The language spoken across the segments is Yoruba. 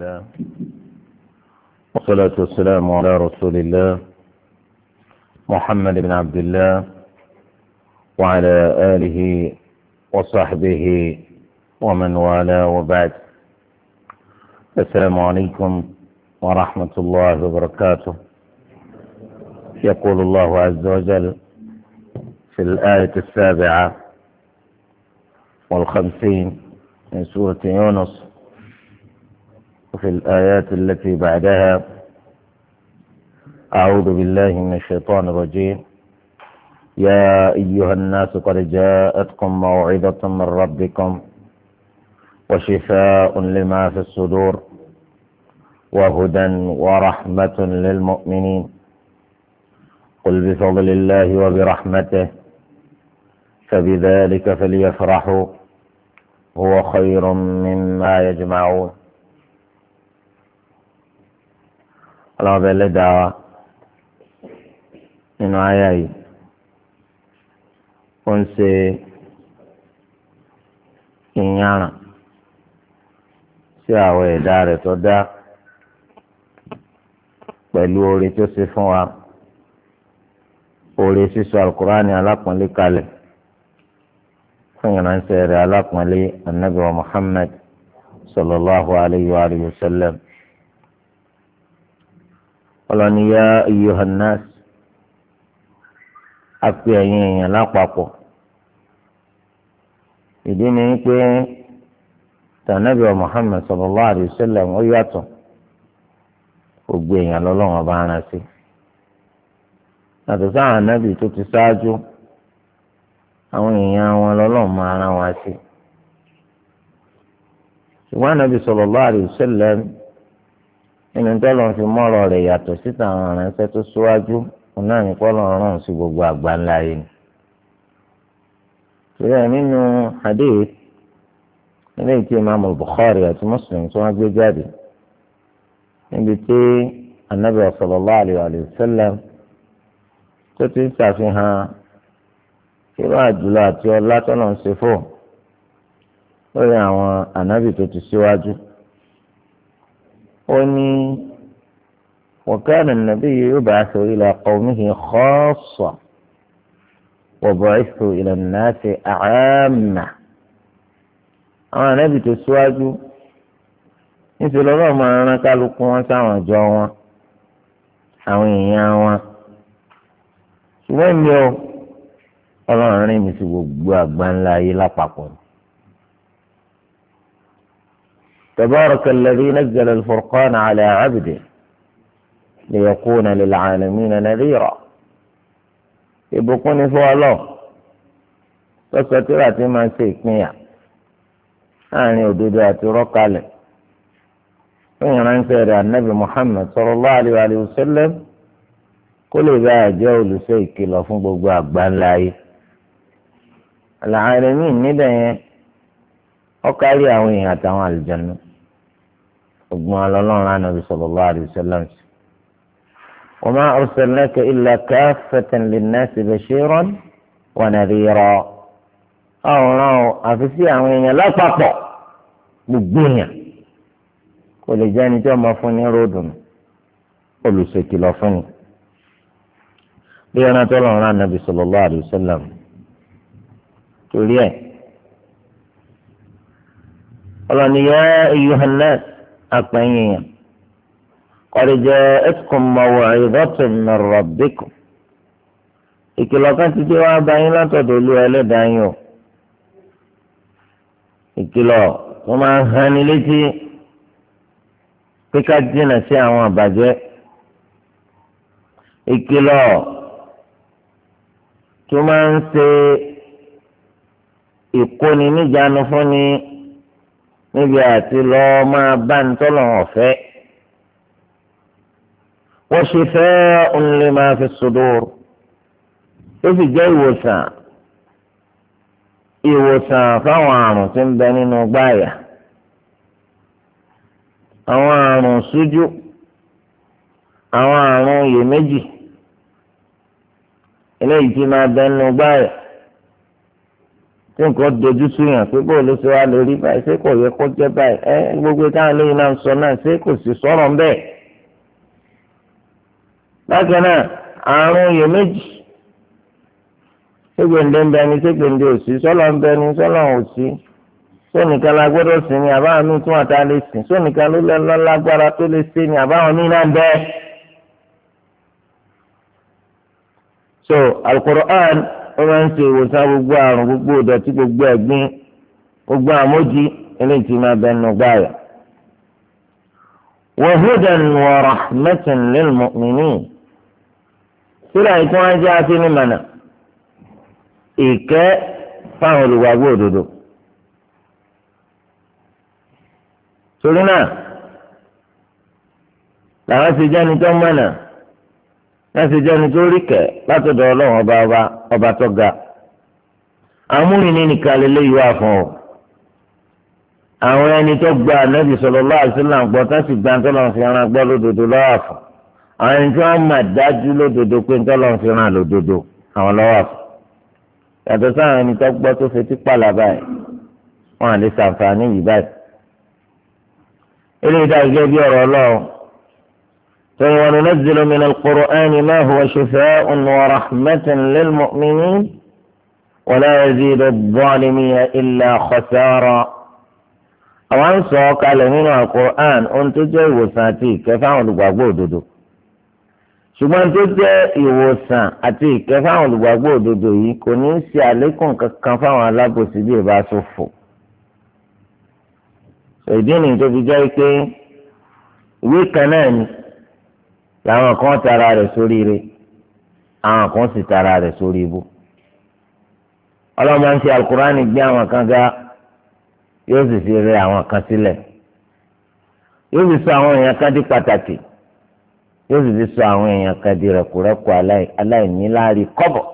الله والصلاة والسلام على رسول الله محمد بن عبد الله وعلى آله وصحبه ومن والاه وبعد السلام عليكم ورحمة الله وبركاته يقول الله عز وجل في الآية السابعة والخمسين من سورة يونس في الآيات التي بعدها أعوذ بالله من الشيطان الرجيم يا أيها الناس قد جاءتكم موعظة من ربكم وشفاء لما في الصدور وهدى ورحمة للمؤمنين قل بفضل الله وبرحمته فبذلك فليفرحوا هو خير مما يجمعون ọlọ́run bẹ lẹ́dàá wa nínú àyà yìí ó ń ṣe ìyàrá sí àwọn ẹ̀dá rẹ̀ tó dá pẹ̀lú oore tó ṣe fún wa oore sísọ alukur'ani alápọ̀nlé kalẹ̀ fún ìránṣẹ́ rẹ̀ alápọ̀nlé anabi wa sallallahu alayhi wa sallam. ọlọ́ni yá ayyuhannas apẹ ẹ̀yin èèyàn lápapọ̀ ìdí ni pé tànàbí wa Muhammad sallallahu alayhi wa sallam ó yàtọ̀ gbogbo èèyàn ọba ara sí yàtọ̀ sáà ànábì tó ti ṣáájú àwọn èèyàn wọn lọ́lọ́run máa ara wọn sí ṣùgbọ́n nínú tọ́lọ̀ fi mọ́rọ̀ rẹ̀ yàtọ̀ síta àwọn aránṣẹ́ tó síwájú òun náà ní kọ́lọ̀ rán sí gbogbo àgbáńlá yìí ni. ìrẹ́ nínú hadith eléyìí tí imaamu Bukhari àti Muslim tí wọ́n gbé jáde níbi tí anabi sallallahu alayhi wa sallam tó ti ń ṣàfihàn irú àjùlọ àti ọlá tọ́lọ̀ ń ṣe fò lórí àwọn anabi tó ti síwájú. Si ó ní وكان النبي يبعث إلى قومه خاصة وبعثت إلى الناس عامة àwọn ànábì tó síwájú níṣẹ́ lọ́rọ̀ máa rán kálukú wọn sáwọn àjọ wọn àwọn èèyàn wọn ṣùgbọ́n mi ò ọlọ́run rìn mí sí gbogbo àgbáńlá ayé lápapọ̀ ni. تبارك الذي نزل الفرقان على عبده ليكون للعالمين نذيرا يبقون فوا الله بس تراتي ما سيك نيا يعني ودودات رقل وين النبي محمد صلى الله عليه وآله وسلم كل ذا جول سيك الله فوق باب لاي العالمين ندعي وقال يا وين أتوا الجنه ogun alọ́lọ́run anabi sallallahu alaihi wasallam wa ma arsalnaka illa kaffatan linnasi bashiran wa nadhira o àfi sí àwọn èèyàn lápapọ̀ gbogbo èèyàn kò lè jẹ́ ẹni tí wọ́n máa fún ní ròdùn olùṣèkìlọ̀ fún ni. bí ọ̀nà tó lọ́run rán anabi sallallahu alaihi wasallam torí ẹ̀ ọlọ́ni yẹ́ eyín hàn náà. apẹ̀yìn qad ja'atkum maw'izatun min rabbikum ìkìlọ̀ kan ti dé wá bá yín látọ̀dọ̀ olú ẹlẹ́dàá yín o ìkìlọ̀ tó máa ń hàn ní létí pé ká dínà sí àwọn àbàjẹ́ ìkìlọ̀ tó máa ń ṣe ìkóni níjànú fúnni níbi àti lọ́ọ́ máa bá ń tọ́lọ̀ ọ̀fẹ́ wọ́n ṣe fẹ́ ònlé máa fi sudur ó sì jẹ́ ìwòsàn ìwòsàn fáwọn àrùn tí ń bẹ nínú gbáàyà àwọn àrùn sújú àwọn àrùn iyèméjì eléyìí tí máa bẹ nínú gbáàyà tí nǹkan dojú sú yàn pé bó ló ṣe wá lè rí báyìí ṣé kò yẹ kó jẹ́ báyìí ẹ gbogbo táwọn lẹ́yìn náà ń sọ náà ṣé kò sì sọ̀rọ̀ ń bẹ. bákan náà àrùn iyèméjì ṣé gbèǹde ń bẹ ni ò sí sọ́lọ́ ń bẹ ni ò sí sónìkan la gbọ́dọ̀ sí ni àbáwọn míì tún àtà lè sìn sónìkan ló lọ lágbára tó lè sí ni àbáwọn míì náà bẹ. so Al-Qur'an ó máa ń ṣe ìwòsàn gbogbo àrùn gbogbo ìdọ̀tí gbogbo ẹ̀gbin gbogbo àmójì eléyìí tí máa bẹ nù gbáyà. wa hudan wa rahmatan lil mu'minin sílẹ̀ àìtí wọ́n jẹ́ àti ní mànà ìkẹ́ fáwọn olùwàgbọ́ òdodo. torí náà làwọn ti jẹ́ni tó mọ̀nà láti jẹ́ni tó rí kẹ́ látọ̀dọ̀ ọlọ́run ọba ọba ọba tó ga amúnini nìkan lélẹ́ yìí wà fún ọ àwọn ẹni tó gba ànábì sallallahu alaihi wasallam gbọ́ tó sì gba ntọ́lọ́ fi ran gbọ́ lódodo lọ́wọ́ fún àwọn ẹni tí wọ́n mà dájú lódodo pé ntọ́lọ́ fi ran lódodo àwọn lọ́wọ́ fún yàtọ̀ sáwọn ẹni tó gbọ́ tó fetí pàlà báyìí wọ́n à lè yìí báyìí eléyìí dá bí ọ̀rọ̀ ọlọ́run. وننزل من القرآن ما هو شفاء ورحمة للمؤمنين ولا يزيد الظالمين إلا خسارا àwọn sọ kalẹ̀ nínú alukur'an ohun tó jẹ́ ìwòsàn àti ìkẹ́ fáwọn olùgbàgbọ́ òdodo ṣùgbọ́n tó jẹ́ ìwòsàn àti ìkẹ́ fáwọn olùgbàgbọ́ òdodo yìí kò ní í ṣe àlékún kankan fáwọn alábòsí bí ìbá ṣòfò ìdí nìyí tó fi jẹ́ pé ìwé kan náà ni làwọn kan tara rẹ̀ sórí ire àwọn kan sì tara rẹ̀ sórí ibu ọlọ́mọ ń ṣe alukurani gbé àwọn kan ga yóò sì fi rẹ̀ kan sílẹ̀ yóò sì sọ àwọn èèyàn di pàtàkì yóò sì fi sọ àwọn èèyàn kan di rẹ̀kùrẹ́kù aláìníláàrí kọ́bọ̀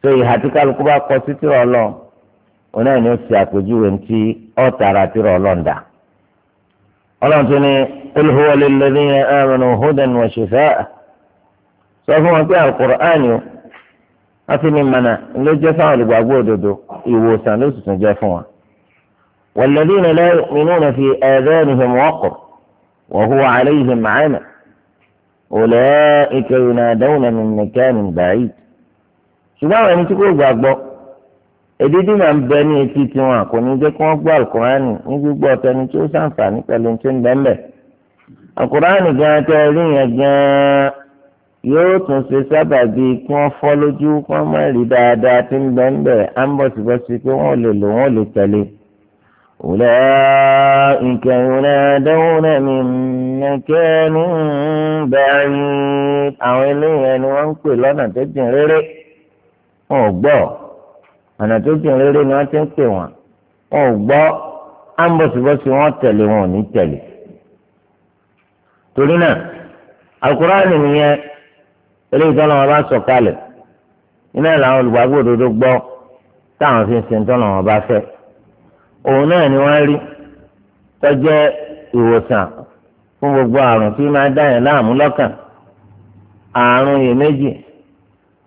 tó ìhà tí kálukú bá kọ sí tìrọ̀ ọlọ́ọ̀ onáà ni ó ṣe àpèjúwe ní ti ọ̀tara tìrọ̀ ọlọ́run tún ní qul huwa lilladhina amanu hudan wa shifaa sọ fún wọn pé alukur'an yìí wọ́n ti ní mana ló jẹ́ fáwọn olùgbàgbọ́ òdodo ìwòsàn ló sì jẹ́ fún wọn. والذين لا يؤمنون في آذانهم وقر وهو عليهم عمى أولئك ينادون من مكان بعيد ṣùgbọ́n àwọn ẹni tí kò gbàgbọ́ èdídì máa ń bẹ ní etí tiwọn kò ní jẹ́ kí wọ́n gbọ́ alukurani ní gbígbọ́ tẹni tí ó sàǹfààní pẹ̀lú tí ń bẹ́ńbẹ́ alukurani gan tẹ rí yẹn gan yóò tún ṣe sábà bíi kí wọ́n fọ́ lójú kí wọ́n má rí dáadáa tí ń bẹ́ńbẹ́ á ń bọ̀sibọ́sí pé wọ́n lè lò wọ́n lè tẹ̀lé. أولئك ينادون من مكان بعيد àwọn eléyìí ni wọ́n ń pè lọ́nà tó jìn réré wọn ò gbọ́ ọ̀nà tó jìn rere ni wọ́n ti ń pè wọ́n wọn ò gbọ́ ámbọ̀sibọ́sí wọn tẹ̀lé wọn ò ní tẹ̀lé torí náà alukur'ani nìyẹn eléyìí tó lọ́wọ́ bá sọ kalẹ̀ iná làwọn olùgbàgbọ́ òdodo gbọ́ táwọn fi ń sin tó lọ́wọ́ bá fẹ́ òun náà ni wọ́n rí tọ́jẹ́ ìwòsàn fún gbogbo àrùn tí máa dá yẹn láàmú lọ́kàn àrùn iyèméjì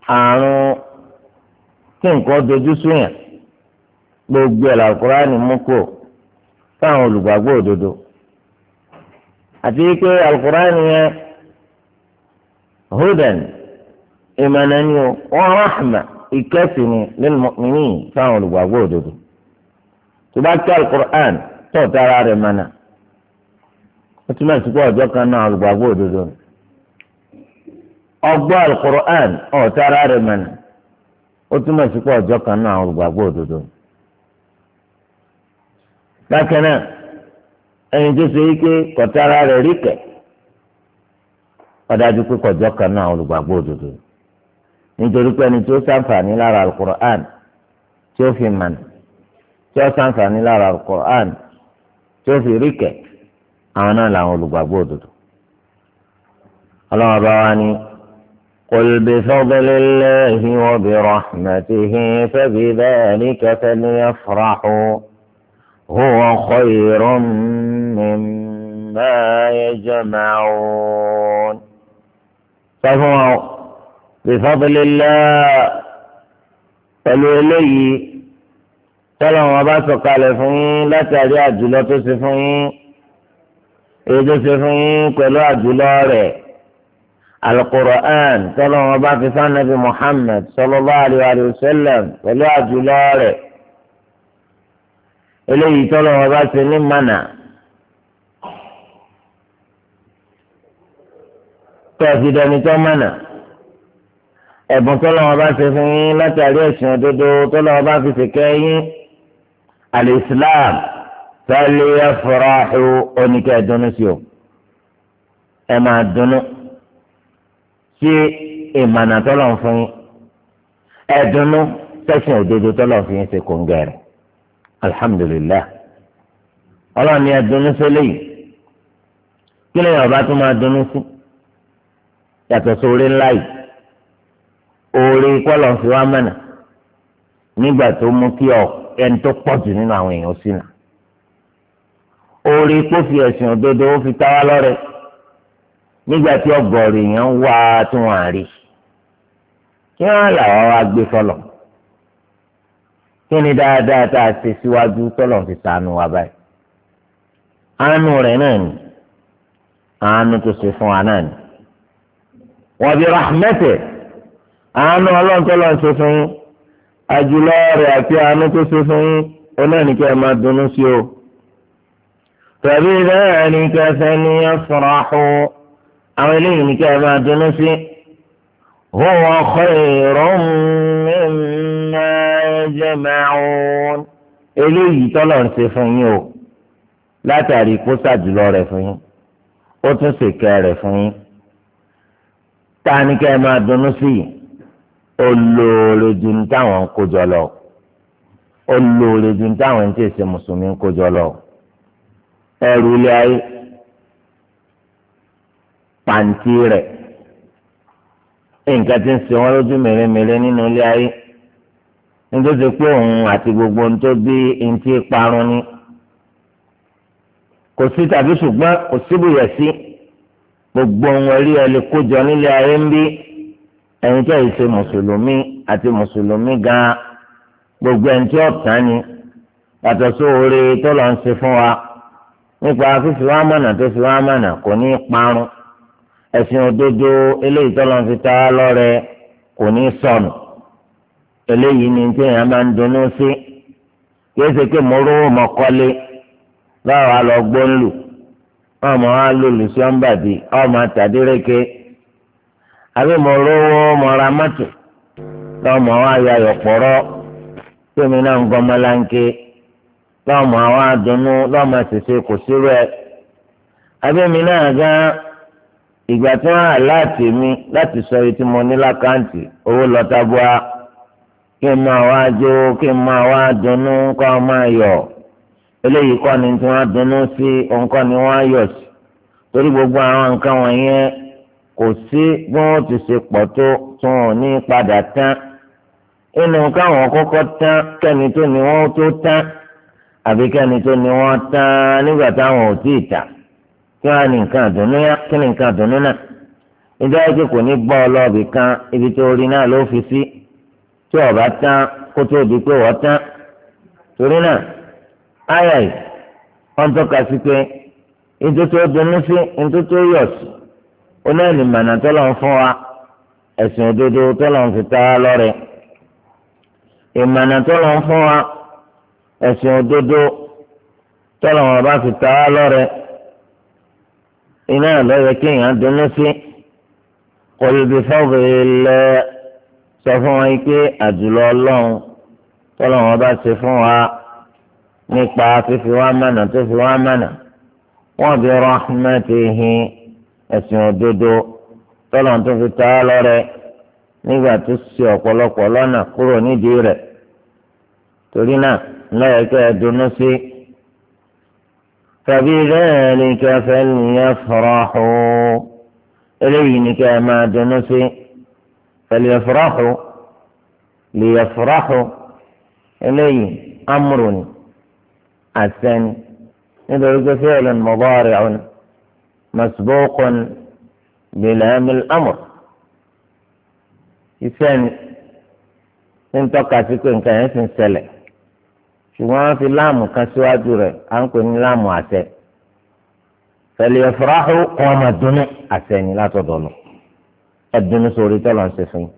àrùn kí nǹkan dojú sóyàn gbogbo ẹ̀ làkúránì mú kó fáwọn olùgbàgbọ́ òdodo àti pé alukurani yẹn hudan ìmọ̀nani o wọ́n rahma ìkẹ́sì ni lil mu'minin fáwọn olùgbàgbọ́ òdodo tó bá kí tó tara rẹ̀ mọ́nà ó túmọ̀ sí pé ọjọ́ kan náà olùgbàgbọ́ òdodo ọgbọ́ tara rẹ̀ mọ́nà. ó túmọ̀ sí pé ọjọ́ kan náà àwọn olùgbàgbọ́ òdodo. bákan náà ẹni tó ṣe wípé kọ̀tara rẹ̀ rí kẹ̀ ọ̀dájú pé kọjọ́ kan náà àwọn olùgbàgbọ́ òdodo. nítorí pé ẹni tó ṣàǹfààní lára alukur'an tí ó fi mànà tí ó ṣàǹfààní lára alukur'an tí ó fi rí kẹ̀ àwọn náà làwọn olùgbàgbọ́ òdodo. ọlọ́run ọba wa ni. قل بفضل الله وبرحمته فبذلك فليفرحوا هو خير مما يجمعون فهو بفضل الله فلولي tọ́lọ́run ọba sọ̀kalẹ̀ fún yín látàrí àjùlọ tó ṣe fún yín èyí tó ṣe fún yín pẹ̀lú àjùlọ rẹ̀ alukur'an tọ́lọ́wọ́n bá fi fánàbí muhammed sallallahu alayhi wa sallam pẹ̀lú àjùlọ rẹ̀ eléyìí tọ́lọ́wọ́n bá ṣe ní mànà tọ́ọ̀sì dẹni tọ́ mànà ẹ̀bùn tọ́lọ́wọ́n bá ṣe fún yín látàrí ẹ̀sìn òdodo tọ́lọ́wọ́n bá fi ṣèké yín alìsílám tọ́lẹ̀ fúráhù oníkẹ́ dunu sí o ẹ̀ máa dunu sí ìmọ̀nà tọ́lọ̀ ń fún yín ẹ̀dùnnú sẹ́sìn òdodo tọ́lọ̀ ń fún yín ṣe kò ń gẹ̀rẹ̀ alhamdulilayi ọlọ́run ni ẹ̀dùnnú sẹ́lẹ̀ yìí kí lóyún ọba tó máa dunnú sí yàtọ̀ sórí ńlá yìí oore kọ́lọ̀ ń fi wá mọ̀nà nígbà tó mú kí ọ ẹni tó pọ̀ jù nínú àwọn èèyàn sínú oore kó fi ẹ̀sìn òdodo ó fi táwa lọ́rẹ̀ẹ́ nígbà tí ọgọ́rin èèyàn ń wá tí wọ́n á rí kí wọ́n làwọn wá gbé sọ́lọ̀ kí ni dáadáa tá a ṣe síwájú tọ́lọ̀ fi ṣàánú wa báyìí àánú rẹ̀ náà ni àánú tó ṣe fún wa náà ni wọ́n bí rahmẹ́tẹ̀ àánú ọlọ́run ń ṣe fún yín àjùlọ rẹ̀ àti àánú tó ṣe fún yín onáàní kí ẹ máa dunnú sí o tàbí náà ni kẹfẹ́ ni ẹ fọ́ra hó àwọn eléyìí ní kí ẹ máa dunnú sí huwa khayrun mimma yajma'un eléyìí tọ́lọ̀ ń ṣe fún yín o látàrí kó sàjùlọ rẹ̀ fún yín ó tún ṣèkẹ́ rẹ̀ fún yín tá a kí ẹ máa dunnú sí olóore ju ní táwọn ń kójọ lọ olóore ju ní táwọn ń tẹ̀sẹ̀ mùsùlùmí ń kójọ lọ ẹrù ilé ayé pàǹtí rẹ̀ nǹkan tí ń ṣe wọn lójú mèremère nínú ilé ayé nítorí pé òun àti gbogbo ohun tó bí ohun tí parun ni kò sí tàbí ṣùgbọ́n kò síbùyẹ̀ sí gbogbo ohun ẹ̀rí ẹ̀ lè kójọ nílé ayé ń bí ẹ̀yin tẹ́ ìṣe mùsùlùmí àti mùsùlùmí gan-an gbogbo ẹni tí ọ̀tá ni yàtọ̀ sóore tó lọ ń ṣe fún wa nípa fífi wá mọ̀nà tó fi wá mọ̀nà kò ní í parun. ẹ̀sìn òdodo eléyìí tọ́lọ́ fi ta á kò ní sọnù eléyìí ni tí èèyàn máa ń dunnú sí kí ẹsẹ̀ pé mo rówó mọ kọ́lé lọ gbóńlù ọmọ wa lòlù sí ọ́nbàdì ọmọ àtàdéréke àbí mo rówó mọ ra mọ́tò lọ́mọ wa ya yọ̀pọ̀rọ́ tèmi náà ń kò sí rẹ̀ àbí mi náà ìgbà tí wọ́n hàn láti mi láti sọ èyí tí mo ní lákàntì owó lọ́tà bua kí n máa wá jó kí n máa wá dunnú kọ́ ọ máa yọ̀ eléyìí kọ́ ni tí wọ́n dunnú sí òun kọ́ ni wọ́n yọ̀ sí torí gbogbo àwọn nǹkan wọ̀nyẹn kò sí bí wọ́n ti ṣe pọ̀ tó tí wọ́n ní padà tán inú káwọn kọ́kọ́ tán kẹ́ni tó ni wọ́n tó tán àbí kẹ́ni tó ni wọ́n tán nígbà táwọn ò tí ì tà. kí a á ní nǹkan àdùnnú ni nǹkan àdùnnú náà kò ní gbọ́ ọlọ́ọ̀bì kan ibi tó rí náà ló fi sí tí ọba tán kó tó di pé wọ́n tán torí náà ayà yìí wọ́n tọ́ka sí pé ètò tó dunnú sí ètò tó yọ̀ sí onáàlì mànà tọ́lọ̀ ń fún wa ẹ̀sìn òdodo tọ́lọ̀ ń fi ta lọ́rẹ̀ ìmànà tọ́lọ̀ ń fún wa ẹ̀sìn òdodo tọ́lọ̀ bá fi ta iná lọ́yẹ kéèyàn dunnú sí kọlùbí fọ́ọ̀bù lẹ́ sọ fún wọn pé àjùlọ ọlọ́run tọ́lọ́wọ́n bá ṣe fún wa nípa fífi wá mànà tó fi wá mànà wọ́n bí rahmatihi ẹ̀sìn òdodo tọ́lọ́wọ́n tó fi ta á lọ́rẹ́ nígbà tó ṣe ọ̀pọ̀lọpọ̀ lọ́nà kúrò nídìí rẹ̀ torí náà lọ́yẹ kẹ́ ẹ dunnú فبذلك فليفرحوا إليه كما جنسي فليفرحوا ليفرحوا إليه أمر الثاني إذا فعل مضارع مسبوق بلام الأمر الثاني انتقى في كل كان ṣùgbọ́n wọ́n fi láàmù kan síwájú rẹ̀ à ń pè ní láàmù àṣẹ tẹ̀lé ẹ̀fọ́ráhù kọ́ ọmọ dunu àṣẹ ni látọ̀dọ̀ lọ ẹ̀dunu sórí tọ́lọ̀ ń ṣe fún yín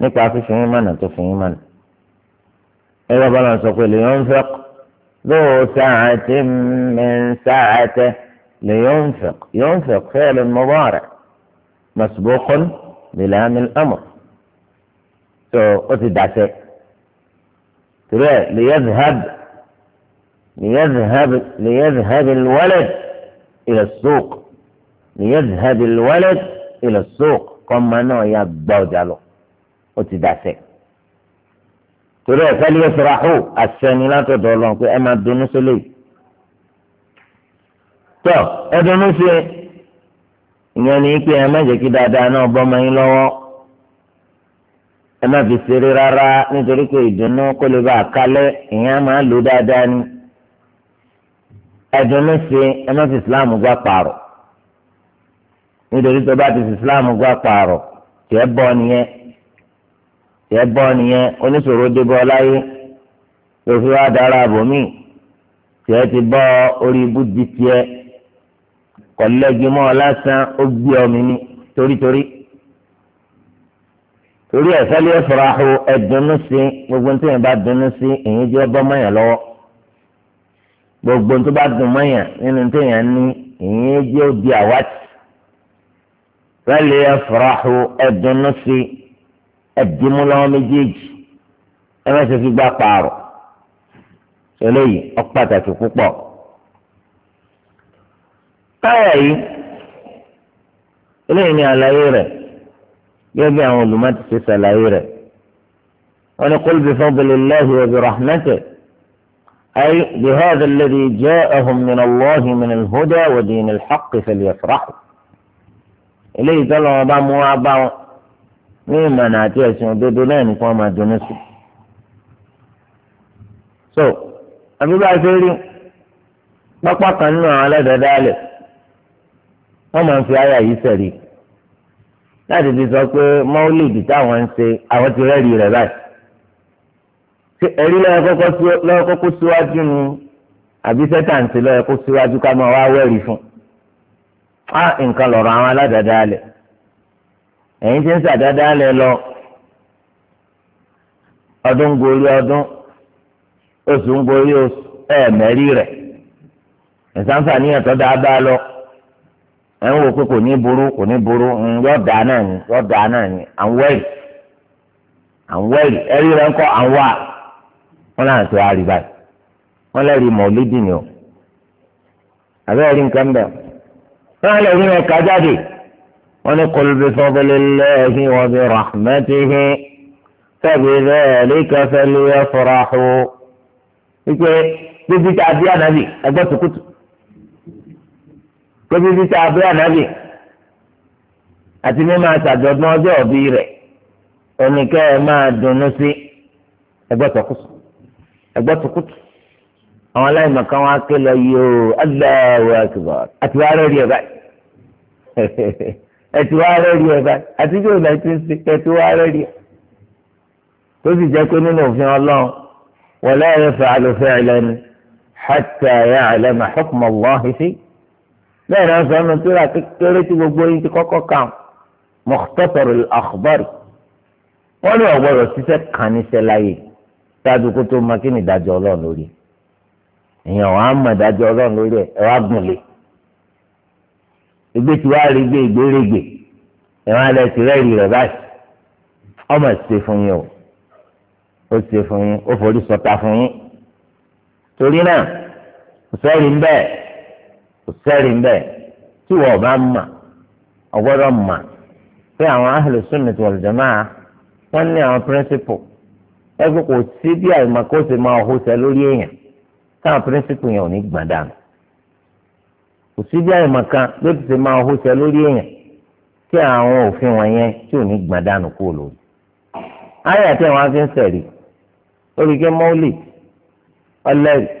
nípa fífún yín mọ̀nà tó fún yín mọ̀nà ẹ bá bọ́lá sọ pé lèyìn fẹ́ lóò sáàtì mi ń sáàtẹ lèyìn fẹ́ yóò fẹ́ fẹ́ẹ́ lè rẹ̀ mọ̀sibọ́kọ́n lè láàmì ọmọ tó o ti dàṣẹ́. تبقى ليذهب ليذهب ليذهب الولد إلى السوق ليذهب الولد إلى السوق قم أنا يا بوجالو وتدعسك torí ẹ̀fẹ́ lè fẹ́ràhù àṣẹni látọ̀dọ̀ ọlọ́run pé ẹ máa dunú sí lè. tọ́ ẹ dunú sí ìyẹn ní pé ẹ má jẹ́ kí dáadáa náà bọ́ ọmọ yín lọ́wọ́ ẹ má fi ṣeré rárá nítorí pé ìdùnnú kó lè bá a kalẹ̀ ìyẹn á máa lò dáadáa ni ẹdùnnú ṣe ẹ má fi islam gbà pààrọ̀ nítorí tó bá ti fi islam gbà pààrọ̀ tìẹ bọ nìyẹn tìẹ bọ nìyẹn oníṣòro débọ láyé lófi wá dára àbòmíì tìẹ ti bọ orí ibú di tiẹ kọlẹ́gì lásán ó gbé ọmọ mi torítorí torí ẹ̀ fẹ́lẹ́ faraho ẹ̀dùnnú sí gbogbo tí yẹn bá dùnnú sí èyí jẹ́ bọ́ mọ́yàn lọ́wọ́ gbogbo tó bá dùn mọ́yàn nínú tí yẹn ní èyí jẹ́ òbí àwátì fẹ́lẹ́ faraho ẹ̀dùnnú sí ẹ̀dìmú lọ́wọ́ méjèèjì ẹ má ṣe fi gbá paarọ̀ eléyìí ó pàtàkì púpọ̀ táyà yìí eléyìí ni àlàyé rẹ̀. يجي عن ظلمات تسع لايرة ونقول بفضل الله وبرحمته أي بهذا الذي جاءهم من الله من الهدى ودين الحق فليفرحوا إليه تلو أبا مو أبا مما ناتيه سنو دي دولين فوما دونسي سو أبي بعثيري بقى قنوع على ذلك ومن في آية يسري láti fi sọ pé mọ́wúlìdì táwọn ń ṣe àwọn ti rẹ́ẹ̀rì rẹ̀ báyìí ṣé ẹ̀rí lọ́wọ́ kọ́kọ́ síwájú ni àbí sẹ́tàǹtì lọ́wọ́ kó síwájú ká máa wá wẹ̀rí fún á nǹkan lọ̀rọ̀ àwọn aládàáda alẹ̀ ẹ̀yin ti ń sàdáadáa alẹ̀ lọ ọdún gorí ọdún oṣù ń gorí oṣù ẹ̀ẹ̀mẹ́rí rẹ̀ ẹ̀sánfà níyàtọ̀ dáadáa lọ ẹ ń wò pé kò ní burú kò ní burú yọ da náà ni yọ da náà ni à ń wẹ̀rì à ń wẹ̀rì ẹ̀rí rẹ̀ ń kọ́ à ń wà wọ́n náà ti wá rí báyìí wọ́n lẹ́rìí mọ̀lídì ni o àbẹ́rẹ́ rí nǹkan bẹ́ẹ̀ wọ́n lẹ́rìí rẹ̀ ká jáde wọ́n ní kọlùbí fọ́bẹ́lẹ́lẹ́hì wọ́n bí rahmẹ́tìhì tẹ̀bí bẹ́ẹ̀ lẹ́kẹ́fẹ́ lóye fọ́ra hù wípé bíbí tá a bí débi bí tá a bẹ ànábì àti mímọ àtàjọ̀dún ọjọ́ òbí rẹ̀ oníkẹ́ ẹ máa dunnú sí ẹgbẹ́ tọkùtù ẹgbẹ́ tọkùtù àwọn aláìmọ̀ kan wá ké lọ yóò Allahu akbar àti wàá rẹ̀ rí ẹ̀ báyìí ẹtì wàá rẹ̀ rí ẹ̀ báyìí àti bí òun ẹtì ń sè ẹtì wàá rẹ̀ rí ẹ̀ tó sì jẹ́ pé nínú òfin ọlọ́run wala yaf'alu fi'lan hatta ya'lama hukma Allahi fihi bẹ́ẹ̀ náà sọ ọ́nà tíra kékeré tí gbogbo yín ti kọ́kọ́ kàn Mukhtasar al-Akhbar wọ́n lè ọ̀gbọ́dọ̀ ṣiṣẹ́ kan níṣẹ́ láyè ṣáàdù kó tó máa kí ni ìdájọ́ ọlọ́run lórí èèyàn wàá mọ̀ ìdájọ́ ọlọ́run lórí ẹ̀ ẹ̀ wá gùnlé ìgbé tí wàá rí gbé ìgbérégbè ẹ̀ wọ́n á lẹ̀ rẹ̀ báyìí ọmọ ìṣe fún yín o ó ṣe fún yín ó forí sọta fún yín torí náà sọ́ọ̀rì ń bẹ́ẹ̀ kò sẹ́rì ń bẹ́ẹ̀ tí wọ́n bá mà ọgbọ́dọ̀ mà pé àwọn ahlu sunnah jamaa wọ́n ní àwọn píríncípù ẹgbẹ́ kò sí bí àìmọ̀kóṣe máa hóṣẹ lórí èèyàn táwọn píríncípù yẹn ò ní gbọ̀n dànù kò sí bí ló ti máa lórí èèyàn àwọn òfin tí ò ní dànù kúrò lórí. ayé àti àwọn ń sẹ̀rí mọ́lì ọlẹ́rìí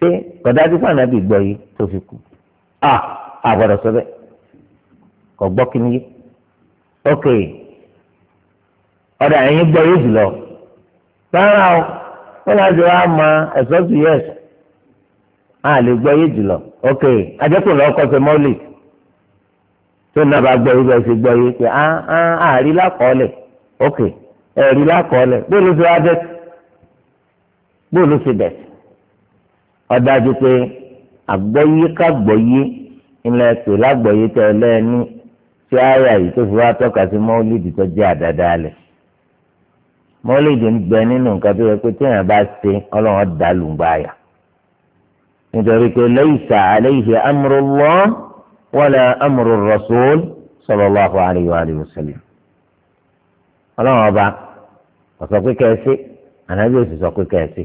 pé kọ̀dájú fún ànábì gbọ́ yìí tó fi kú à àgbọ̀dọ̀ sọ bẹ́ẹ̀ kò gbọ́ kí ni yé ok ọ̀dà ẹ̀yin gbọ́ yìí jùlọ rárá o wọ́n náà ti wá mọ ẹ̀sọ́ sí yẹ́s a lè gbọ́ yìí jùlọ ok ajẹ́kùn lọ́wọ́ kọsẹ̀ mọ́lì tó náà bá gbọ́ yìí bẹ́ẹ̀ ṣe gbọ́ yìí pé a a àrí lákọọ́lẹ̀ ok ẹ̀rí lákọọ́lẹ̀ bóòlù ti wá bẹ́ẹ̀ bóòlù ti bẹ́ẹ̀ ọdájú pé àgbọ́yé kàgbọ́yé ńlẹ̀ pè lágbọ́yé tẹ lẹ́ẹ̀ni tí àyà yìí tó fi wá tọ́ka sí mọ́lídìí tó jẹ́ àdáda lẹ̀ mọ́lídìí ń bẹ nínú nǹkan tó yẹ pé téèyàn bá ṣe ọlọ́run dà lùgbà yà nítorí pé laysa alayhi amrullah wala amrur rasul sallallahu alayhi wa sallam ọlọ́run ọba ọ̀sọ̀ pé kẹ́ẹ̀sì ànábì òsì sọ pé kẹ́ẹ̀sì.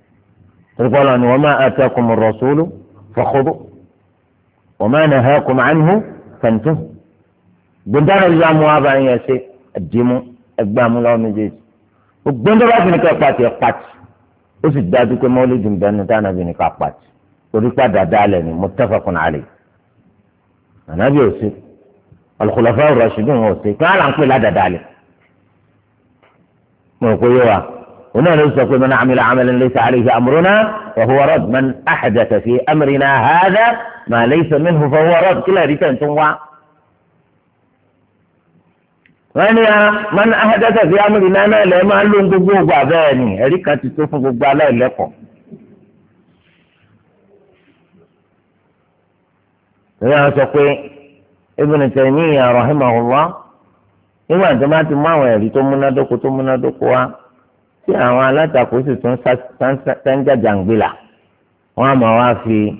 tìrìkọ́lọ́ وما wa الرسول فخذوا وما نهاكم عنه ma nahakum anhu fantuh gbẹ̀dára ìlú àmú abàáyé ẹ̀ṣẹ̀ ẹ̀dìmú ẹgbẹ́ àmúlọ́wọ́ méjèèjì gbẹ̀dọ́ bá ti ní ká pàtì ẹ̀ pàtì ó sì dájú pé mọ́lẹ́dì ń bẹnu dáná bí ní ká pàtì torí padà dálẹ̀ ni muttafaqun alayhi ànábì òsì al-khulafa ar-rashidun òsì kí wọ́n á là ń pè ládàá dálẹ̀ mo rò pé هنا ليس في من عمل عملا ليس عليه امرنا فهو رد من احدث في امرنا هذا ما ليس منه فهو رد كلا ريتان تنوع ثانيا من احدث في امرنا انا لما لون بوبا بيني هذيك تشوف بوبا لا يلقوا يا سقي ابن تيميه رحمه الله إما جماعة ما ويلي تمنا دوكو تمنا دوكو tí àwọn alátakò sì tún sáńjà jàǹgbìlà wọn àmọ́ wá fi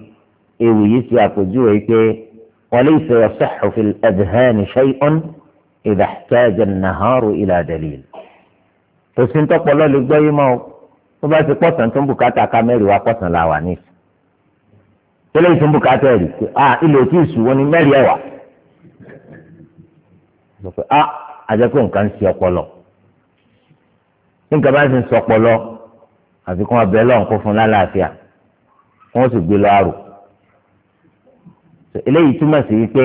ewu yìí ṣe àpèjúwe pé walaysa yasihhu fil adhani shay'un idha ihtaja an-naharu ila dalil. kò sí ntọ́pọ̀lọ́ lè gbọ́ yìí mọ́ o tó bá ti pọ̀sán tó ń bùkátà ká mẹ́rin wá pọ̀sán la wà ní. tẹ́lẹ̀ tó ń bùkátà rí pé a ilé òtí ìṣùwọ́n ni mẹ́rin ẹ̀ a àjẹpẹ́ nǹkan ń ṣe ọpọlọ nǹkan bá sì ń sọpọ̀ lọ àfi kí wọ́n bẹ̀ lọ́n kó fún lálàáfíà kí wọ́n sì gbé lọ àrò eléyìí túmọ̀ sí pé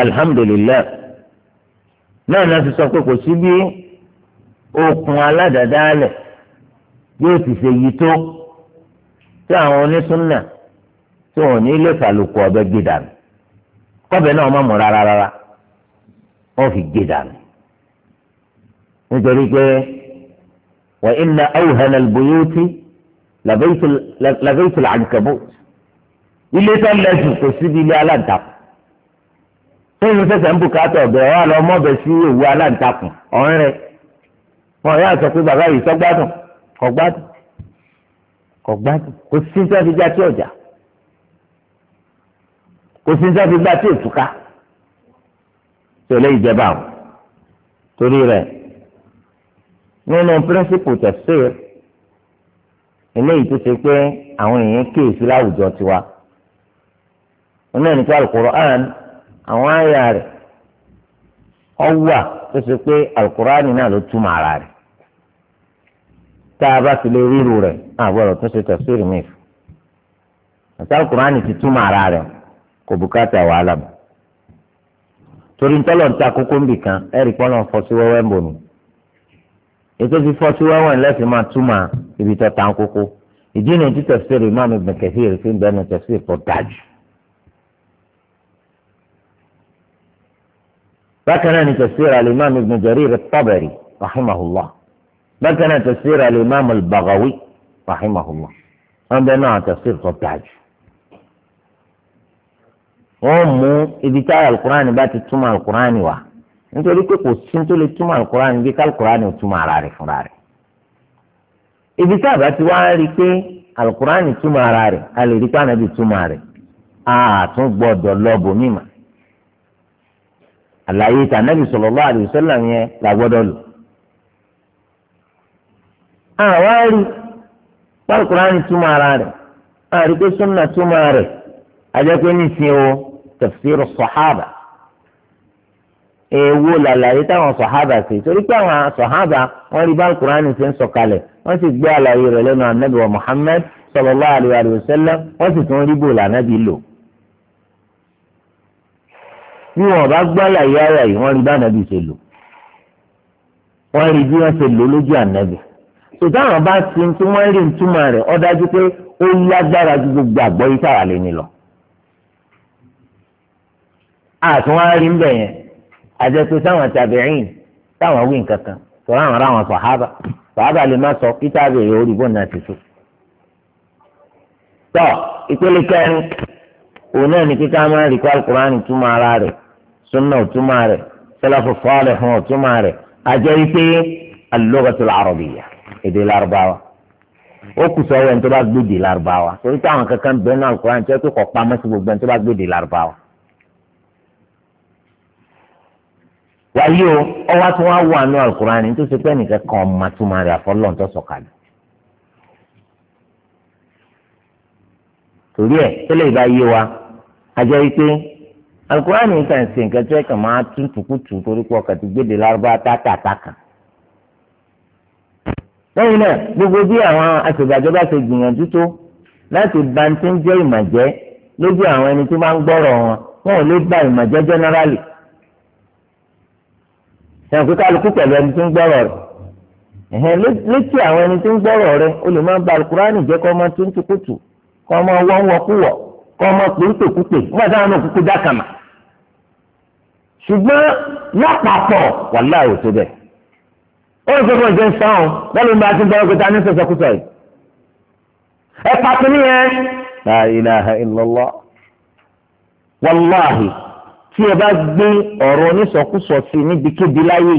alihamudulilayi náà náà ti sọ pé kò sí bí okùn aládàádáálẹ̀ yóò ti ṣe yí tó tí àwọn onísúnnà tí wọn ní lè fàlùkù ọbẹ̀ gbé dànù kọ́bẹ̀ náà má mú rárá rárá wọ́n fi gbé dànù nítorí pé. وإن أوهن البيوت لبيت لبيت العنكبوت ilé tó lẹ́sùn kò síbi ilé aláǹtakùn tóyún fẹsẹ̀ ń bùkátà ọ̀bẹ ọ̀hà lọ mọ́bẹ sí òwú aláǹtakùn ọ̀hún rẹ wọn yóò sọ pé bàbá yìí sọgbádùn kọgbádùn kọgbádùn kò sí sẹ́ fi já tí ọ̀jà kò sí sẹ́ fi gbá tí òtúká tó lè jẹba o torí rẹ̀ nínú píríncípù tafsir eléyìí tó ṣe pé àwọn èèyàn kéèsì láwùjọ tiwa wọn náà ní pé alukur'an àwọn àyà rẹ̀ ọwà tó ṣe pé alukur'an náà ló túmọ̀ ara rẹ̀ tá a bá ti lè ríru rẹ̀ àbọ̀rọ̀ tó ṣe tafsir mi fún àti alukur'an ti túmọ̀ ara rẹ̀ kò bùkátà wàhálà mọ́ torí ntọ́lọ̀ ń ta kókó ń bì kan ẹ̀rí pọ́nlọ́ fọ́ sí wẹ́wẹ́ ń bò nù ètò fífọ́ tí wọ́n wọ̀nyí lẹ́sìn máa túmọ̀ ibi tó ta kókó ìdí ni títẹ̀ sí rẹ̀ máa mi bẹ̀ kẹ̀sí rẹ̀ fi ń bẹ́ẹ̀ ní tẹ̀sí pọ̀ dájú. bákan náà ni tẹ̀sí rẹ̀ al-Imam Ibn Jarir at-Tabari rahimahullah bákan náà tẹ̀sí rẹ̀ al-Imam al-Baghawi rahimahullah wọ́n bẹ́ẹ̀ náà tẹ̀sí pọ̀ dájú. wọ́n mú ibi tá alukur'ani bá ti túmọ̀ alukur'ani wá nítorí pé kò sí tó lè túmọ̀ alukur'an bí kálukur'an ò túmọ̀ ara rẹ̀ fúnra rẹ̀ ibi tí àbá ti wá rí i pé alukur'an túmọ̀ ara rẹ̀ a lè rí i pé ànábì túmọ̀ rẹ̀ a tún gbọ́dọ̀ lọ́bù mímọ́ àlàyé tí ànábì sallallahu alaihi wasallam yẹn la gbọ́dọ̀ lò àwa rí alukur'an túmọ̀ ara rẹ̀ a rí pé sunna túmọ̀ rẹ̀ a jẹ́ pé ní ìsìn o tafsir as èèwo làlàyé táwọn sọ̀hábà ṣe torí pé àwọn sọ̀hábà wọ́n rí báwọn kùránì ti ń sọ̀kalẹ̀ wọ́n sì gbé àlàyé rẹ̀ lẹ́nu ànábì wa Muhammad sallallahu alaihi wa sallam wọ́n sì tún rí bòlá ànábì lò. bí wọn bá gbọ́ àlàyé ara yìí wọ́n rí bá ànábì ṣe lò wọ́n rí bí wọ́n ṣe lò lójú ànábì. ṣùgbọ́n àwọn bá ti tí wọ́n rí ìtumọ̀ rẹ̀ ó dájú pé ó lágbára ju gbogbo àgbọ̀ àjẹpẹ táwọn tàbíyìn táwọn wí nǹkan kan tọ́lá àwọn aráwọn sàhábà sàhábà lè má sọ kí tábìyìn orí bọ́ọ̀nù àti tó. tọ́ ìpele kẹrin òun náà ní kíkà máa rí kọ́ alukur'an túmọ̀ ara rẹ̀ sunna túmọ̀ rẹ̀ sẹlẹ̀fù fọ́ọ̀lẹ̀ hàn túmọ̀ rẹ̀ àjẹ́ ipé alógatò làrọ̀bìyà èdè lárúbáwá ó kù sọ wẹ́n tó bá gbèdè lárúbáwá torí táwọn kankan bẹ́ẹ̀ náà wàyí o ọwọ́ tí wọ́n á wọ àánú alukurani tó ṣe pé nìkan kan ọmọ tó máa rà fọlọ́ ń tọ́sọ̀ kalẹ̀. torí ẹ tẹ́lẹ̀ ìbá yé wa àjọ yìí pé alukurani ń kàn sí nǹkan tó ẹ̀ kàn máa tún tùkùtù torí pé ọkàn ti gbéde lárúbá tátàtà kan. lẹ́yìn náà gbogbo bí àwọn àṣegbàjọ́ bá ṣe gbìyànjú tó láti bá ń jẹ́ ìmọ̀jẹ́ lójú àwọn ẹni tó máa ń gbọ́rọ̀ wọn wọn ò lè gba ìmọ̀jẹ́ jẹ́nẹ́rálì ẹ̀hìn kó kálukú pẹ̀lú ẹni tó ń gbọ́rọ̀ rẹ̀ ẹ̀hìn létí àwọn ẹni tó ń gbọ́rọ̀ rẹ̀ o lè máa ba alukurani jẹ́ kọ́ ọmọ tó ń tukùtù kọ́ ọmọ wọ́n wọkúwọ̀ kọ́ ọmọ pèépèkúpè nígbà táwọn náà kúkú dákàmà ṣùgbọ́n lápapọ̀ wàhálà ò tó bẹ̀ ó sáwọn bá ti gbọ́rọ̀ yìí tí ẹ bá gbé ọ̀rọ̀ onísọkúsọ sí níbikíbi láyé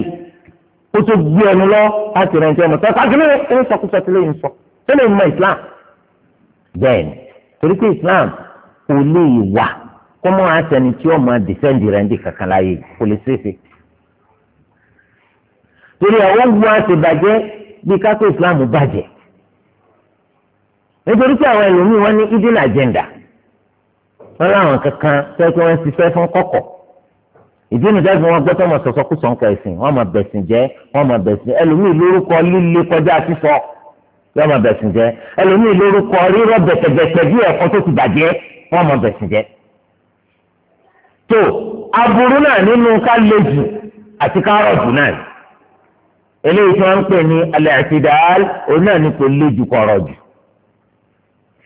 kó tó gbé ẹnu lọ láti rẹ̀ ǹjẹ́ mọ̀tọ́ káàkiri onísọkúsọ ti lè sọ tó lè mọ Islam Then, ni torí pé Islam kò lè wà kó mọ́ àtẹni tí ó máa dìfẹ́ǹdì rẹ̀ ǹdí kankan láyé kò lè ṣeéṣe. torí àwọn wu àti bàjẹ́ bí kákó Islam bàjẹ́ nítorí pé àwọn ẹlòmíì wọn ní hidden agenda wọn láwọn kankan tó ẹ pé ti fẹ́ fún kọ̀kọ̀ ìdí nìjẹ́ fún wọn gbọ́tọ̀ mọ̀ sọ̀sọ́ kú sọ̀nkà ẹ̀sìn wọn mọ̀ bẹ̀sìn jẹ́ wọn mọ̀ bẹ̀sìn ẹlòmíì lórúkọ líle kọjá sísọ wọn mọ̀ bẹ̀sìn jẹ́ ẹlòmíì lórúkọ rírọ̀ bẹ̀tẹ̀bẹ̀tẹ̀ bí ẹ̀kọ́ tó ti bàjẹ́ wọn mọ̀ bẹ̀sìn jẹ́. tó aburú náà nínú ká le jù àti ká rọ̀ jù náà eléyìí tí wọ́n ń pè ní alẹ́ àti dàál òun náà ní kò le jù kọ̀ rọ̀ jù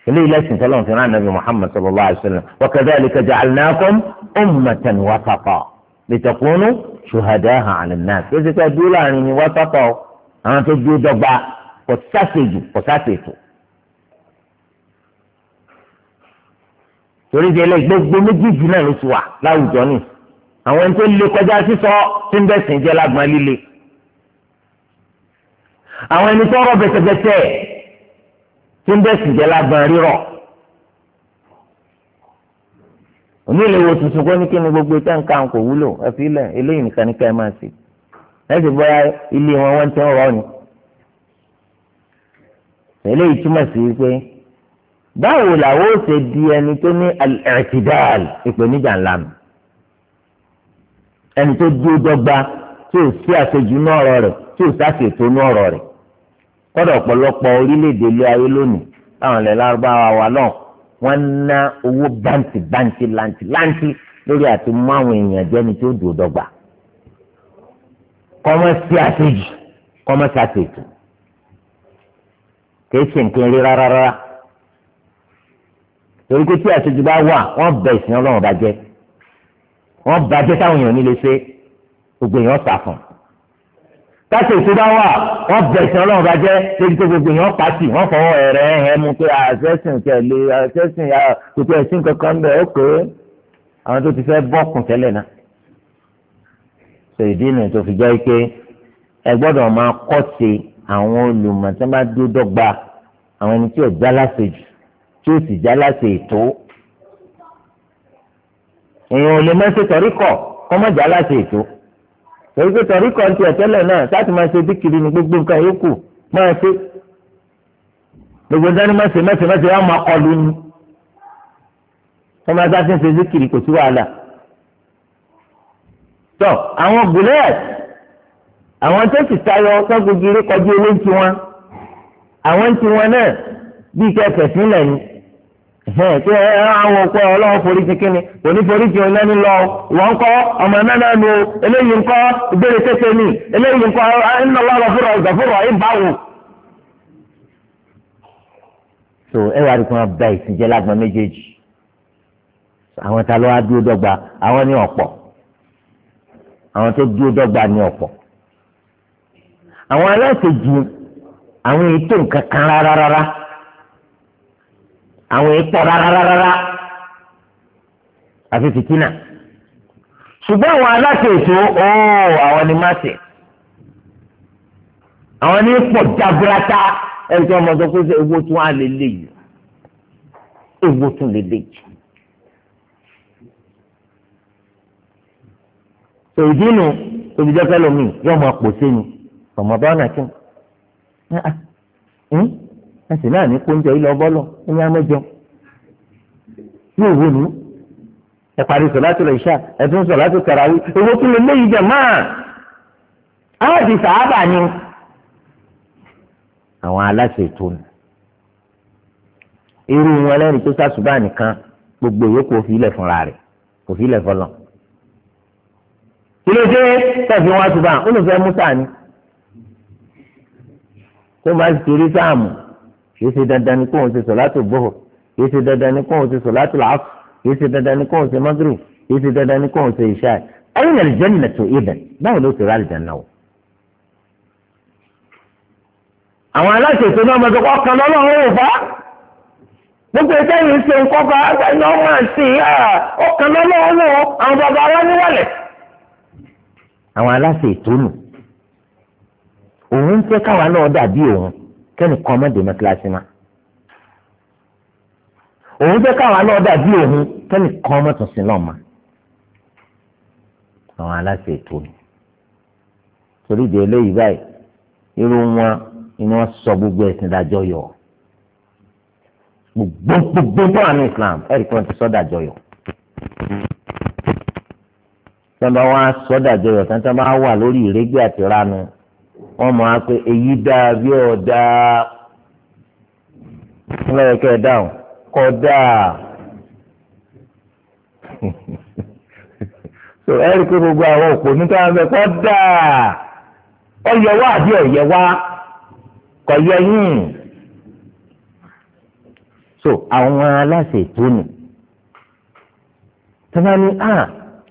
eléyìí lẹ́sìn tọ́lọ́run fi rán Ànábì Muhammad sallallahu alaihi wasallam wa kadhalika lìtẹ̀kùnú ṣùhàdà hàn àlẹ́ náà kí ẹsẹ̀ pé dúró láàrin ni wọ́n tọ́tọ̀ àwọn tó dúró dọ́gba kò sáṣejù kò sáṣètò. torí di ẹlẹ́yìn gbogbo méjèèjì náà ló ti wà láwùjọ ni àwọn ẹni tó lé kọjá sísọ tí ń bẹ̀sìn jẹ́ lágbọ́n líle àwọn ẹni tó rọ bẹ̀tẹ̀bẹ̀tẹ̀ tí ń bẹ̀sìn jẹ́ lágbọ́n rírọ̀. òní lè wo tuntun kó ní kí ni gbogbo tẹ́ ń ká kò wúlò ẹ fi lẹ̀ eléyìí nìkan ní ká ẹ máa ṣe ẹ sì bọ́ra ilé wọn wọ́n ti ń rọ ni. eléyìí túmọ̀ sí pé báwo làwọn ò ṣe di ẹni tó ní al ìpèníjà ńlá mi ẹni tó dúró dọ́gba tí ò sí àṣejù ní ọ̀rọ̀ rẹ̀ tí ò sáṣètò ní ọ̀rọ̀ rẹ̀ kọ́dọ̀ ọ̀pọ̀lọpọ̀ orílẹ̀-èdè ilé ayé lónìí táwọn ilẹ̀ lárúbáwá wa náà wọ́n ná owó báǹtì báǹtì láǹtì láǹtì lórí àti mú àwọn èèyàn jẹ́ni tó dùn dọ́gba kọ́mọ́sí àtẹ̀jù kọ́mọ́sí àtẹ̀jù kìí ṣe nǹkan rí rárá rárá torí pé tí àtẹ̀jù bá wà wọ́n bẹ ìsìn ọlọ́run bàjẹ́ wọ́n bàjẹ́ táwọn èèyàn nílé ṣe gbogbo èèyàn sà tásì ìtura wà wọ́n bẹ̀sẹ̀ ọlọ́run bá jẹ́ lórí tó gbogbo yẹn pàṣẹ wọ́n fọwọ́ ẹ̀rẹ́ ẹ̀ mú pé àṣẹ́sìn tẹ̀lé àṣẹ́sìn kòtò ẹ̀sìn kankan ń bẹ̀ ókè àwọn tó ti fẹ́ bọ́kùn tẹ́lẹ̀ náà. sọ ìdí nìyẹn tó fi jẹ́ pé ẹ gbọ́dọ̀ máa kọ́ sí àwọn olùmọ̀ tí wọ́n bá dúró dọ́gba àwọn ẹni tí ò já láṣẹ jù tí ó sì já láṣẹ ètò. èèyàn ò lè mẹ́sẹ̀ tọ́ríkọ̀ kọ́ mọ́ já láṣẹ èyí pé tọ̀rí kan tiẹ̀ tẹ́lẹ̀ náà láti máa ṣe díkìrì ní gbogbo nǹkan yòókù máa ṣe gbogbo dání máa ṣe mẹ́sẹ̀ mẹ́sẹ̀ yá máa kọlu ni wọ́n máa dá sí ṣe díkìrì kò sí wàhálà. tọ́ àwọn gùlẹ́ẹ̀t àwọn tó sì tayọ sọ́gbogbo eré kọjú olóńtì wọn àwọn ń ti wọn náà bíi kẹfẹ̀ sílẹ̀ ni. hẹ́n pé àwọn òkú ẹ̀ ọlọ́run foríjì kínni òní lọ wọn kọ ọmọ náà nu eléyìí nkọ ìbéèrè tètè ní eléyìí nkọ fúnra ọ̀gá fúnra so ẹ wá rí i wọn ìsìnjẹ lágbọn méjèèjì àwọn ló wá dúró àwọn ní àwọn tó dúró ní àwọn aláṣẹ àwọn kan rárá rárá. àwọn èèpọ̀ rárárárá àfi fìtínà ṣùgbọ́n àwọn aláṣẹ ètò ooo àwọn ni má ṣe àwọn ní pọ̀ jaburata ẹni tí wọ́n mọ̀ sọ pé owó tún á lè léyìí owó tún lè léyìí. tòyìdì nù tóbi jẹ́ pẹ́ lómi yóò máa pò sí ni ọmọ bá ọ̀nà kí n. Ah, ah, hmm? ẹsẹ̀ náà ní kóúnjẹ ilé ọbọ́lọ̀ ẹni amẹ́jọ ní òwò nù ẹ parí sọ̀láṣọ rẹ̀ ṣá ẹ̀tún sọ̀láṣọ kàràwí owó tún lè léyìí jẹ̀ máa àwọn ti sàábà ni àwọn aláṣẹ ètò nù irú wọn lẹ́nu tó sàṣùbà nìkan gbogbo yòókù òfin ilẹ̀ fúnra rẹ̀ òfin ilẹ̀ fọlọ́ kí ló dé wọn àṣùbà ó mú sáà ni tó máa ti torí sáàmù kìí ṣe dandan ni kóun ṣe sọ̀látù bọ́ọ̀ kìí ṣe dandan ni kóun ṣe sọ̀látù làásù kìí ṣe dandan ni kóun ṣe mọ́gírì kìí ṣe dandan ni kóun ṣe ìṣáì ẹ̀yìn àlìjẹ́nà tó ibẹ̀ báwo ló ṣe rà àlìjẹ́nà o. àwọn aláṣẹ ìṣẹ́ náà mọ̀tò ọkàn lọ́wọ́ ò gbogbo ìṣe yìí ṣe nǹkan kan àgbẹ̀yìn ọmọ àti ọkàn lọ́wọ́ àwọn bàbá wa níwọ̀lẹ̀. àwọn aláṣẹ ìtọ́nù òun ń fẹ́ káwa náà dàbí òun kẹ́nìkan ọmọdé mọ́tíláṣí ma òun jẹ́ káwa náà dàbí òun kẹ́nìkan ọmọtòsìn náà ma àwọn aláṣẹ ètò ni torí ìdè eléyìí báyìí irú wọn ni wọ́n sọ gbogbo ẹ̀sìn dájọ́ yọ gbogbo gbogbo náà ní Islam ẹ̀rí kan ti sọ dájọ́ yọ tọ́ba wọn sọ dájọ́ yọ tọ́ba wà lórí ìrẹ́gbẹ́ àti ránu wọ́n mọ̀ á èyí dáa bí ọ̀ dáa dáhùn kọ́ dáa so ẹ̀rí pé gbogbo àwọn òpó níta wọn bẹ dáa àbí ọ yẹ kọ yín so àwọn aláṣẹ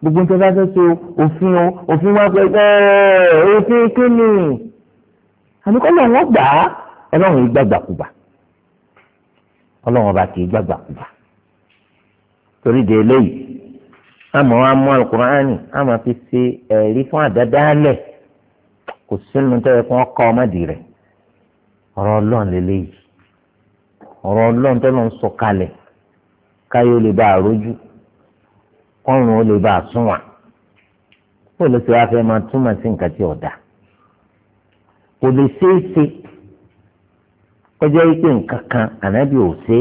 gbogbo tó bá fẹ́ ṣe òfin o òfin wá pé ẹ òfin kíni àmì kọ́ lọ́wọ́ gbà á ọlọ́run yìí gbàgbàkúgbà ọlọ́run ọba kì í gbàgbàkúgbà torí de eléyìí àmọ́ wa mú alukur'ani àmọ́ fi ṣe ẹ̀rí fún àdádálẹ̀ kò sínú tó yẹ kó wọ́n kọ́ ọmọdé rẹ̀ ọ̀rọ̀ ọlọ́run lélẹ́yìí ọ̀rọ̀ ọlọ́run tó lọ́n sọ kalẹ̀ káyọ̀ lè bá àrójú. kọ́run ó lè bá a súnwà kó ló ti wá fẹ́ máa túmọ̀ sí nǹkan tí ọ̀dà kò lè ṣe wípé nǹkan kan ànábì ò ṣe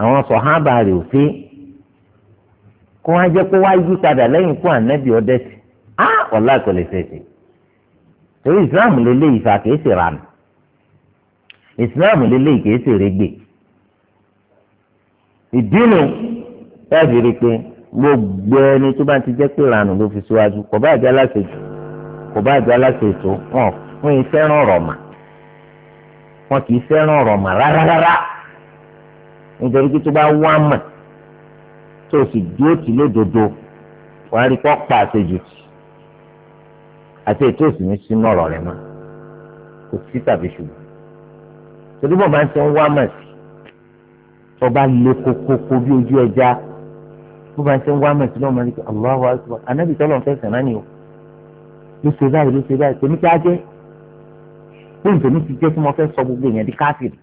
àwọn sọ̀hábà ò ṣe kó wá jẹ́ kó wá yí padà lẹ́yìn kó ànábì ọdẹ sí á ọ̀la kò lè ṣeé ṣe torí ìsìláàmù lélẹ́yìí fà kìí ṣe rànù láti rí i pé gbogbo ẹni tó bá ti jẹ́ pé ìranù ló fi síwájú kò bá àjẹ́ aláṣejù kò bá àjẹ́ aláṣejù wọn wọn yìí fẹ́ràn ọ̀rọ̀ mà wọn kì í fẹ́ràn ọ̀rọ̀ mà rárárárá nítorí pé tó bá wá mà tó sì dúró tì lódodo wọn á rí kó pa àṣejù tì àti ètò òsìmí sínú ọ̀rọ̀ rẹ̀ mọ́ kò sí tàbí ṣùgbọ́n torí bọ́ọ̀ máa ń sọ wá mà sí tó bá le kókókó bí ojú ẹja bó bá ń ṣe ń wá mọ̀ sí lọ́wọ́ máa ń sọ Allahu Akbar anábì tọ́lọ̀ ń fẹ́ sàn náà ni o ló ṣe báyìí ló ṣe báyìí tèmi kí á jẹ́ bóyá tèmi ti jẹ́ tí mo fẹ́ sọ gbogbo èèyàn di káfíìrì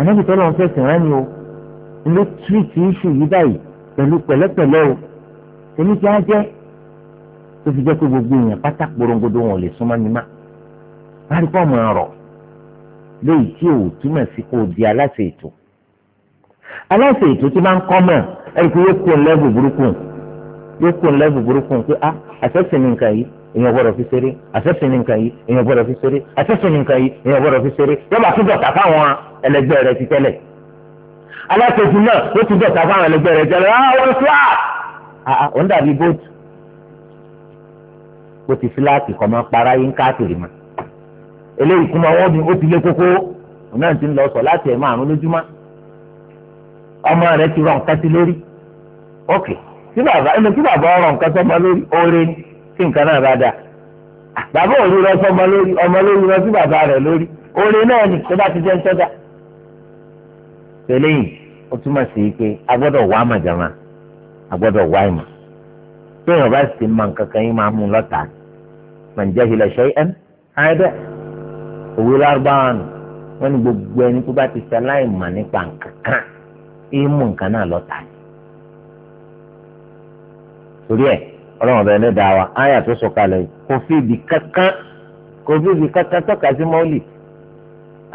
anábì tọ́lọ̀ ń fẹ́ sàn náà ni o ló tírìtì iṣu yìí báyìí pẹ̀lú pẹ̀lẹ́pẹ̀lẹ́ o tèmi kí á jẹ́ tó fi jẹ́ pé gbogbo èèyàn pátá porongodo wọn lè súnmọ́ mi má bá rí pọ́ mọ̀ tí ò túmọ̀ sí kó o di aláṣẹ ètò aláṣẹ ètò tí máa ń kọ́ mọ̀ ẹ̀ríkì yóò kó lẹ́bù burúkú yóò kó lẹ́bù burúkú pé a ah, àṣẹ̀ṣẹ̀ ní nǹkan yìí èèyàn gbọ́dọ̀ fi ṣeré àṣẹ̀ṣẹ̀ ní nǹkan yìí èèyàn gbọ́dọ̀ fi ṣeré àṣẹ̀ṣẹ̀ ní nǹkan yìí èèyàn gbọ́dọ̀ fi ṣeré yóò máa tún dọ̀tà fáwọn ẹlẹgbẹ́ rẹ ti tẹ́lẹ̀ alákejì náà ó tún dọ̀tà fáwọn ẹlẹgbẹ́ rẹ tẹ́lẹ̀ ah wọ́n fúlá òun ah, ah, dàbí bóòtù ó ti fúláàtì kọ́ máa para yín káàkiri mọ́ eléyìí kú máa wọ́n ó ti lé kókó náà ti ń lọ sọ láti ẹ̀ máa rún lójúmọ́ ọmọ rẹ ti rọ nǹkan sí lórí ok tí bàbá ẹni tí bàbá rọ nǹkan sọmọ lórí oore ni tí nǹkan náà bá dà bàbá òru rọ sọmọ lórí ọmọ lórí rọ sí bàbá rẹ lórí oore náà ni tó bá ti jẹ́ ń ó túmọ̀ sí pé a gbọ́dọ̀ wá màjàmá a gbọ́dọ̀ wá ìmọ̀ tó yàn bá sì máa kankan gbogbo ẹni tó bá ti nípa ìmú nǹkan náà lọ́tà ni. torí ẹ̀ ọlọ́run ọ̀bẹ ẹ̀dá wa áyà tó sọ kalẹ̀ kò fi ibi kankan kò fi ibi kankan tọ́ka sí mọ́ọ̀lì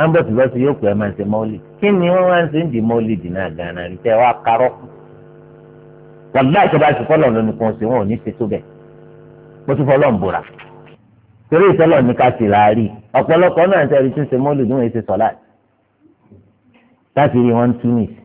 ambert bọ́sì yóò pè é máa ń ṣe mọ́ọ̀lì kí ni wọ́n máa ń ṣe ń di mọ́ọ̀lì dì náà gan-an rí tẹ́ wá karọ́ kù. wàlúwà ìjọba ti fọ́lọ̀ lónìí kan ṣe wọn ò ní ṣe tó mo ti fọ́lọ̀ ń bòrà torí ìtọ́lọ̀ ní ká sì láàárí ọ̀pọ̀lọpọ̀ náà ń tẹ́rí tí ń ṣe mọ́ọ̀lì ní wọ́n ṣe sọ́lá láti rí wọn túnìsì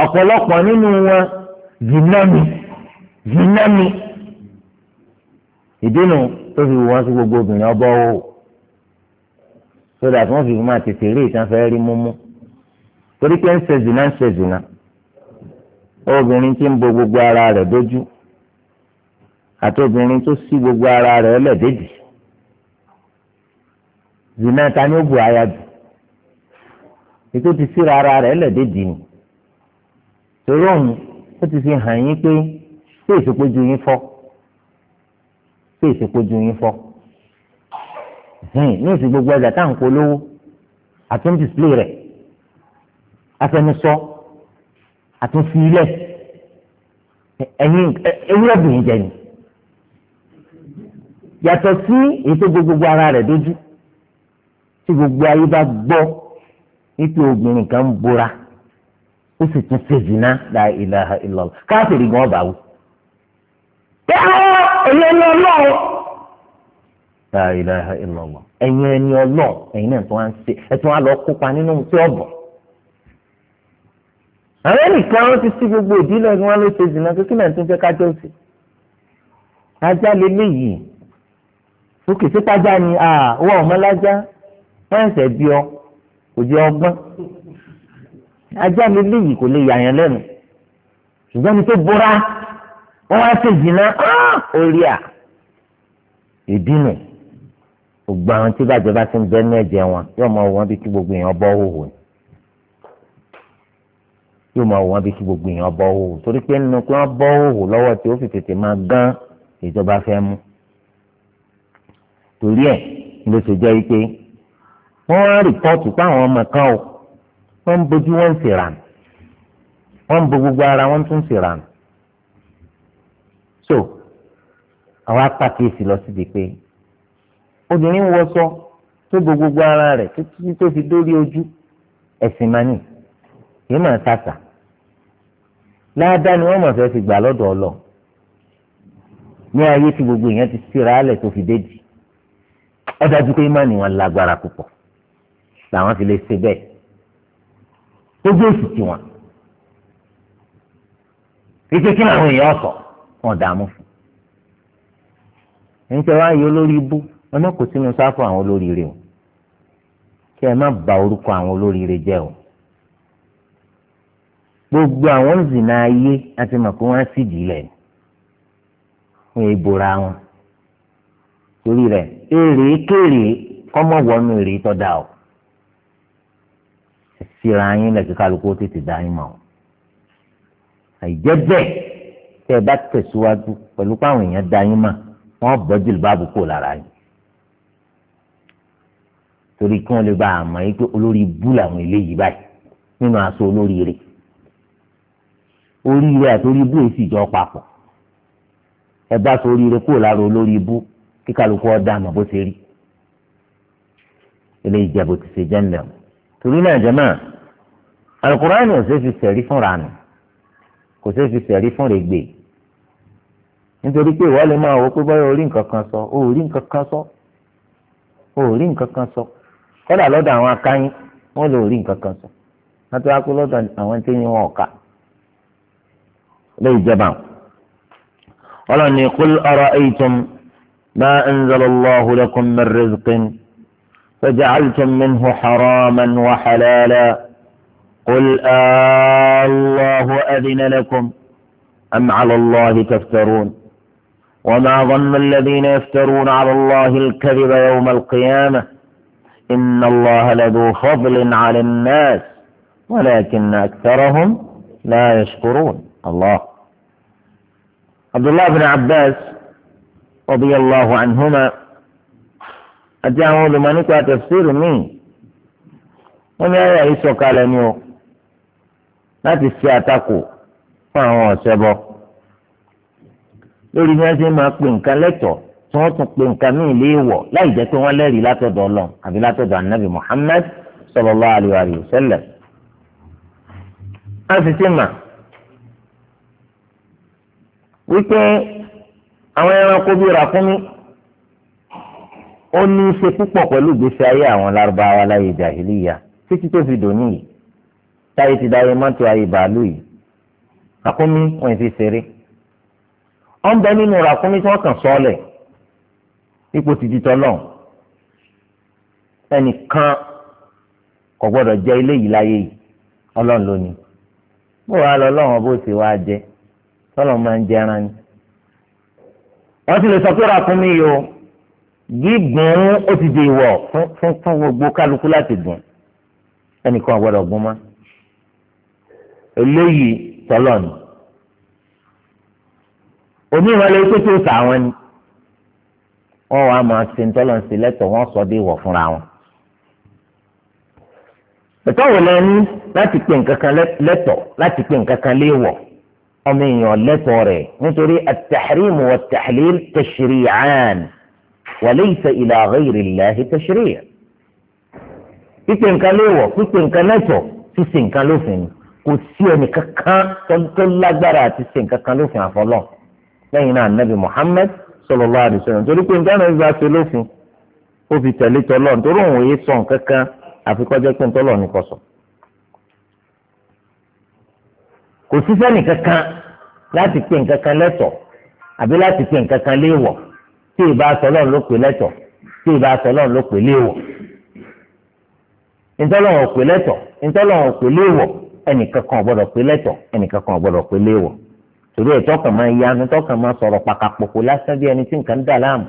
ọ̀pọ̀lọpọ̀ nínú wọn jìnnàmì jìnnàmì ìdínú tó fi wọ́n sí gbogbo obìnrin ọbọ̀ wò sódà tí wọ́n fi máa tètè rí ìtàn fẹ́ rí múmú torí pé ń ṣe zìnnà ń ṣe zìnnà obìnrin tí ń bo gbogbo ara rẹ̀ dójú àti obìnrin tó sí gbogbo ara rẹ̀ lẹ́dẹ̀ẹ́dì zìnnà ta ni ó bu àyà jù ètò ti síra ara rẹ̀ lẹ́dẹ̀ẹ́dì ni torí òun ó ti fi hàn yín pé ṣé ìṣèpọ̀jù yín fọ́ ṣé ìṣèpọ̀jù yín fọ́ ní ìsìn gbogbo ọjà tá à ń polówó àtún display rẹ̀ afẹnusọ àtún fi ilẹ̀ ẹ̀yin ewúrẹ́ bìyìn jẹ yàtọ̀ sí èyí tó gbogbo ara rẹ̀ dójú tí gbogbo ayé bá gbọ́ wípé obìnrin kan ń bora ó sì tún ṣe zina la ilaha illallah káfíìrì gan ọba wò. ẹ ọ ẹyẹ ni Ọlọ́run la ilaha illallah ẹyẹ ni Ọlọ́run ẹyin náà tó wá ń ṣe ẹ tó wá lọ kópa nínú tí ó bọ. àwọn ẹnìkan wọn ti sí gbogbo ìdílé ẹni wọn ló ṣe kékeré náà tún fẹ́ kájọ sí. ajá lélẹ́yìí òkè sípájá ni àwọn ọmọlájá wọn ẹsẹ̀ bí ọ kò jẹ ọgbọ́n ajá mi léyìí kò lè yàyàn lẹ́nu ṣùgbọ́n mi tó bóra wọ́n wá sí ìjìnà orí ah, à ìdínà gbogbo àwọn tí bàjẹ́ bá ti ń bẹ́ẹ̀ mẹ́jẹ wọn yóò máa wọ́n bí kí gbogbo èèyàn bọ́ hòhò yóò máa wọ́n bí kí gbogbo èèyàn bọ́ hòhò torí pé nínú pé wọ́n bọ́ hòhò lọ́wọ́ tí ó fi tètè máa gán ìjọba fẹ́ mú torí ẹ̀ ló ṣe jẹ́ wípé wọ́n á rìpọ́ọ̀tù pé àwọn ọmọ kan ò wọ́n ń bojú wọ́n ń sèrànù wọ́n ń bo gbogbo ara wọ́n tún sèrànù so àwọn apàkíyèsí lọ síbi pé obìnrin ń wọṣọ tó bo gbogbo ara rẹ̀ títí tó fi dórí ojú ẹ̀sìn mani yìí máa tàṣà láàdá ni wọ́n mọ̀ fẹ́ fi gbà lọ́dọ̀ ọlọ ní ayé tí gbogbo èèyàn ti síra alẹ̀ tó fi déjì ó dájú pé ìmánì wọn lágbára púpọ̀ làwọn fi lè ṣe bẹ́ẹ̀ oge òsì tì wọn kíkẹ́ kí làwọn èèyàn sọ wọn dààmú fún un nítorí ayé olórí ibú ọmọ kò sínú sáfù àwọn olóríire o kí ẹ má bà orúkọ àwọn olóríire gbogbo àwọn zìnnà ayé àti màkó wọn sì dìílẹ̀ wọn èbòra wọn torí rẹ̀ èrè síra yín lẹ́kẹ́ kálukú ó tètè dá yín mọ̀ ọ́ àìjẹ́ bẹ́ẹ̀ tẹ́ ẹ bá tẹ̀síwájú pẹ̀lú páwọn èèyàn dá yín mọ̀ wọ́n bọ́ jìlbáàbù kò lára yín torí kí wọ́n lè bá àmọ́ yìí pé olórí ibú làwọn eléyìí báyìí nínú aṣọ olóríire oríire àti orí ibú èsì jọ papọ̀ ẹ bá sọ oríire kúrò lára olórí ibú kí kálukú ọ̀dà àmọ́ bó ṣe rí eléyìí jẹ́ bó ti ṣe jẹ́ ńlẹ̀ torí náà jẹ́ náà alukurani ò ṣe fi sẹ̀rí fún ranù kò ṣe fi sẹ̀rí fún rẹ̀gbè nítorí pé ìwọ lè máa wọ pé báyọ̀ orí nǹkan kan sọ ó rí nǹkan kan sọ ó rí nǹkan kan sọ kọ́dà lọ́dọ̀ àwọn akáyín wọ́n lè rí nǹkan kan sọ látọ́ akó lọ́dọ̀ àwọn tí wọ́n ọ̀ka lè jẹba ọlọ́ni kúl ara'aytum ma anzalallahu lakum min rizqin faja'altum minhu haraman wa halala. قل آه، الله أذن لكم أم على الله تفترون وما ظن الذين يفترون على الله الكذب يوم القيامة إن الله لذو فضل على الناس ولكن أكثرهم لا يشكرون الله عبد الله بن عباس رضي الله عنهما أتاه من تفسير منه وما يسوق على نيوك láti ṣe àtakò fún àwọn ọ̀ṣẹbọ lórí bí wọ́n ṣe máa pè nǹkan lẹ́tọ̀ọ́ tí wọ́n tún pè nǹkan míì léèwọ̀ láì jẹ́ pé wọ́n lẹ́rìí látọ̀dọ̀ Ọlọ́run àbí látọ̀dọ̀ Ànábì Muhammad sallallahu alaihi wa sallam. a sì ti mà wípé àwọn ẹranko bíi ràkúnmí ó ní í ṣe púpọ̀ pẹ̀lú ìgbésí ayé àwọn lárúbáwá láyé jàhìlíyà títí tó fi dòní yìí táyé ti dáyé mọ́tò ayé bàálù yìí ràkúnmí wọn fi ṣeré ọ̀n bẹ nínú ràkúnmí tí wọ́n kàn sọ́ọ̀lẹ̀ ipò ti di tọ́lọ̀ ẹnìkan kò gbọ́dọ̀ jẹ ilé yìí láyé yìí ọlọ́run ló ní bó wàá lọ lọ́wọ́n bó ṣe wá jẹ tọ́lọ̀ máa ń jẹ ara ni wọ́n ti lè sọ pé ràkúnmí yìí o gígùn ó ti di ìwọ̀ fún fún gbogbo kálukú láti gùn ẹnìkan ò gbọ́dọ̀ eléyìí tọ́lọ̀ ni wọn lè tó tó sà wọn ni wọ́n wàá máa ṣe tọ́lọ̀ sí lẹ́tọ̀ wọ́n sọ bí wọ̀ fúnra wọn. ẹ̀tọ́ wò lẹ́ ní láti pè nǹkan kan lẹ́tọ̀ láti pè nǹkan kan léèwọ̀ ọmọ èèyàn lẹ́tọ̀ rẹ̀ nítorí at-tahrim wa tesiri an tashri'an wa laysa ila ghayri tesiri tashri' pípè nǹkan léèwọ̀ pípè nǹkan lẹ́tọ̀ fifi nǹkan lófin ni. kò sí ẹnìkankan tó lágbára àti ṣe nǹkankan lófin àfọlọ́ lẹ́yìn náà nabi muhammed sallallahu alaihi wasallam torí pé nǹkan náà ń ṣe lófin ó fi tẹ̀lé tọ́lọ́ nítorí òun ò yé sọ nǹkankan àfikọ́jọ́ pé ntọ́lọ́ ní kọ̀sọ̀ kò sí sẹ́nìkankan láti pè nǹkankan lẹ́tọ̀ àbí láti pè nǹkankan léèwọ̀ tí ìbá sọlọ́ọ̀ ló pè lẹ́tọ̀ tí ìbá sọlọ́ọ̀ ló pè léèwọ̀ ntọ́lọ́ọ̀ pè lẹ́tọ̀ ntọ́lọ́ọ̀ pè léèwọ̀ ẹnìkan kan ọ̀gbọ́dọ̀ pé lẹ́tọ̀ ẹnìkan kan ọ̀gbọ́dọ̀ pé léèwọ̀ torí ẹ̀ tọkàn máa yanu tọkàn máa sọ̀rọ̀ pàkàpọ̀kọ̀ lásán bí ẹni tí nǹkan dà láàmú.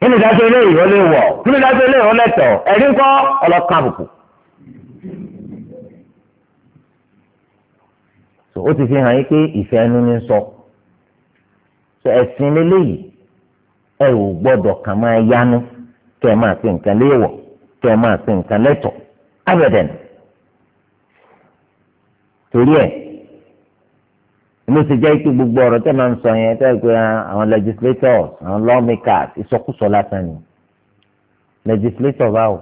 kí ni dájọ́ ilé ìhó lè wọ̀ kí ni ilé àbùkù. ó ti fi hàn yín pé ìfẹ́ ẹnu ní sọ ẹ̀sìn lélẹ́yìí ẹ ò gbọ́dọ̀ kàn máa kẹ́ ẹ máa fi torí ẹ̀ ló ṣe jẹ́ pé gbogbo ọ̀rọ̀ tẹ́ máa ń sọ yẹn tẹ́ pé àwọn legislators àwọn lawmakers ìsọkúsọ lásán ni legislator báwo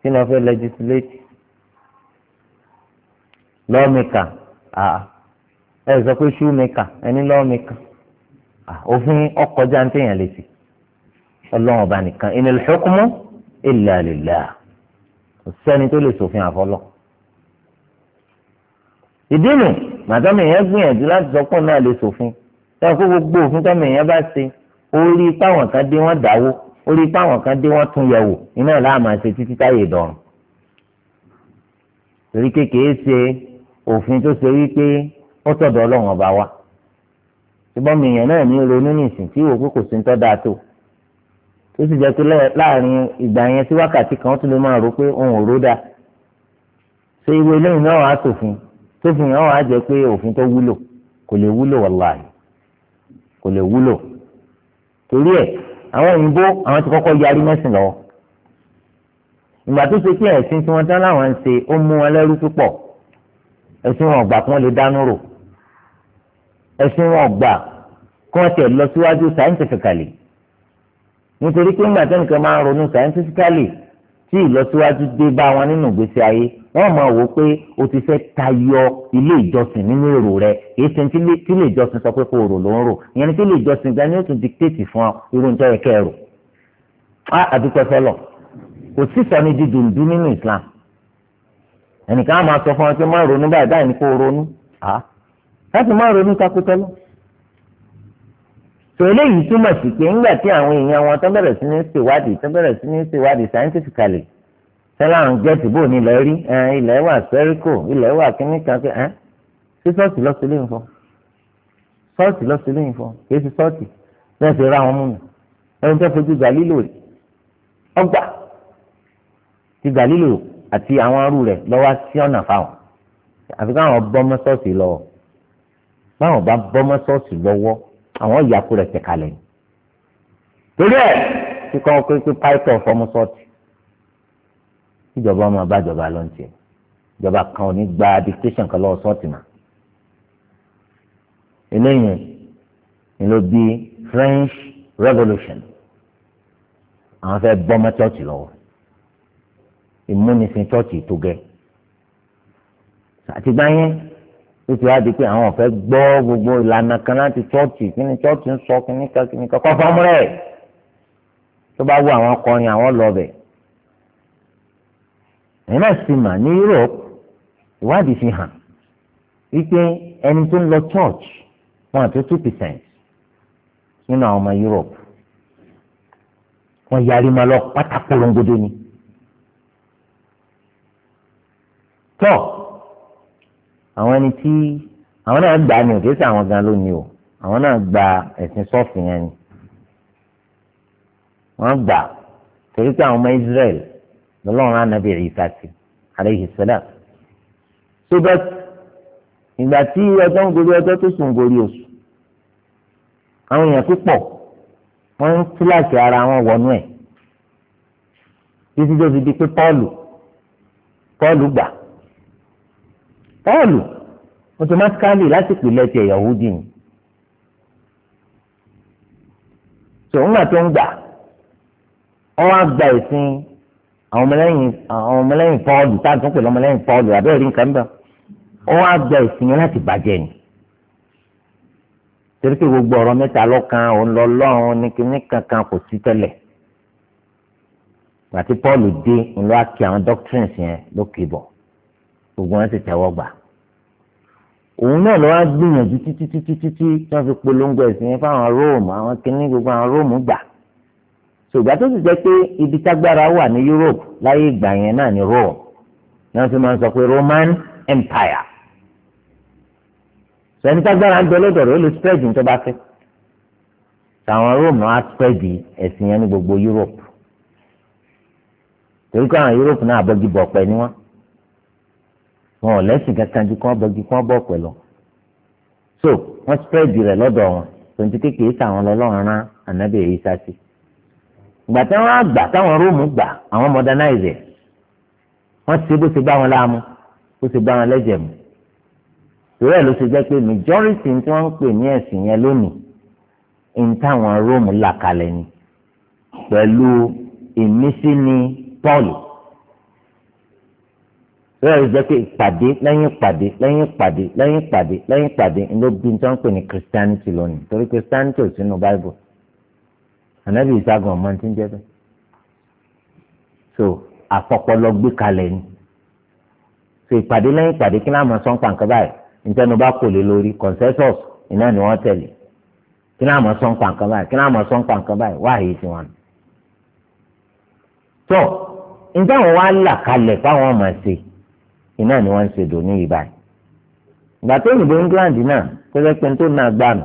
kí ni wọ́n fẹ́ legislate lawmaker àà ah, ẹ sọ pé shoemaker ẹni lawmaker ah, òfin ọkọjá ń tẹ̀yàn létí ọlọ́run ọba nìkan inil hukmu illa lillah kò sẹ́ni tó lè ṣòfin àfọlọ́ ìdí nù màdàmì yẹn gbìyànjú láti sọpọ̀ náà lè ṣòfin táwọn kó gbogbo òfin tọ́mì yẹn bá ṣe orí páwọn kan dé wọ́n dáwó orí páwọn kan dé wọ́n tún yẹ̀ wò iná láàmà ṣe títí táyé dọ̀rùn torí kékeré ṣe òfin tó ṣe wípé ó tọ̀dọ̀ ọlọ́run ọba wa ṣùgbọ́n mi yẹn náà ní ronú nìsín tí ìwò pé kò sí ń tọ́ da tó ó sì jẹ́ pé láàrin ìgbà yẹn sí wákàtí kan ó tún lè máa rò pé òun ò ró dáa ṣé ìwé eléyìí náà wàá ṣòfin tó fi hàn wá jẹ́ pé òfin tó wúlò kò lè wúlò wàláì kò lè wúlò torí ẹ̀ àwọn òyìnbó àwọn ti kọ́kọ́ yarí mẹ́sìn lọ́wọ́ ìgbà tó ṣe pé ẹ̀sìn tí wọ́n dá láwọn ń ṣe ó mú wọn lẹ́rú púpọ̀ ẹ̀sìn wọn ọ̀gbà kí wọ́n lè dánú rò ẹ̀sìn wọn ọ̀gbà kí wọ́n tiẹ̀ lọ síwájú scientifically nítorí pé ńgbà tẹ́nìkan máa ń ronú scientifically tí ìlọsíwájú dé bá wọn nínú ìgbésí ayé wọ́n máa wò pé o ti fẹ́ tayọ ilé ìjọsìn nínú èrò rẹ èyí tí tí ilé ìjọsìn sọ pé kò rò ló ń rò ìyẹn ni tí ilé ìjọsìn gba ni ó tún dictate fún ọ irú nítorí kẹrù á àdúpẹ́ fẹ́lọ̀ kò sí sọni dídùndú nínú Islam ẹnìkan á máa sọ fún ọ pé má ronú báyìí báyìí ni kò ronú á láti má ronú takotọ́lọ́ tò eléyìí túmọ̀ sí pé ńgbà tí àwọn èèyàn wọn tó bẹ̀rẹ̀ sí ní ṣèwádìí tó bẹ̀rẹ̀ sí ní ṣèwádìí scientifically sẹ́lá ń jẹ́ ní ilẹ̀ rí ilẹ̀ wà sẹ́ríkò ilẹ̀ wà kíníkan pé ṣé sọ́ọ̀tì lọ́ọ́ sílé nǹkan sọ́ọ̀tì lọ́ọ́ kìí ṣe sọ́ọ̀tì bẹ́ẹ̀ ṣe ra wọn mú mi ẹni tó fojú Gàlílò ọgbà ti Gàlílò àti àwọn arú rẹ̀ lọ́wọ́ sí ọ̀nà fáwọn àfi káwọn bọ́mọ sọ́ọ̀tì lọ́wọ́ báwọn bá bọ́mọ sọ́ọ̀tì lọ́wọ́ àwọn ìyàkú rẹ̀ tẹ̀kalẹ̀ torí ẹ̀ kíkọ́ pé pé pàìtọ̀ fọmọ sọ́ọ̀tì ìjọba ọmọ bá ìjọba lọ ní tiẹ̀ ìjọba kan ò ní gba dictation kan lọ́wọ́ sọ́ọ̀tì mà eléyìí ni ló bí French Revolution àwọn fẹ́ bọ́mọ chọ́ọ̀chì lọ́wọ́ ìmúnisìn chọ́ọ̀chì tó gẹ́ àtìgbà yẹn ó ti wá di pé àwọn ọ̀fẹ́ gbọ́ gbogbo ìlànà kan láti chọ́ọ̀chì kíni chọ́ọ̀chì ń sọ kíní kan kíní kan kọ́ fọ́múrẹ́ tó bá wù àwọn akọrin àwọn lọ́bẹ̀ẹ́ ẹ̀yin náà sì mà ní Europe ìwádìí fi hàn wípé ẹni tó ń lọ church wọn àti two percent nínú àwọn ọmọ Europe wọn yarí ma lọ pátákó rongodo ni. tọ́ àwọn ẹni tí àwọn náà gbà ní òkè sí àwọn gan lónìí o àwọn náà gba ẹ̀sìn sọ́ọ̀fù yẹn ni wọ́n gbà torí pé àwọn ọmọ Israel lọ́lọ́run rán nàbì Ìsá sí alayhi salam tó bẹ́ ìgbà tí ọjọ́ ń gorí ọjọ́ tó sùn gorí oṣù àwọn èèyàn púpọ̀ wọ́n ń kíláàsì ara wọn wọnú ẹ̀ títí tó fi di pé Pọ́ọ̀lù Pọ́ọ̀lù gbà Pọ́ọ̀lù automatically láti pèlè ti dì ní. tòun tó ń gbà wọ́n á gba ìsìn àwọn ọmọlẹ́yìn àwọn ọmọlẹ́yìn pọ́ọ̀lù táàgì tó pè lọ́mọlẹ́yìn pọ́ọ̀lù àbẹ́rẹ́ nǹkan bẹ́ẹ̀ ó wá gba ìsinmi láti bàjẹ́ ni torí pé gbogbo ọ̀rọ̀ mẹ́ta lọ́kàn òun lọ lọ́run ní kíní kankan kò sí tẹ́lẹ̀ àti pọ́ọ̀lù dé ńlọ àkè àwọn doctrines yẹn lókè bọ̀ gbogbo wọn sì tẹ́wọ́ gbà òun náà lọ́wọ́ gbìyànjú títí títí títí tí wọ́n fi polongo ẹ̀sìn yẹn fáwọn róòmù àwọn kíní gbogbo àwọn róòmù gbà ṣùgbọ́n tó sì jẹ́ pé ibi tágbára wà ní Europe láyé ìgbà yẹn náà ní Rome náà fi máa ń sọ pé Roman Empire sẹ́ni tágbára ń bẹ lọ́dọ̀ ó lè spread ní tó bá fẹ́ tàwọn Rome náà á spread ẹ̀sìn yẹn ní gbogbo Europe torí pé Europe náà abọ́gi bọ̀ pẹ̀ ni wọ́n wọn ò lẹ́sìn kankan ju kí wọ́n bọ́gi bọ̀ pẹ̀ lọ so wọ́n spread rẹ̀ lọ́dọ̀ wọn tòun ti kékeré tàwọn lọ́lọ́run rán ànábìyẹ yìí sá sí i ìgbà táwọn àgbà táwọn róòmù gbà àwọn modernize ẹ̀ wọ́n ti bó ṣe bá wọn láàmú bó ṣe bá wọn lẹ́jẹ̀ mu torí ẹ̀ ló ṣe jẹ́ pé majority tí wọ́n ń pè ní ẹ̀sìn yẹn lónìí ń táwọn róòmù là kalẹ̀ ni pẹ̀lú ìmísí ni pọ́ọ̀lù torí ẹ̀ ló jẹ́ pé ìpàdé lẹ́yìn ìpàdé lẹ́yìn ìpàdé lẹ́yìn ìpàdé lẹ́yìn ìpàdé ló bí tí wọ́n ń pè ní christianity lónìí torí christianity ò sínú bible ànábì ìṣàgùn ọmọ ti ń jẹ́ bẹ́ẹ̀ so àfọpọlọ gbé kalẹ̀ ni so ìpàdé lẹ́yìn ìpàdé kí láàmú sọ́ńpà nǹkan báyìí nítorí bá kò lè lórí consensus iná ni wọ́n tẹ̀lé kí láàmú sọ́ńpà nǹkan báyìí kí láàmú sọ́ńpà nǹkan báyìí wáyé tiwọn. tó níta wọn wá là kalẹ̀ fáwọn ọmọ ẹ̀sìn iná ni wọ́n ń ṣe dò ní ìbáyìí. ìgbà tó òyìnbó England náà tẹ́lẹ̀ pé tó náà gbà nù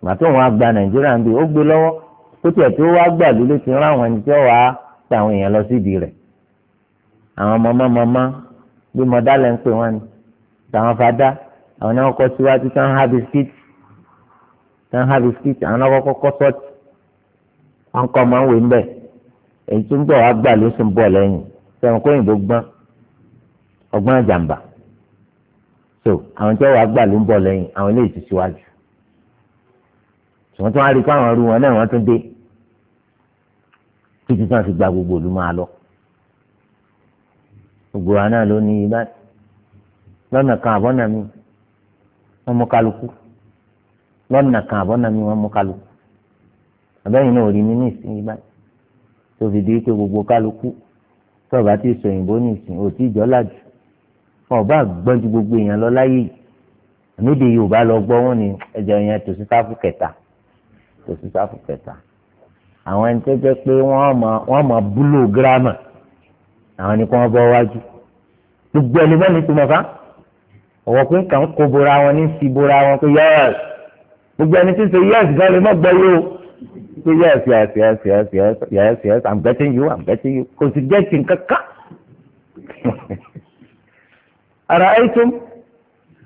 ìgbà tó wọn gba Nàìjíríà ń bí ó gbé lọ́wọ́ kó tiẹ̀ tó wá gbàlú ló ti rán àwọn ẹni tí ó wàá ta àwọn èèyàn lọ sídìí rẹ̀ àwọn màmá màmá bí mọ̀dá lẹ́ ń pè wọ́n ni tàwọn fada àwọn náà kọ́ síwájú tán ha bisikíìtì tán ha bisikíìtì àwọn náà kọ́kọ́ kọ́ sọ́ọ̀tì wọn kọ́ máa ń wé mbẹ́ èyí tó ń bọ̀ wá gbà ló sì ń bọ̀ lẹ́yìn sẹ́wọ̀n kó òyìnbó gbọ́n ọgbọ́n àjàmbá so àwọn tí wọ́n wá gbà ló ń bọ̀ lẹ́yìn àwọn eléyìí ti síwájú ṣùgbọ́n tí wọ́n á rí i pé àwọn ọrú náà wọ́n tún dé títí tí wọ́n fi gba gbogbo ìlú máa lọ gbogbo wa náà ló ní ibà lọ́nà kan àbọ̀nà mi wọ́n mú kálukú lọ́nà kan àbọ̀nà mi wọ́n mú kálukú àbẹ́yìn náà ò rí mi ní ìsìn ibà tó fi di pé gbogbo kálukú tó ọba ti sọ òyìnbó ní ìsìn ò tí ìjọ́ làjù ọba gbọ́n ju gbogbo èèyàn lọ láyé yìí àmì èdè Yorùbá lọ gbọ́ wọn ni ẹ̀jẹ̀ yẹn tòsí sáfù kẹta tòsí sáfù kẹta àwọn ẹni tó jẹ́ pé wọ́n mọ búlò gírámà àwọn ni kí wọ́n bọ́ wájú gbogbo ẹni bẹ́ẹ̀ ni tó mọ̀ fá ọ̀wọ́ pé kàn ń kó bora wọn ní fi bora wọn pé yẹ́s gbogbo ẹni tí ń sọ gan lè má gbọ́ yé o pé yẹ́s yẹ́s yẹ́s yẹ́s yẹ́s yẹ́s yẹ́s i'm betting you i'm betting you kò sì gẹ́tì kankan ara ẹ̀tún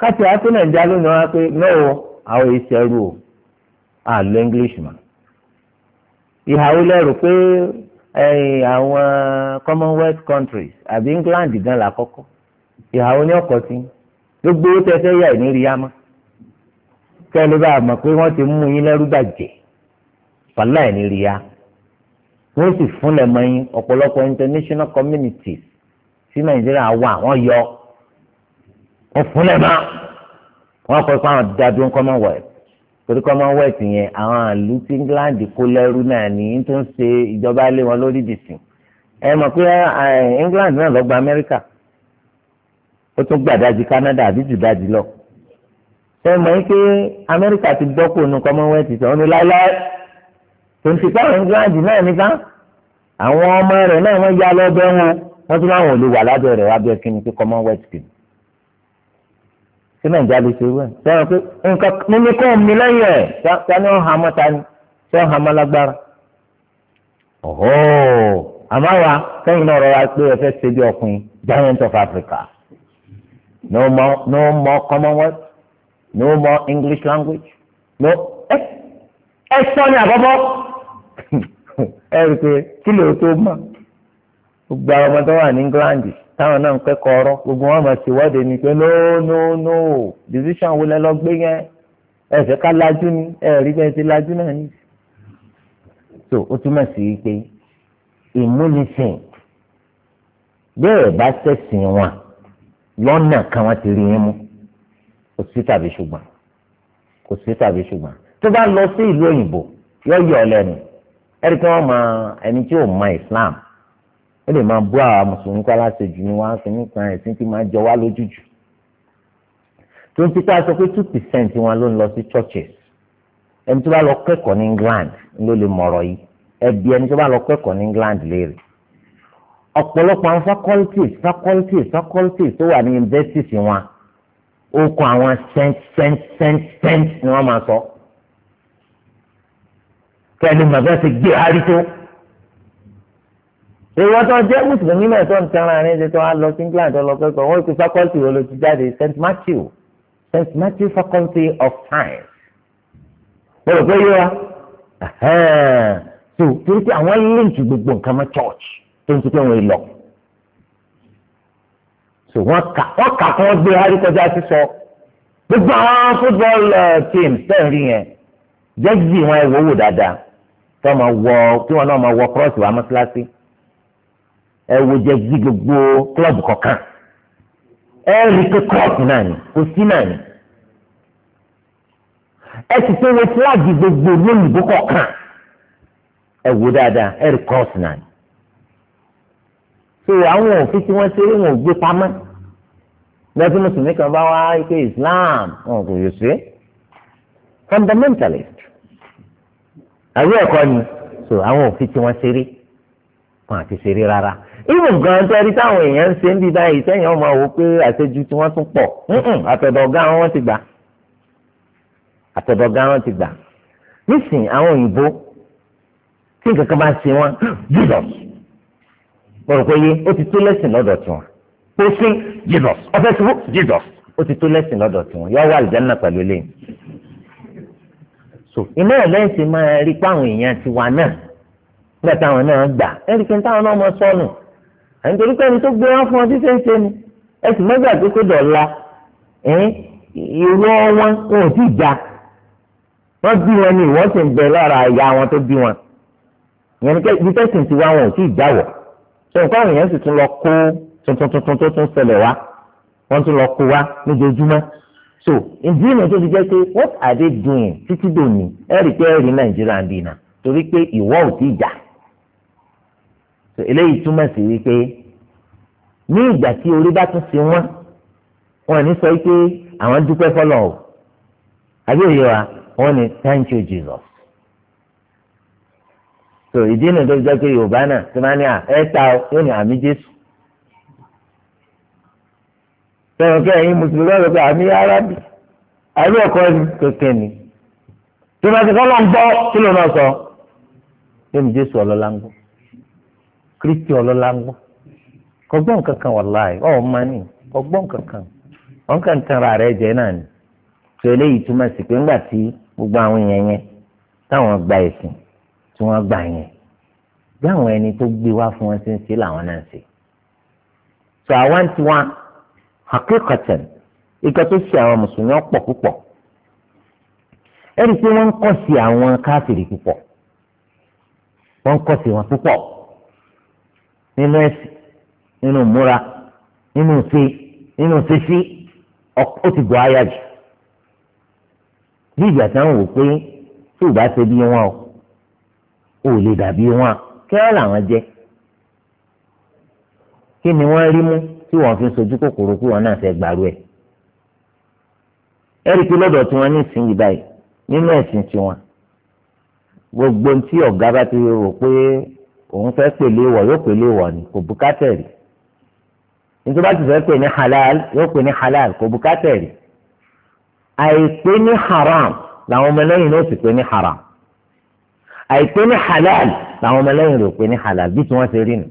káṣí àtúnẹ̀ ń jalè ní wọn pé náà àwọn èsì ẹrú o àlọ́ english man ìhàwó lẹ́rù pé àwọn commonwealth countries àbí England gan la kọ́kọ́ ìhàwó ní ọkọ̀ tí gbogbo owó tẹ́tẹ́ yà ní rí yámá kẹ́lẹ́ bá a mọ̀ pé wọ́n ti mú yín lẹ́rú bàjẹ́ pàlá ẹ̀ ní rí yá wọ́n sì fúnlẹ̀ mọ́ yín ọ̀pọ̀lọpọ̀ international communities sí Nàìjíríà wà wọ́n yọ wọ́n fúnlẹ̀ mọ́ wọ́n kọ́ ipá àwọn dàdún commonwealth torí kọ́ máa ń wẹ̀tì yẹn àwọn àlù tí England kó lẹ́rú náà ní tó ń ṣe ìjọba lé wọn lórí dìsìn ẹ mọ̀ pé England náà lọ gba Amẹ́ríkà ó tún gbàdájú Canada àbí jù dájú lọ ẹ mọ̀ yín pé Amẹ́ríkà ti gbọ́pò nu Commonwealth sọ ọ́n láéláé tó káwọn England náà níta àwọn ọmọ rẹ̀ náà wọ́n yá lọ́bẹ̀ wọn wọ́n tún láwọn ò lè wà lábẹ́ rẹ̀ wábẹ́ kí ni pé Commonwealth kìíní ṣé nàìjíríà lè ṣe irú ẹ̀ sẹ́wọ̀n pé nǹkan mímí kọ́ mi lẹ́yìn ẹ̀ sani ó hamọ́ tani ṣé ó hamọ́ lágbára. ọ̀họ́ àmọ́ wa sẹ́yìn náà rọra pé ẹ fẹ́ ṣe bí ọkùnrin giant of Africa no more no more commonwealth no more English language no ẹ ẹ sọ ní àbọ̀bọ̀ ẹ rí i pé kí lè o tó gbogbo àwọn ọmọ tó wà ní England táwọn náà ń kẹ́kọ̀ọ́ ọ̀rọ̀ gbogbo wọn máa ṣèwọ́de ni pé no no no decision wo lẹ lọ gbé yẹn ẹ fẹ́ ká lajú ni ẹ bẹ́ẹ̀ ti lajú náà ni. so ó túmọ̀ sí i pé ìmúnisìn bẹ́ẹ̀ bá ṣẹ̀sìn wọn lọ́nà kan wọ́n ti rí yín mú kò sí tàbí ṣùgbọ́n kò sí tàbí ṣùgbọ́n tó bá lọ sí ìlú òyìnbó yọ yọ ọ lẹ́nu ẹ̀rí pé wọ́n máa ẹni tí ò mọ Islam ó lè máa bú àwa mùsùlùmí kọ́ aláṣejù ni wọ́n á fi nípa ẹ̀sìn tí máa jọ wá lójújù tó ń títà sọ pé two percent wọn ló ń lọ sí churches ẹni tó bá lọ kẹ́kọ̀ọ́ ní England ló lè mọ̀rọ̀ yìí ẹbí ẹni tó bá lọ kẹ́kọ̀ọ́ ní England léèrè ọ̀pọ̀lọpọ̀ àwọn faculties faculties faculties tó wà ní universities wọn ó kọ àwọn cent cent cent cent ni wọ́n máa sọ kẹ́ni màgbà ti gbé arí tó èèwọ̀ tó jẹ́ mùsùlùmí náà tó ń tẹ́ran àárín ẹ̀jẹ̀ tó wá lọ sí England tó lọ kẹ́kọ̀ọ́ wọ́n ti faculty wo ló ti jáde St Matthew St Matthew faculty of science mo rò pé yé wa so torí pé àwọn líǹkì gbogbo nǹkan mọ́ church tó ń tutù wọn lọ so wọ́n kà wọ́n kà kí wọ́n gbé harry kọjá sísọ gbogbo àwọn football uh, team sẹ́ẹ̀rì yẹn jẹ́gì wọn ẹ̀ wọ́wọ́ dáadáa tí wọ́n máa wọ kí wọ́n náà máa wọ cross wà mọ́ síláṣí ẹ wo jẹ gbí gbogbo kílọ̀bù kọ̀ọ̀kan ẹ rí i pé kílọ̀bù náà ni kò sí náà ni ẹ sì pé wo fúláàgì gbogbo lóyìnbó kọ̀ọ̀kan ẹ wo dáadáa ẹ rí kọ́ọ̀sì náà ni so àwọn òfin tí wọ́n ṣe é wọn gbé pamọ́ lẹ́tí mùsùlùmí kan bá wá ike Islam wọn kò yọ sí fundamentalist àbí ẹ̀kọ́ ni so àwọn òfin tí wọ́n ṣeré wọn àti ṣeré rárá irú gan tẹ́rí táwọn èèyàn ń ṣe ń bí báyìí sẹ́yìn ọmọ wò pé àṣejù tí wọ́n tún pọ̀ àtọ̀dọ̀gá wọn ti gbà àtọ̀dọ̀gá wọn ti gbà nísìn àwọn òyìnbó tí nǹkan kan bá ṣe wọn jesus mo rò pé yé ó ti tó lẹ́sìn lọ́dọ̀ tiwọn pósí jesus ọ̀fẹ́ ṣubú jesus ó ti tó lẹ́sìn lọ́dọ̀ tiwọn yọ wà àlùjánnà pẹ̀lú eléyìí so iná ẹ̀ lẹ́yìn tí máa rí páwọn èèyàn tiwa náà nígbà táwọn náà gbà ẹ̀rí kí n táwọn náà nítorí pé ẹni tó gbé wọn fún ọ títí ń ṣe ni ẹ sì mọ́gbà tó kó dọ̀la ìró wọn wọn ò tí ì já wọn bí wọn ni ìwọ sì ń bẹ lára ìyá wọn tó bí wọn ìyẹn ni ibi tẹ̀sìn ti wá wọn ò tí ì já wọ̀ ṣé nǹkan àwọn èèyàn sì tún lọ kó tuntun tuntun tó tún ṣẹlẹ̀ wá wọ́n tún lọ kó wá lójoojúmọ́ so ìdí ìmọ̀ tó ti jẹ́ pé what are they doing títí dòní ẹ̀rí pé ẹ̀rí nàìjíríà ń bì náà torí pé ìwọ ò tí ì já eléyìí túmọ̀ sí wípé ní ìgbà tí orí bá tún sí wọn wọn ní sọ pé àwọn dúpẹ́ fọlọ́ o àbí òye wa wọn ní thank you Jesus so ìdí nìyẹn tó fi jẹ́ pé yorùbá náà tí wọ́n ní à ẹ ta ọ yóò ní àmì jésù sọ̀rọ̀ kí ẹ̀yin mùsùlùmí ọ̀rọ̀ pé àmì arábì àbí ẹ̀kọ́ ni kékeré ni tí wọ́n ti kọ́ lọ́n gbọ́ kí ló náà sọ yóò ní jésù ọlọ́lá ń gbọ́ kristi ọlọ́lá ń gbọ́ kọgbọ́n kankan wàláì ọ̀ ma ní kọgbọ́n kankan wọn kàn tan ara rẹ jẹ náà ni tó eléyìí túmọ̀ sí pé ńgbà tí gbogbo àwọn èèyàn yẹn táwọn gba ẹ̀sìn tí wọ́n gbà yẹn bí àwọn ẹni tó gbé wá fún wọn ṣe ń ṣe làwọn náà ṣe tó àwa ń tiwọn hakíkọ̀tẹ̀n ìkà tó ṣe àwọn mùsùlùmí ọ̀pọ̀ púpọ̀ ẹ̀rí pé wọ́n ń kọ̀ sí àwọn káfìrí púpọ̀ wọ́n ń kọ̀ sí wọn púpọ̀ nínú ẹ̀sìn nínú múra nínú ṣe nínú ṣíṣí ó ti bọ̀ ayá jù bí ìgbà táwọn wò pé tí ò bá ṣe bí wọn o ò lè dàbí wọn kẹ́rọ̀ làwọn jẹ́ kí ni wọ́n rí mú tí wọ́n fi sojú kòkòrò kí wọ́n náà fẹ́ gbàrú ẹ̀ ẹ̀ríkì lọ́dọ̀ tí wọ́n ní ìsinyìí báyìí nínú ẹ̀sìn tiwọn gbogbo tí ọ̀gá bá ti rò pé òun fẹ́ pèlè wọ̀ yóò pèlè wọ̀ ni kò bùkátẹ̀ rí nítorí bá ti fẹ́ pè ní halal yóò pè ní halal kò bùkátẹ̀ rí àìpé ní haram làwọn ọmọ ẹlẹ́yìn náà sì pé ní haram àìpé ní halal làwọn ọmọ ẹlẹ́yìn rò pé ní halal bí tí wọ́n ṣe rí nù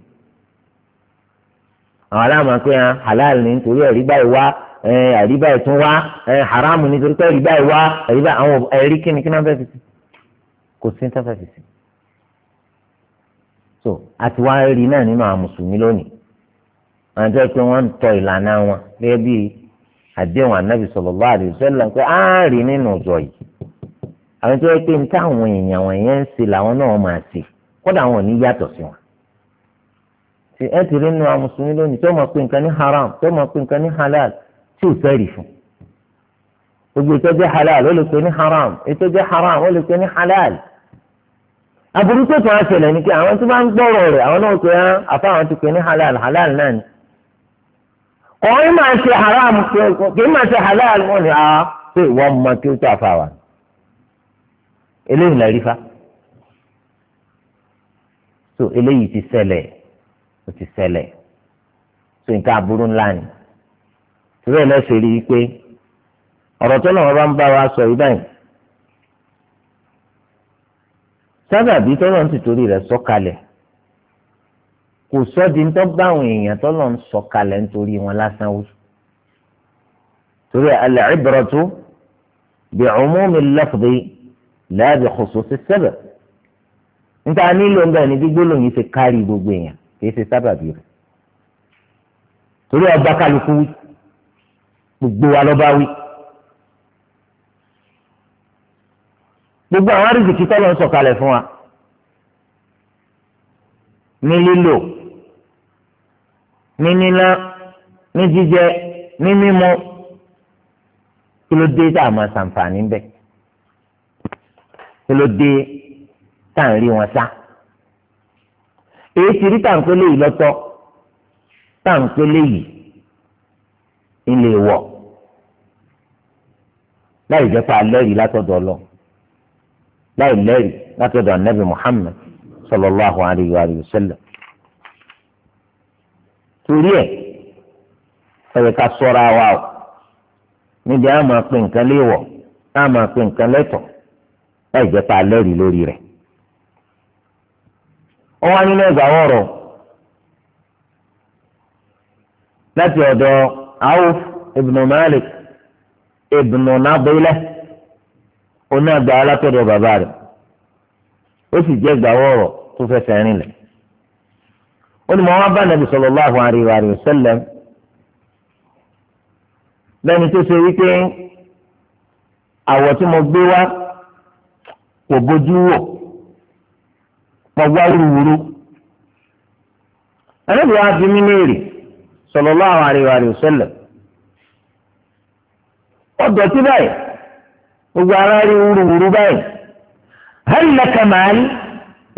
àwọn aláàmọ̀ pé ah, halal ni nítorí ẹ̀rí báyìí wá ẹ̀rí báyìí tún wá haram nítorí pé ẹ̀rí báyìí wá ẹ̀rí báyìí àwọn kí náà fẹ́ fi sí kò sí ní tá fẹ́ fi sí so àti wá rí náà nínú àwọn mùsùlùmí lónìí àwọn tó yẹ pé wọ́n ń tọ ìlànà wọn gẹ́gẹ́ bí àdéhùn anábì sallallahu alaihi wasallam pé á rí nínú ọjọ́ yìí àwọn tó yẹ pé ní táwọn èèyàn wọn yẹn ń ṣe làwọn náà máa ṣe kódà wọn ò ní yàtọ̀ sí wọn ṣe ẹ ti rí nínú àwọn mùsùlùmí lónìí tó máa pè nǹkan ní haram tó máa pè nǹkan ní halal tí ò sẹ́rì fún gbogbo ìtọ́jú halal ó lè pè ní haram ìtọ́jú haram ó lè pè ní halal. aburú tó tó wọn nike ni pé àwọn tó bá ń gbọ́rọ̀ rẹ̀ àwọn náà ah, ti pè halal halal náà ni òun máa haram máa ṣe halal wọn ni àá ah, pé ìwọ mọ kí ó tó àfa wà eléyìí fa so eléyìí ti sẹlẹ̀, ó ti ṣẹlẹ̀ so nǹkan aburú ńlá ni ìrẹ́lẹ̀ ṣe rí i pé ọ̀rọ̀ tó bá ń bá wa sọ sábàbí tọ́lọ̀ ń tìtorí rẹ̀ sọ̀kalẹ̀ kò sọ́di ń tọ́ bá àwọn èèyàn tọ́lọ̀ ń sọ̀kalẹ̀ nítorí wọn lásán wí. torí al-ibratu bi umumi al-lafzi la bi khususi as-sabab níta nílò ń bẹ̀rẹ̀ ní gbígbólóhùn yìí ṣe kárí gbogbo èèyàn kì í ṣe sábàbí rẹ̀ torí ọba kálukú wí gbogbo wa lọ́ba wí. gbogbo àwọn arìsìkì tọ́lọ̀ ń sọ̀kalẹ̀ fún wa ní lílò ní níná ní jíjẹ ní mímu kí ló dé tá a máa ṣàǹfààní ń bẹ kí ló dé tá à ń rí wọn sá èyí ti rí tàǹpẹ́lẹ́ yìí lọ́tọ̀ tàǹpẹ́lẹ́ yìí ilé wọ̀ láì jẹ́ pé alẹ́ yìí látọ̀dọ̀ ọlọ́run láì lẹ́rìí látọ̀dọ̀ anabi muhammed sallallahu alayhi wa sallam. torí ẹ̀ ẹ̀yẹ ká sọ́ra wa o níbi àwọn máa pe nǹkan léèwọ̀ àwọn máa pe nǹkan lẹ́tọ̀ láì jẹ́ pa lẹ́rìí lórí rẹ̀. ó wá nínú ẹgbàá ọ̀rọ̀ láti ọ̀dọ̀ awuf ibn malik ibn nabila oní àgbà alátọ̀dọ̀ bàbá rẹ̀ ó sì jẹ́ ìgbàwọ̀rọ̀ tó fẹsẹ̀ rinlẹ̀ ó ní mo wá bá nàbì sallallahu alaihi wa sallam lẹ́ni tó ṣe wípé àwọ̀ tí mo gbé wá kò bójú wò mo wá wúruwúru ànábì wa fi mí léèrè sallallahu alaihi wa sallam ọ̀dọ̀ tí báyìí gbogbo ara rí wúruwúru báyìí hal laka maal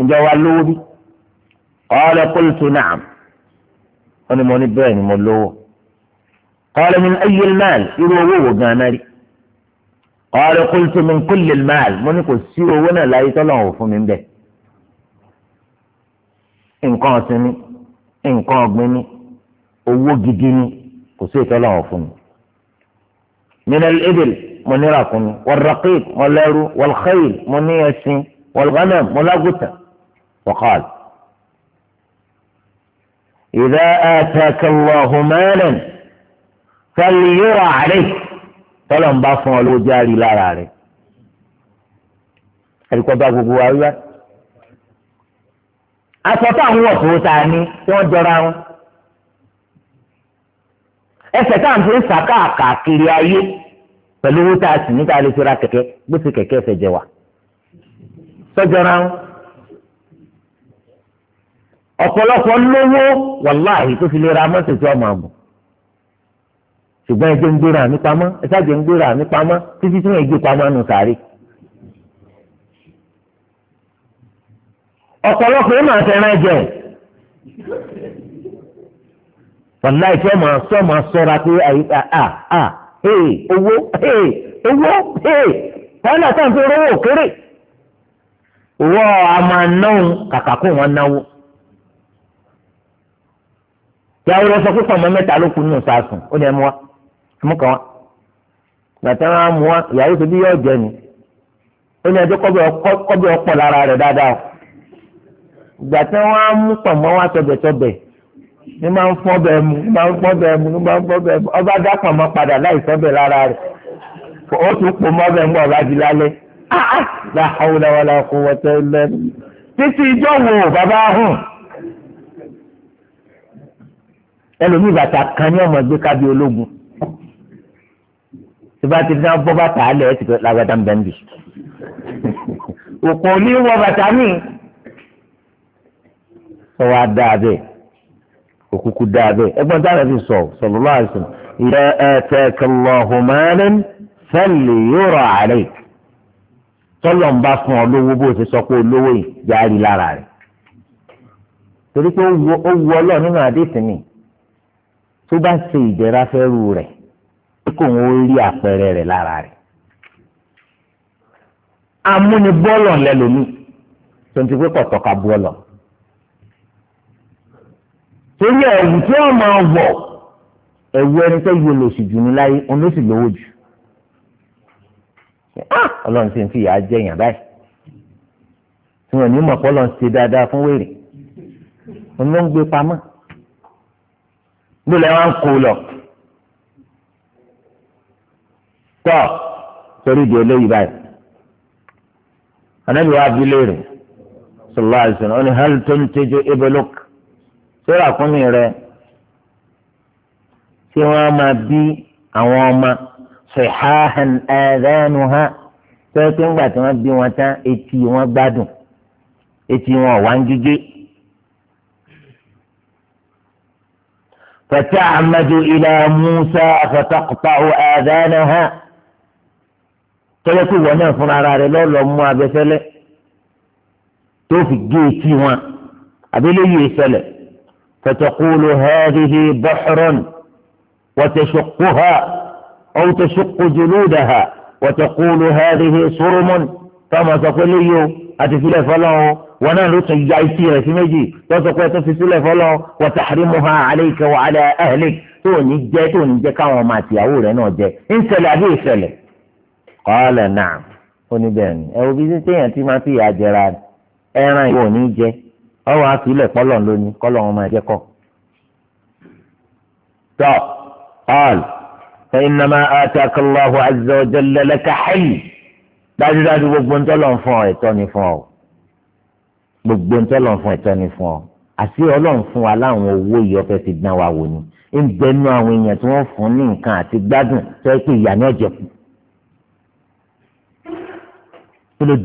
ǹjẹ́ wàá lówó bí qala qultu na'am ó ní mo ní bẹ́ẹ̀ ni mo lówó qala min ayyi al-maal irú owó wò gan-an rí qala qultu min kulli al-maal mo ní kò sí owó náà láyé tọ́lọ̀ wò fún mi bẹ́ẹ̀ nǹkan ọ̀sìn ni nǹkan ọ̀gbìn ni owó gidi ni kò sí ìtọ́lọ̀ wò fún mi min al mo ní ràkúnmí wal-raqīq mo lẹ́rú wal-khayl mo ní ẹṣin wal-ghanam mo lágùtà waqāl. idhā ātāka Allāhu mālan falyura alayhi tọ́lọ̀ ń bá fún ọ ló járe bá gbogbo wa wíwá. aṣọ táwọn wọ̀ tó wọ́n jọra wọn ẹsẹ̀ táwọn fi ń sàkáàkà kiri ayé pẹ̀lú owó tá a sì níta lè fi ra kẹ̀kẹ́ gbèsè kẹ̀kẹ́ fẹ́ jẹ wa sọ́jọ́ra ń ọ̀pọ̀lọpọ̀ lówó wàláhì tó fi lè ra mọ́tò tí ọmọ àgùn ṣùgbọ́n ẹjẹ́ ń gbéra mi pamọ́ ẹ̀sájẹ́ ń gbéra mi pamọ́ títí tí wọ́n gbé pamọ́ nù sáré. ọ̀pọ̀lọpọ̀ ẹ̀ máa fẹ́ràn ẹ̀jẹ̀ wàláhì tí wọ́n máa sọ́ra pé àyíká a a owó owó wàhálà tá à ń fi rówó òkèrè wọ́ a máa náwó kàkà kó wọn náwó. ìyàwó lọ sọ pé pọ̀nmọ́ mẹ́ta ló kú nínú sàásùn ó ní ẹ mú wa mú kàn wá gbàtà wọn mú wa ìyàwó tó bí yóò jẹ ni ó ní ẹjọ́ kọ́bí ọ̀pọ̀ lára rẹ̀ dáadáa gbàtà wọn mú pọ̀nmọ́ wa tọbẹ̀tọbẹ̀ ní máa ń fọ́ bẹ́ẹ̀ mu ní máa ń fọ́ bẹ́ẹ̀ mu ní máa ń fọ́ bẹ́ẹ̀ mu ọba dápọ̀ mọ́ padà láì fọ́ bẹ́ẹ̀ lára rẹ̀ ó tún pò mọ́ bẹ́ẹ̀ mú ọba di lálẹ́ ah, ah. la hawla wala quwwata illa billah títí ijó wo bàbá hùn ẹlòmíì bàtà kan ní ọmọ ẹgbẹ́ kábí ológun tí bá ti fi bọ́ bàtà á lẹ̀ ti fẹ́ lágbàdá ń bẹ́ẹ̀ ní wọ bàtà míì sọ wá bẹ́ẹ̀ òkùnkù dáa bẹ́ẹ̀ ẹgbọ́n dáa ti sọ sallallahu alaihi wasallam idha ataka Allahu malan falyura alayk tọ́lọ̀ ń bá fún ọ lówó bó ṣe sọ pé olówó yìí járí lára rẹ̀ torí pé ó wu ọlọ́ọ̀ nínú àdéhùn mi tó bá ṣe ìdẹ̀ra fẹ́rù rẹ̀ kó ń rí àpẹẹrẹ rẹ̀ lára rẹ̀ amúnibọ́ọ̀lọ̀ lẹ́lòmíì tó ń ti pé kọ̀tọ̀ ka bọ́ọ̀lọ̀ torí ẹ̀wù tí wọ́n máa wọ̀ ẹ̀wù ẹni tó yọ lòsì jù ní láyé òun ló sì lówó jù ah! ọlọ́run ti ń fi ìyá jẹ èèyàn báyìí tí wọ́n ní mọ̀ pé ọlọ́run ti dáadáa fún wèrè òun ló ń gbé pamọ́ gbọ́dọ̀ wọn kó lọ tọ́ torí di eléyìí báyìí anábìwá abilé rẹ̀ sọlá àìsàn ọ ní hàlùtọ́ ní tẹ́jọ́ ebelok sọ́ra kúnmi rẹ̀ tí wọ́n máa bí àwọn ọmọ ṣèháhàn ẹ̀ẹ́dẹ́nu ha sọ́ra pé ńgbà tí wọ́n bí wọn tán etí wọn gbádùn etí wọn ò wá ń gígé. فتعمد إلى موسى فتقطع آذانها tọ́lẹ́kù wọ́n náà fúnra ara rẹ̀ lọ́ọ́ lọ mú abẹ́fẹ́lẹ́ tó fi gé etí wọn àbí lóye ìṣẹ̀lẹ̀. فتقول هذه بحر وتشقها أو تشق جلودها وتقول هذه صرم فما تقول لي أتفل فلاه وانا لطي يعيسير في مجي تقول تفسل فلاه وتحرمها عليك وعلى أهلك توني جاي توني جاي كاما ماتي أولا نوجي انسل أبي سلم قال نعم ونبين أو بيزتين تيما فيها جراد أنا يوني جاي ọwọ́ àtúlẹ̀ kọ́lọ̀ lónìí kọ́lọ̀ wọn máa jẹ́ kọ́. tọ́ ọ́l fainama ataka Allahu azza wa jalla laka hayy dájúdájú gbogbo ń tọ́lọ̀ fún ọ ẹ̀tọ́ ni fún ọ gbogbo ń tọ́lọ̀ fún ẹ̀tọ́ ni fún ọ àti ọlọ́run fún wa láwọn owó yìí ọ̀fẹ́ ti dán wa wò ni ń bẹnu àwọn èèyàn tí wọ́n fún ní nǹkan àti gbádùn tó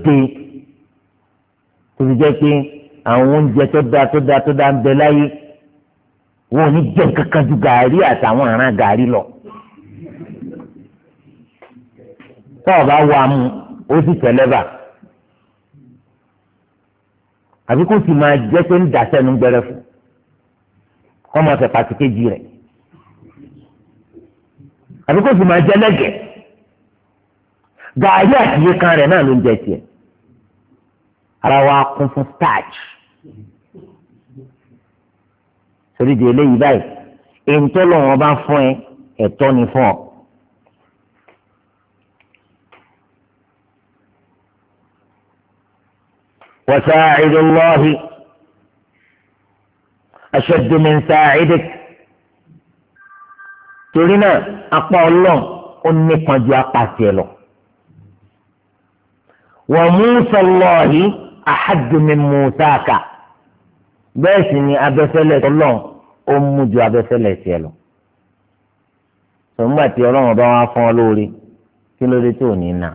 tó fi jẹ́ pé àwọn oúnjẹ tó dáa tó dáa tó dáa ń bẹ láyé wọn ò ní jẹ kankan ju gàárì àtàwọn àràn gàárì lọ tọ́ọ̀bá wà mú ó sì tẹ̀lẹ́bà àbí kó sì máa jẹ́ pé ń dàsẹ́nu gbẹrẹfu kọ́ máa fẹ̀ pàtìkéjì rẹ̀ àbí kó sì máa jẹ́ lẹ́gẹ̀ẹ́ gàárì àti iye kan rẹ̀ náà ló ń jẹ tiẹ̀ ara wa kún fún starch torí di eléyìí báyìí èyí tó lọ́wọ́ bá fún ẹ ẹ̀tọ́ ni fún ọ. وساعد الله أشد من ساعدك torí náà apá ọlọ́run ó nípọn وموسى الله àhádùnmí mùtáàkà bẹ́ẹ̀ sì ni abẹ́fẹ́lẹ́ ọlọ́run ó mú ju abẹ́fẹ́lẹ́ tiẹ̀ lọ. sọ̀ngbà tí ọlọ́run bá wá fún ọ lórí kí ló dé tó ní nà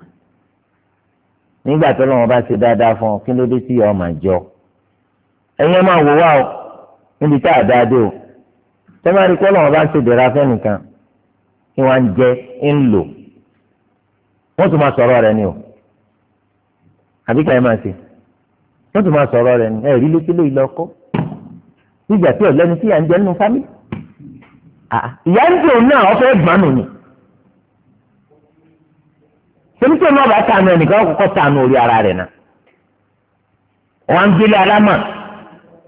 nígbà tí ọlọ́run bá ṣe dáadáa fún ọ kí ló dé tí yọ ọmọ jọ ẹ̀yin máa wò wá o níbi tá a dáa dé o tẹ́lẹ̀ rí kọ́ bá ń ṣe dẹ̀ra fẹ́nìkan kí wọ́n á ń lò wọ́n tún máa sọ̀rọ̀ rẹ̀ ni o àbíkà ẹ̀ máa ṣe wọ́n tún máa sọ̀rọ̀ rẹ̀ ní ẹ̀rí létílé ilé ọkọ nígbà tí ọ̀lẹ́ni tí ìyá ń jẹ nínú fámì ìyá ń jẹ òun náà ọ̀fẹ́ gbọ́nù ni tẹ̀lifíṣẹ̀ náà bá tànù ẹnìkan kọ́kọ́ tànù orí ara rẹ̀ náà wọ́n á ń gbélé alámà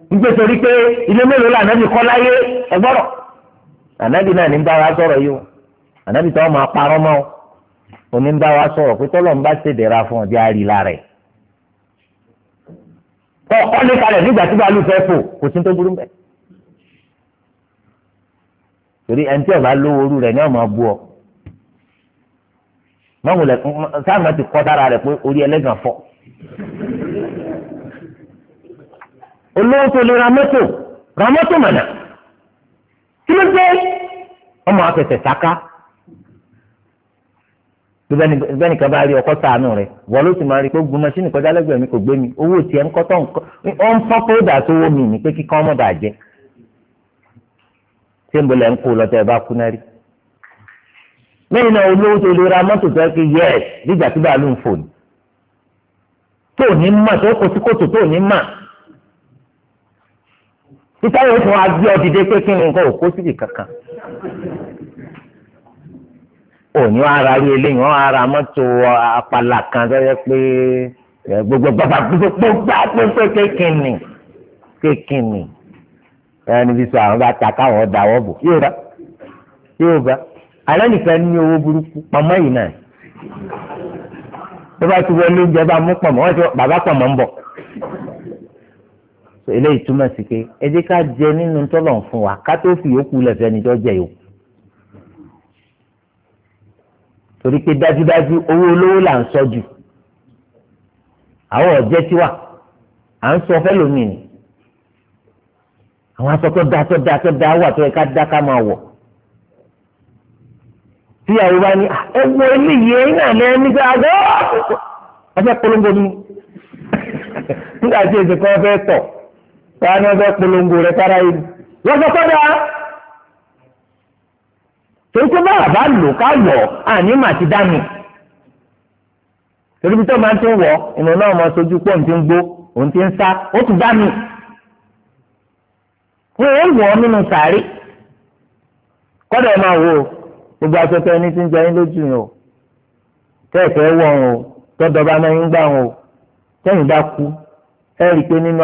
nígbè torí pé ilé mélòó là nàbì kọ́ láyé ẹgbọ́rọ̀ ànábì náà ní ń bá wa sọ̀rọ̀ yìí o ànábì tó máa parọ́ mọ́ o ní ń bá wa sọ̀rọ̀ pé tọ́lọ́ ń bá ṣèdèrà kọ́kọ́ lé kalẹ̀ nígbà tí bàálù fẹ́ fò kò sí tó burú bẹ́ẹ̀. torí ẹni tí ọba lówó orú rẹ̀ ní ọmọ bu ọ mọ́mùlẹ̀ sáàmù ti kọ́ dára rẹ̀ pé orí ẹlẹ́gàn fọ́. olówó tó lè ra mọ́tò ra mọ́tò mọ̀nà kí ló dé ọmọ afẹsẹ̀ sáká bẹ́ẹ̀ nìkan bá rí ọkọ sànù rẹ̀ wọ́n ló sì máa rí pé gbogbo mọ́ṣínì kọjá lẹ́gbẹ̀ẹ́ mi kò gbé mi owó tiẹ̀ ń kọ́ tó ń fọ́ pé ó dà tó wó mi ní pé kíkọ́ ọmọ bà jẹ́ ṣé ń bolẹ̀ ń kó lọ́tọ̀ ẹ̀ bá kú náà rí. lẹ́yìn náà olówó tó lè ra mọ́tò tó kí yẹ́s nígbà tí bàálù ń fò ní. tó ní mà tó kòtòkòtò tó ní mà. títà fún wa gbé ọ òní ara rí eléyìí wọn ara mọ́tò apala kan sọyẹ pé gbogbo bàbá gbogbo gbogbo kékinì kékinì ẹni bí sọ àwọn bá ta káwọn ọdà wọn bò yóò rà yóò bá alẹ́ nìkan ní owó burúkú pamọ́ yìí náà tó bá ti wọlé oúnjẹ bá mú pamọ́ wọ́n ti bàbá pamọ́ ń bọ̀ eléyìí túmọ̀ sí pé ẹ jẹ́ ká jẹ nínú tọ́lọ̀ fún wa ká tó fi yòókù lẹ̀ fẹ́ni tó jẹ yòókù. torí pé dájúdájú owó olówó là ń sọ jù àwọn ọ̀jẹ́ tiwa à ń sọ fẹ́ lómi ni àwọn aṣọ da tó da tó da wà tó yẹ ká dá ká máa wọ̀ tíyàwó bá ní ẹ wo eléyìí ẹ̀yìn náà ní ẹni tó àgọ́ ọfẹ́ polongo ni nígbà tí èsì kan fẹ́ tọ̀ wọn á ní ọfẹ́ polongo rẹ kára wọ́n sọ pé torí pé báwa bá lò ká lọ àní mà ti dá mi torí pé tó máa ti ń wọ ìnù náà mọ sojú pé ti ń gbó òun ti ń sá ó ti dá mi wọn ò wọ nínú sàárì kọ́dọ̀ máa wò ó gbogbo asọ́tọ̀ ẹni tí ń lójú yìí o tẹ́ wọ̀ ọ́n o gbà o tẹ́yìn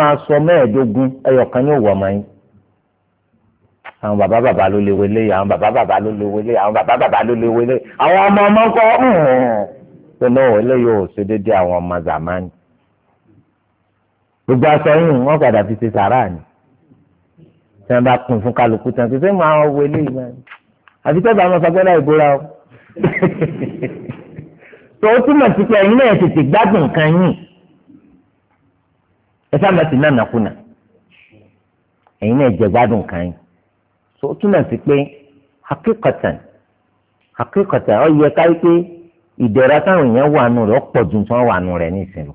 bá àwọn bàbá bàbá ló lè wele àwọn bàbá bàbá ló lè wele àwọn bàbá bàbá ló lè wele àwọn ọmọ ọmọ kọ ṣe náà eléyìí ò ṣe déédéé àwọn ọmọ zamani gbogbo aṣọ yìí wọn padà fi ṣe sàrà ni tí wọn bá kún fún kálukú tán kí sẹ́yìn máa wọ eléyìí náà àti tẹ́lẹ̀ àwọn sagbẹ́lá ìbora o tó o túmọ̀ sí pé ẹ̀yin náà tètè gbádùn nǹkan yìí ẹ sábà ti náà nàkúnà ẹ̀yin náà jẹ gbádùn nǹkan yìí tó túmọ̀ sí pé hakíkọ̀tàn hakíkọ̀tàn ọ yẹ káyí pé ìdẹ̀ra táwọn èèyàn wà nù rẹ̀ ọ̀pọ̀ ju tí wọ́n wà nù rẹ̀ nísìnyí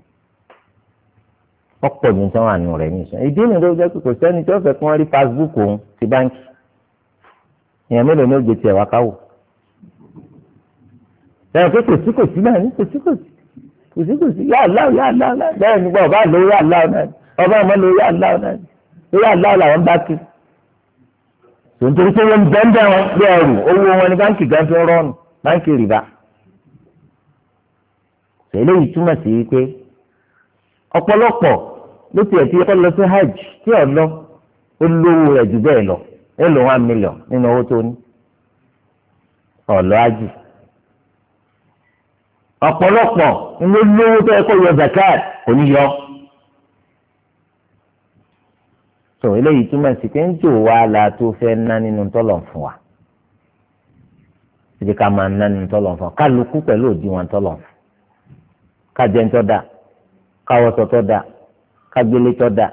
ọ̀pọ̀ ju tí wọ́n wà nù rẹ̀ nísìnyí ìdí nìyẹn ló jẹ́ pé kò sẹ́ni tí wọ́n fẹ́ kí wọ́n rí pasibúùkù òun ti báńkì èèyàn mélòó ni ó gbé tiẹ̀ wá káwò lẹ́yìn pé kò sí kò sí náà ní kò sí kò sí kò sí kò sí yá aláwọ̀ yá aláwọ̀ náà lẹ́yìn nígbà ọba lórí aláwọ̀ náà ọba àmọ́ lórí aláwọ̀ náà lórí aláwọ̀ làwọn bá kiri tòǹtòrí pé wọ́n bẹ́ńbẹ́ wọn bí ẹrù owó wọn ní báńkì gan fi ń rọ́ọ̀nù báńkì rìbá. tẹ̀lé yìí túmọ̀ sí wípé ọ̀pọ̀lọpọ̀ ló tiẹ̀ ti kọ́ lọ sí hajj tí ò lọ ó lówó rẹ̀ jù bẹ́ẹ̀ lọ ó lò one million nínú owó tó ní ọ̀lọ́ hajj. ọ̀pọ̀lọpọ̀ ló lówó tó yẹ kó yọ zakat kò ní yọ. so eléyìí túmọ̀ sí pé ń jò wá la tó fẹ́ ná nínú tọ́lọ̀ fún wa ìdí ká máa ná nínú tọ́lọ̀ fún wa kálukú pẹ̀lú òdiwọ̀n tọ́lọ̀ fún kájẹ́ ńtọ́ da káwọ́sọ tọ́ da kágbélé tọ́ da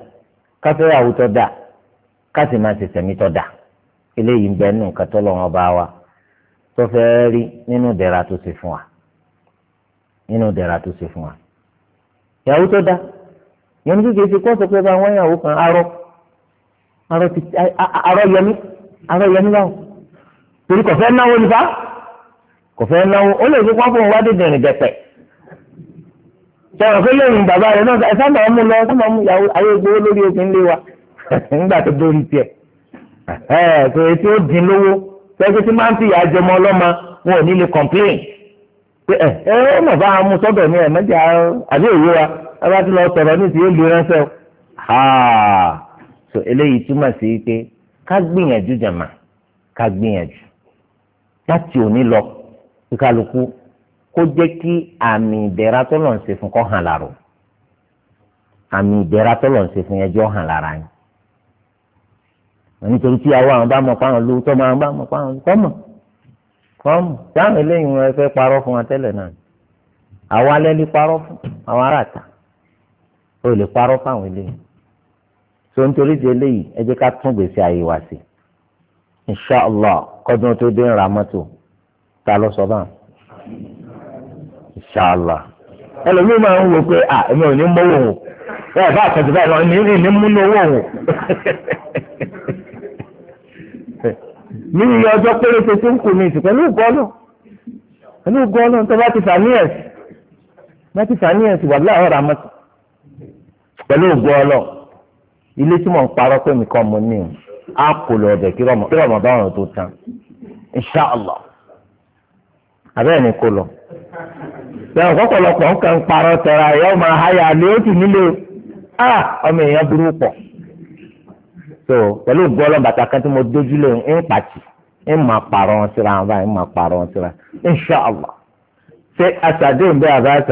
káfẹ́yàwó tọ́ da kásì máa ṣẹ̀ṣẹ̀ mi tọ́ da eléyìí ń bẹ nù ká tọ́lọ̀ wọn bá wa tó fẹ́ rí nínú dẹ̀ra tó ṣe fún wa nínú dẹ̀ra tó ṣe fún wa ìyàwó tọ́ da yẹn ní kékeré kó sọ pé bá wọn yàwó kan arọ́pọ̀ arọ́yẹmí arọ́yẹmí báwo torí kò fẹ́ náwó nípa kò fẹ́ náwó ó lè fi pápọ̀ wá dé dẹ̀rìn dẹ̀pẹ̀ sọ̀rọ̀ pé lóyún bàbá rẹ̀ náà ẹ̀sán máa mú lọ ẹ̀sán máa mú yàwó ayé gbowó lórí ogun lé wa nígbà tó dórí tiẹ̀ ẹ̀ kò ètò ó lówó pẹ́ẹ́sì tí máa ń jẹmọ ọlọ́mọ wọn ò ní lè ẹ ẹ bá mú sọ́dọ̀ ní ẹ̀ mẹ́jà so eléyìí túmọ̀ sí pé ká gbìyànjú jàmà ká gbìyànjú láti òní lọ kí kálukú kó jẹ́ kí àmì ìdẹ̀ra tó lọ́n ṣe fún kó hàn láàrọ̀ àmì ìdẹ̀ra tó lọ́n ṣe fún ẹjọ́ hàn lára yín nítorí tí àwọn àwọn bá mọ̀ fáwọn lówó tó máa bá mọ̀ fáwọn kọ́mọ̀ kọ́mọ̀ táwọn eléyìí wọn fẹ́ parọ́ fún wa tẹ́lẹ̀ náà àwọn alẹ́ lè parọ́ fún àwọn aráàta ó lè parọ́ fáwọn eléyìí tó ń torí di eléyìí ẹ jẹ́ ká tún gbèsè àyè wá sí inshàlá kọ́dún tó dé ń ra mọ́tò ta lọ sọ bá inshàlá ẹlòmíín máa ń wò pé à èmi ò ní mówó o bẹ́ẹ̀ bá àtẹ̀tẹ̀ báyìí lọ ní ní múnú owó o ní iye ọjọ́ péréte tó ń kù ní ìsìn pẹ̀lú gọ́ọ̀lù pẹ̀lú gọ́ọ̀lù tó bá ti fàníyẹ̀sì bá ti fàníyẹ̀sì wà láàárọ̀ àmọ́tò pẹ̀lú gọ́ọ̀lù. ilé tí mò ń parọ́ pé mo ní o á kò lọ ọbẹ̀ kí rọ̀mọ̀ tó tán allah abẹ́rẹ́ ni kò lọ. bẹ́ẹ̀ ọ̀pọ̀lọpọ̀ nǹkan ń parọ́ tẹ̀ra ẹ̀yọ́ máa háyà lé ó sì nílé o ah, ọmọ èèyàn burú pọ̀ so pẹ̀lú gbọ́lọ́ bàtà kan tí mo dójúlé ń pàtì ń máa parọ́ wọn síra àwọn báyìí insha allah àbá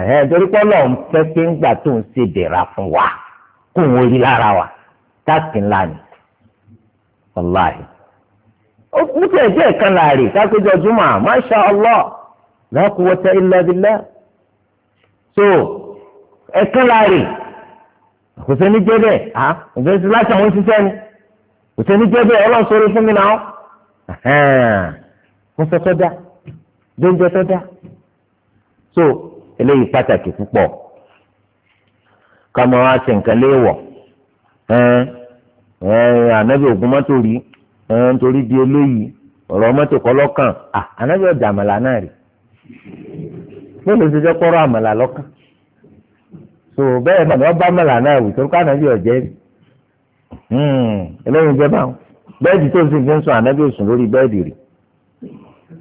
ẹ̀hẹ́n torí fẹ́ pé tó ń ṣe kó wọn rí lára wa táàkì ńlá ni wàláhì ó kú tí ẹ̀jẹ̀ kan láàrè kápẹ́jọ júmọ̀ masha allah la quwwata illa so ẹ̀kan láàrè kò sẹ́ni jẹ́ bẹ́ẹ̀ á ah, ǹjẹ́ sí láti àwọn ṣiṣẹ́ ni kò sẹ́ni jẹ́ bẹ́ẹ̀ ọlọ́run sọ̀rọ̀ fún mi náà mo sọ tọ́ da lóúnjẹ so eléyìí pàtàkì púpọ̀ kámọ wá ṣe nǹkan léèwọ̀ ànábì ògùn mọ́tò rí nítorí di eléyìí ọ̀rọ̀ mọ́tò kọlọ́kàn ànábì ọjà àmàlà náà rí mélòó ṣe jẹ́ kọ́rọ̀ àmàlà lọ́kàn so bẹ́ẹ̀ náà wọ́n bá àmàlà náà wù tó ká ànábì ọ̀jẹ́ rí hmm, eléyìí jẹ́ báwọn bẹ́ẹ̀dì tó sì fi ń sùn ànábì òsùn lórí bẹ́ẹ̀dì rí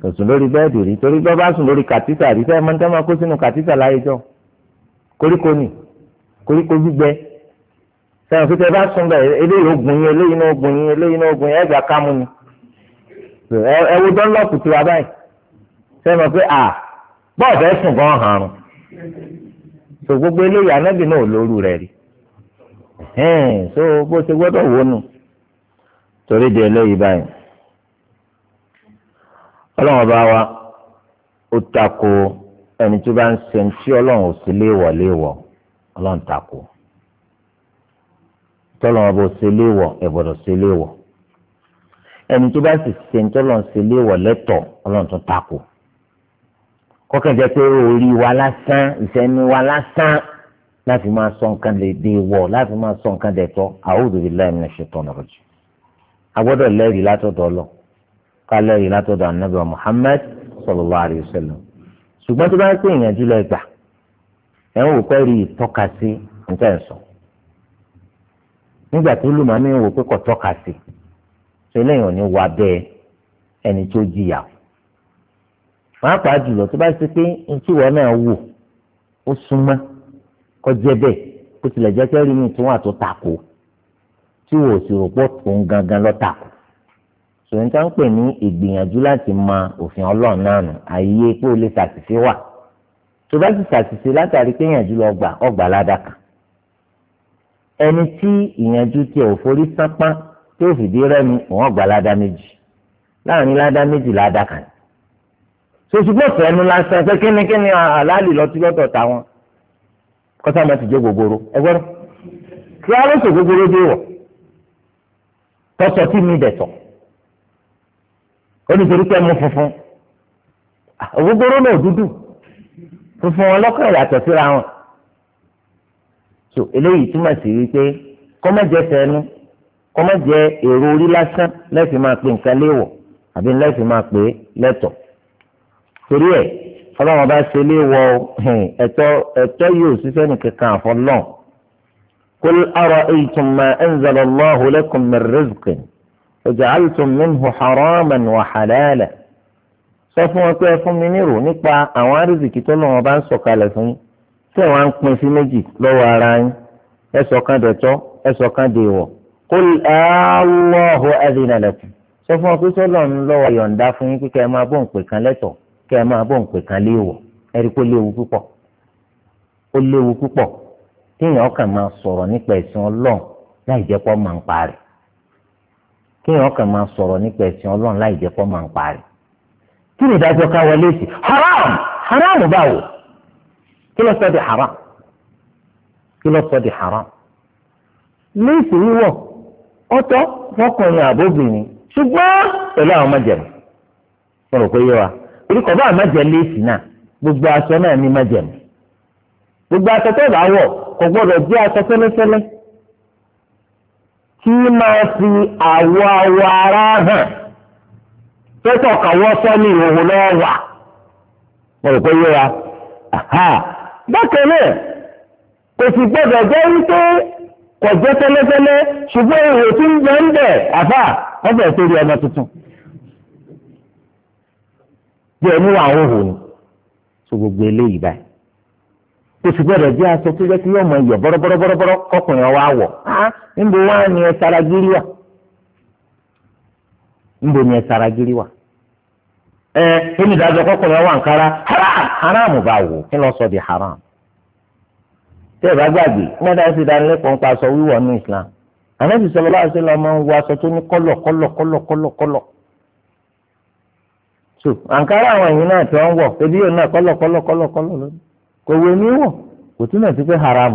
kò sùn lórí bẹ́ẹ̀dì rí torí bá bá sùn lórí kàtítà rí fẹ́ẹ́ mọ́tẹ́ máa kó sínú kàtítà láyé jọ koríko nìí koríko gbígbẹ sẹ́yìn pété bá sùn bẹ́ẹ̀ eléyìí ogun yín eléyìí náà ogun yín eléyìí náà ogun yín ẹ̀gbà kámú ni ẹ wo dọ́lọ́ọ̀kù tiwa báyìí sẹ́yìn mọ̀ pé à bọ́ọ̀ fẹ́ sùn gan hàn án so gbogbo eléyìí anábì náà lóru rẹ̀ rí so bó ṣe gbọ́dọ̀ wò nù torí di eléyìí báyìí ọlọ́run bá wa ó takò ẹni tó bá ń ṣe ń tí ọlọ́run ò sí léèwọ̀ léèwọ̀ ọlọ́run takò tọ́lọ́wọ́ bó ṣe léwọ̀ ẹ̀bọ̀dọ̀ ṣe léwọ̀ ẹni tó bá sì ṣe ń tọ́lọ́run ṣe léwọ̀ lẹ́tọ̀ ọlọ́run tó takò kọ́kẹ́ jẹ́ pé orí wa lásán ìṣẹ́nu wa lásán láti máa sọ nǹkan lè dé wọ̀ láti máa sọ nǹkan lè tọ́ a'udhu billahi minash shaitani rajim agbọ́dọ̀ lẹ́rìí látọ̀dọ̀ ọlọ́ ká lẹ́rìí látọ̀dọ̀ ànábì Muhammad sallallahu alaihi wasallam ṣùgbọ́n tó bá pè ìyànjú lọ gbà ẹ̀ ń wò pẹ́ rí ìtọ́ka sí níta ẹ̀ sọ nígbà tó lù màmí ń wò pé kò tọ́ka sí ṣe lẹ́yìn òní wà bẹ́ẹ̀ ẹni tó jìyà pàápàá jùlọ tó bá ṣe pé ntíwọ náà wò ó súnmọ́ kọjá bẹ́ẹ̀ ó tilẹ̀ jẹ́ kẹ́rì mi tí àtó tako tí wò ó sì rò pọ̀ òun gangan lọ́ tako sòyìntà ń pè ní ìgbìyànjú láti mọ òfin ọlọ́run náà nù àyè pé ó lè ṣàtìfẹ́ wà tó bá sì ṣàṣìṣe látàrí pé ìyànjú lọ gbà ọgbà ládàkà ẹni tí ìyànjú tiẹ̀ ò forí sápá tí ó fìdí rẹ́mi òun ọgbà ládà méjì láàrin ládà méjì ládàkà ni sosùgbọ́n fẹ́ẹ́nu lásán pé kínníkínní àlálì lọ́tílọ́tọ̀ táwọn kọ́sá máa ti jẹ́ gogoro ẹgbẹ́rún kí á lóṣù gogoro dé wọ̀ tọ́sọ tí mi dẹ̀ tọ̀ ó ní torí pé mo funfun gogoro náà dúdú funfun wọn lọ́kàn yàtọ̀ síra wọn so eléyìí túmọ̀ sí wípé kọ́mọ̀jẹ fẹ́nu kọ́mọ̀jẹ èrò orí lásán lẹ́sìn máa pè nǹkan léèwọ̀ àbí lẹ́sìn máa pè lẹ́tọ̀ torí ẹ̀ ọlọ́run bá ṣe léèwọ̀ ẹ̀tọ́ ẹ̀tọ́ yóò ṣiṣẹ́ nìkankan àfọlọ́n kul ara'aytum ma anzala Allahu lakum min rizqin faja'altum minhu haraman wa halalan. ẹ fún wọn mi nírò nípa àwọn àrísìkí tó lọ́wọ́ bá ń sọ̀kalẹ̀ fún yín tí wọ́n á ń pín sí méjì lọ́wọ́ ara yín ẹ sọ̀kan dẹ̀tọ́ ẹ sọ̀kan dèèwọ̀ kó Allahu adhina sọ fún wọn pé sọ́lọ̀ ń lọ́wọ́ yọ̀ǹda fún yín máa bọ̀ kan lẹ́tọ̀ kẹ́ kan léèwọ̀ ẹ rí i pé léwu púpọ̀ ó léwu púpọ̀ máa sọ̀rọ̀ nípa ẹ̀sìn ọlọ́run láì kí ni ìdájọ́ ká wọlé haram haram báwo kí ló sọ di haram kí ló di haram léèsì wíwọ̀ ọtọ fọkùnrin àbóbìnrin ṣùgbọ́n pẹ̀lú àwọn májẹ̀mú mo rò pé yé wa orúkọ bá àmájẹ léèsì náà gbogbo aṣọ náà ní májẹ̀mú gbogbo aṣọ tó bá wọ̀ kò gbọ́dọ̀ jẹ́ aṣọ fẹ́lẹ́fẹ́lẹ́ kí máa fi àwọ̀ àwọ̀ ara pẹ́sọ̀ kàwọ́ sọ́ni ìhòòhò náà wà mo pé yé wa bákan náà kò sì gbọdọ̀ jẹ́ wípé kò jẹ́ tẹ́lẹ́tẹ́lẹ́ ṣùgbọ́n èrò tí ń bẹ ń àfà tuntun bí ẹni wà so gbogbo eléyìí báyìí kò sì aṣọ tó kí wa ni ẹ ni ẹ ẹ ẹni ìdájọ́ kọkùnrin wà nkárá haram haram bá wò kí lọ sọ di haram. tẹ́ ẹ bá gbàgbé mẹ́ta ẹ ti dánilẹ́kọ̀ọ́ nípa aṣọ wíwọ̀ ní Islam ànábì sọlọ bá aṣọ lọ́mọ ń wọ aṣọ tó ní kọ́lọ̀ kọ́lọ̀ kọ́lọ̀ kọ́lọ̀ kọ́lọ̀. so ànkárá àwọn ẹ̀yìn náà tí wọ́n wọ̀ ebi yóò náà kọ́lọ̀ kọ́lọ̀ kọ́lọ̀ kọ́lọ̀ lónìí kò wé ní wọ̀ kò túmọ̀ sí pé haram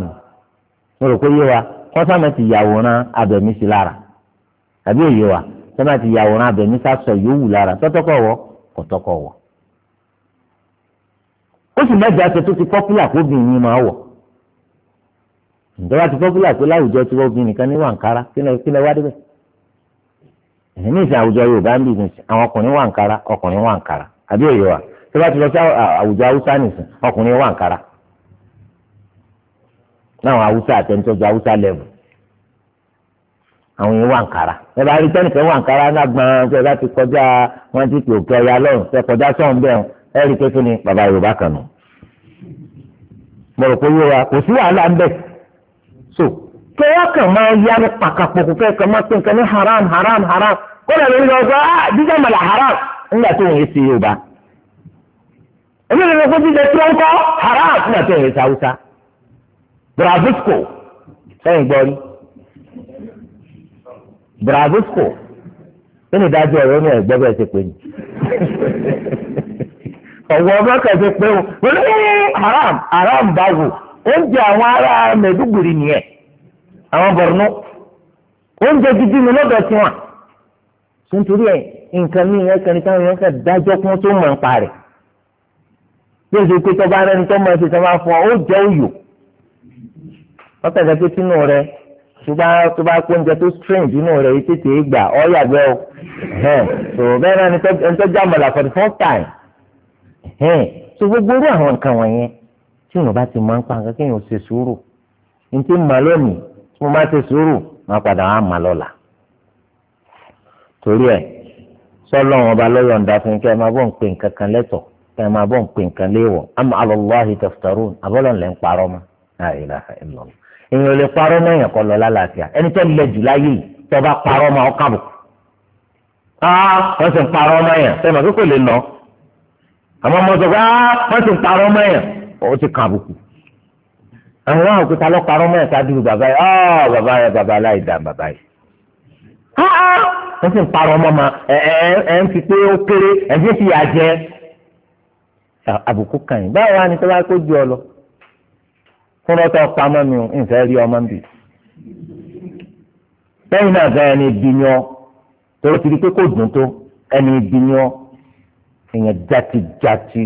mo kọ̀tọ́kọ̀ wọ̀ ó sì mẹ́jọ aṣọ tó ti pọ́pùlà kó obìnrin máa wọ̀ ìjọba ti pọ́pùlà tó láwùjọ tí wọ́n obìnrin kan ní wàǹkárá kí lẹ wá débẹ̀ ẹ̀yìn ní ìsìn àwùjọ Yorùbá ń bì ní ìsìn àwọn ọkùnrin wàǹkárá ọkùnrin wàǹkárá àbí òye wa tó bá ti lọ sí àwùjọ Haúsá nìsín ọkùnrin wàǹkárá náà Haúsá àtẹnitọ́jọ Haúsá lẹ́wọ̀n àwọn yẹn wà nkàrà ẹ bá rí tẹnìkẹ́ wà nkàrà náà gbọ́n ṣe bá ti kọjá wọn ti tò kẹ ọ̀yà lọ́rùn ṣe kọjá sọ̀hún bẹ́ẹ̀ ẹ rí pé kíni bàbá Yorùbá kan nù. so kí wọ́n kàn máa yá ní pàkàpọ̀kù kẹ́ kàn máa nǹkan ní haram haram haram kó lè lórí lọ́wọ́ sọ ah jíjẹ́ haram nígbà tó ń Yorùbá. èmi lè lọ fún jíjẹ bravosco kí ni dájú ọ̀rọ̀ ní ẹ̀gbẹ́ bẹ́ẹ̀ ti pè ní. ọ̀wọ́ ọba kẹsì pé wọ́n ní haram haram báwo oúnjẹ àwọn ará mẹ́dúgbùrì nìyẹn àwọn Borno oúnjẹ gidi ni lọ́dọ̀ tiwọn nítorí ẹ̀ nǹkan mi yẹn kan ní táwọn yẹn kan dájọ́ kún tó mọ̀ ń parẹ́ bí o ṣe pé tọ́ba rẹ ni tọ́ mọ̀ ẹ́ ṣe tọ́ bá fún ọ ó jẹ́ òyò wọ́n kẹ̀kẹ́ pé sínú rẹ ṣùgbọ́n tó bá pé oúnjẹ tó strange inú rẹ̀ yìí tètè gbà ọ́ yàgbẹ́ o so bẹ́ẹ̀ náà ni tó jàmọ̀lá for the first time so gbogbo irú àwọn nǹkan wọ̀nyẹn tí mo bá ti máa ń pa nǹkan kéèyàn ṣe sùúrù n ti mà lónìí tí mo bá ṣe sùúrù máa padà wá mà lọ́la torí ẹ̀ sọ́lọ́ wọn bá lọ́yọ̀ ń da fún kí ẹ máa bọ̀ ń pè nǹkan kan lẹ́tọ̀ọ́ kí ẹ máa bọ̀ ń pè nǹkan léèwọ̀ am alallahi taftarun abọ́lọ̀ ń parọ́ mọ́ la ilaha illallah èèyàn lè parọ́ mẹ́yìn kọ́ lọ lálàáfíà ẹni tó lẹ jù láyé yìí tó bá parọ́ mọ́ ọ kábò áá wọ́n sì ń parọ́ mẹ́yìn sẹ́yìn màá kókò lè lọ àmọ́ mo sọ pé áá wọ́n sì ń parọ́ mẹ́yìn ó ti kàn àbùkù àwọn àwọn òkúta lọ parọ́ mẹ́yìn sáájú bàbá yìí áá bàbá yẹn bàbá láì dá bàbá yìí áá wọ́n sì ń parọ́ mọ́ ma ẹ ẹ ń fi pé ó kéré ẹ fi fi yà jẹ àbùkù kàn yín báwo wá ni tó bá kó ju ọ lọ kúrọ́tọ̀ pamọ́ mi ò ń fẹ́ rí ọmọ mi. lẹ́yìn náà gan ẹni ibi ni ọ torí ti di pé kò dùn tó ẹni ibi ni ọ ah! èèyàn jatijati.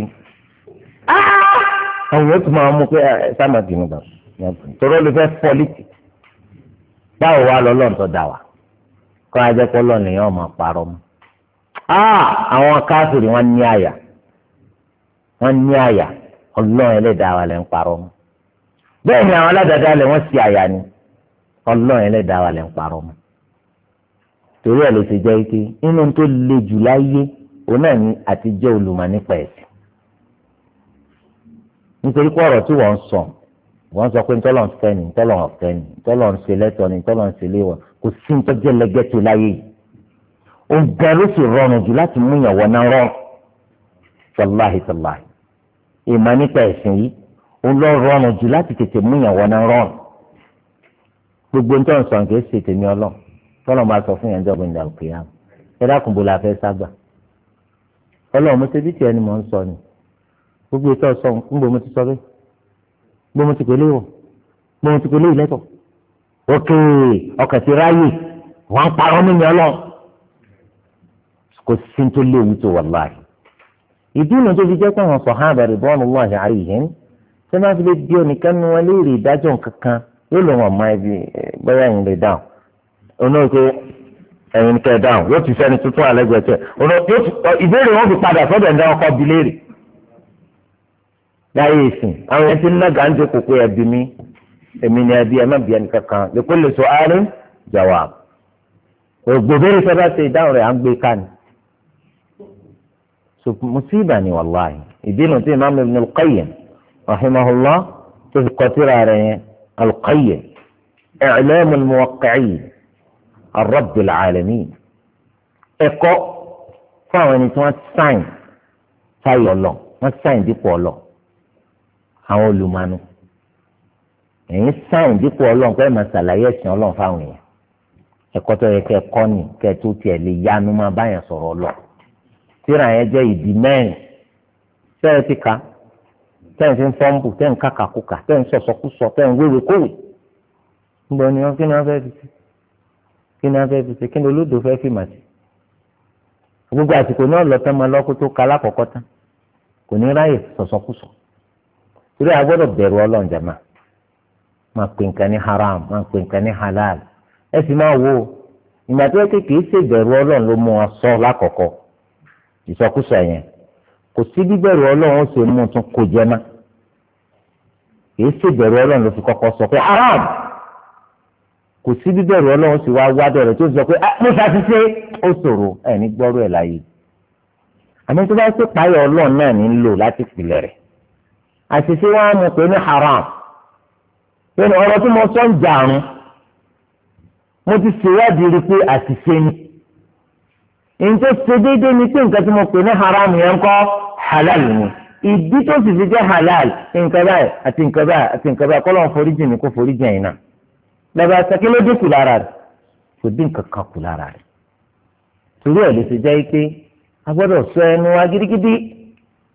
àwọn yóò tún máa mú pé ẹ sáàmà bínú gbà torí ó lè fẹ́ fọ́lìtì báwo wá lọ lọ́ọ̀tọ̀ dà wá kọ́ ajẹ́ pé lọ́ọ̀nì yẹn ọmọ parọ́ mu. Ah! àwọn káfíìrì wọn ní àyà wọn ní àyà ọlọ́run ẹlẹ́dàá wa lẹ́ ń parọ́ mu bẹ́ẹ̀ ni àwọn aládàáda lẹ̀ wọ́n ṣe àyà ni ọlọ́run ẹlẹ́dàá wa lẹ̀ ń parọ́ mọ́ torí ẹ̀ ló ṣe jẹ́ ike inú tó le jù láyé òun náà ni àti jẹ́ olùmọ̀ nípa ẹ̀sìn nítorí pé ọ̀rọ̀ tí wọ́n ń sọ wọ́n sọ pé ntọ́lọ̀ ń fẹ́ ni ntọ́lọ̀ ń fẹ́ ni ntọ́lọ̀ ń ṣe lẹ́tọ̀ ni ntọ́lọ̀ ń ṣe léwọ̀ kò sí ntọ́jẹ́ lẹ́gẹ́tò láyé yìí ó gan ló sì rọrùn jù láti mú ìyàwó náà rọrùn sọláhìí sọláhìí ìmọ̀ nípa ẹ̀sìn yìí òun lọ rọrùn jù láti tètè mú yàn wọnà rọrùn gbogbo nítorí sọ̀rọ̀ kìí ṣe tèmi ọlọ́ tọ́lọ̀ máa sọ fún yàn jọ́ gbẹ̀ndà òkè yà ẹ dákun bó la fẹ́ sábà ọlọ́run mo ti bí tiẹ̀ ni mò ń sọ ni gbogbo ètò ọ̀sọ́ ń bo mo ti sọ bẹ́ẹ̀ gbogbo mo ti pèlè wọ̀ gbogbo mo ti pèlè ìlẹ́tọ̀ òkè ọkàn ti ráyè wọ́n ń mímí ọlọ́run kò sí ní tó léwu tó wà láàyè ìdí ìlú fi jẹ́ pé àwọn sọ̀hán àbẹ̀rẹ̀ bọ́ọ̀lù wọ́n àṣà àríyìn tí wọ́n fi lè bí onìkan nu wọn léèrè ìdájọ́ kankan yóò lọ wọn máa ibi bóyá ẹ̀yin lè dáhùn onáwó pé ẹ̀yin ni kẹ́ ẹ dáhùn yóò ti sẹ́ni tuntun àlẹ́gbẹ̀ẹ́ tẹ̀ ìbéèrè wọn fi padà sọ́dọ̀ ẹ̀dá ọkọ̀ bi léèrè láyé ìsìn àwọn ẹni tí ń ná gàǹjẹ kókó ẹbí mi èmi ni ẹbí ẹ má bí ẹnì kankan lèkó lè sọ àárín jàwá ògbóbèrè fẹ́ bá ṣe ìdáhùn rẹ̀ à ń gbé ká ni musiba ni wàláhì ìdí nu tí Imam Ibn al rahimahullah tó fi kọtíra rẹ̀ yẹn alqayyim i'lam almuwaqqi'in arabbil alamin ẹ̀kọ́ fún àwọn ẹni tí wọ́n sáìn táyọ̀ lọ wọ́n sáìn dípò ọlọ àwọn olùmọ̀nù ẹ̀yin sáìn dípò ọlọ́run pé màá ṣàlàyé ẹ̀sìn ọlọ́run fáwọn èèyàn ẹ̀kọ́ tó yẹ kẹ́ kọ́ ni kẹ́ tó tiẹ̀ lè yanu máa báyàn sọ̀rọ̀ lọ tíra yẹn jẹ́ ìdí mẹ́rin sẹ́yìn ti kà á. tẹ́ ń fi fọ́ǹbù tẹ́ ń kàkàkùkà tẹ́ ń sọ̀sọ̀kùsọ̀ tẹ́ ń wéwèé kówè ńgbọ ni wọn kí ni wọn fẹ́ fi ṣe kí ni wọn fi kí ni olódò fẹ́ fi mà sí gbogbo àsìkò náà lọ ni máa tó a gbọ́dọ̀ haram máa pè nǹkan halal ẹ sì máa wo ìgbà tó yẹ kékeré ṣèbẹ̀rù ọlọ́run ló mú sọ lákọ̀ọ́kọ́ ìsọkúsọ kò sí bíbẹ̀rù ọlọ́run ṣe mú un tún kó jẹ mọ́ kìí ṣèbẹ̀rù ọlọ́run ló fi kọ́kọ́ sọ pé haram kò sí bíbẹ̀rù ọlọ́run sì wá wádọ̀ rẹ̀ tó sọ pé ah, mo ṣàṣìṣe ó ṣòro ẹ̀ ní gbọ́rọ̀ ẹ̀ láàyè àmọ́ tó bá ṣe páyọ̀ ọlọ́run náà ní lò láti pìlẹ̀ rẹ̀ àṣìṣe wa mọ̀ pé ní haram pé ní ọ̀rọ̀ tí mo sọ ń jà àrùn mo ti ṣèwádìí rí pé àṣìṣe ni ìyẹn ṣe déédéé ni pé nǹkan tí mo pè ní haram yẹn ń kọ́ halal ni ìdí tó sì fi jẹ́ halal nǹkan báyìí àti nǹkan báyìí àti nǹkan báyìí kọ́lọ́n foríjì mi kó foríjì ẹ̀yin náà lọ́ba sẹ́kí ló dínkù lára rẹ̀ kò dín kankan kù lára rẹ̀ torí ẹ̀ ẹnu wa gidigidi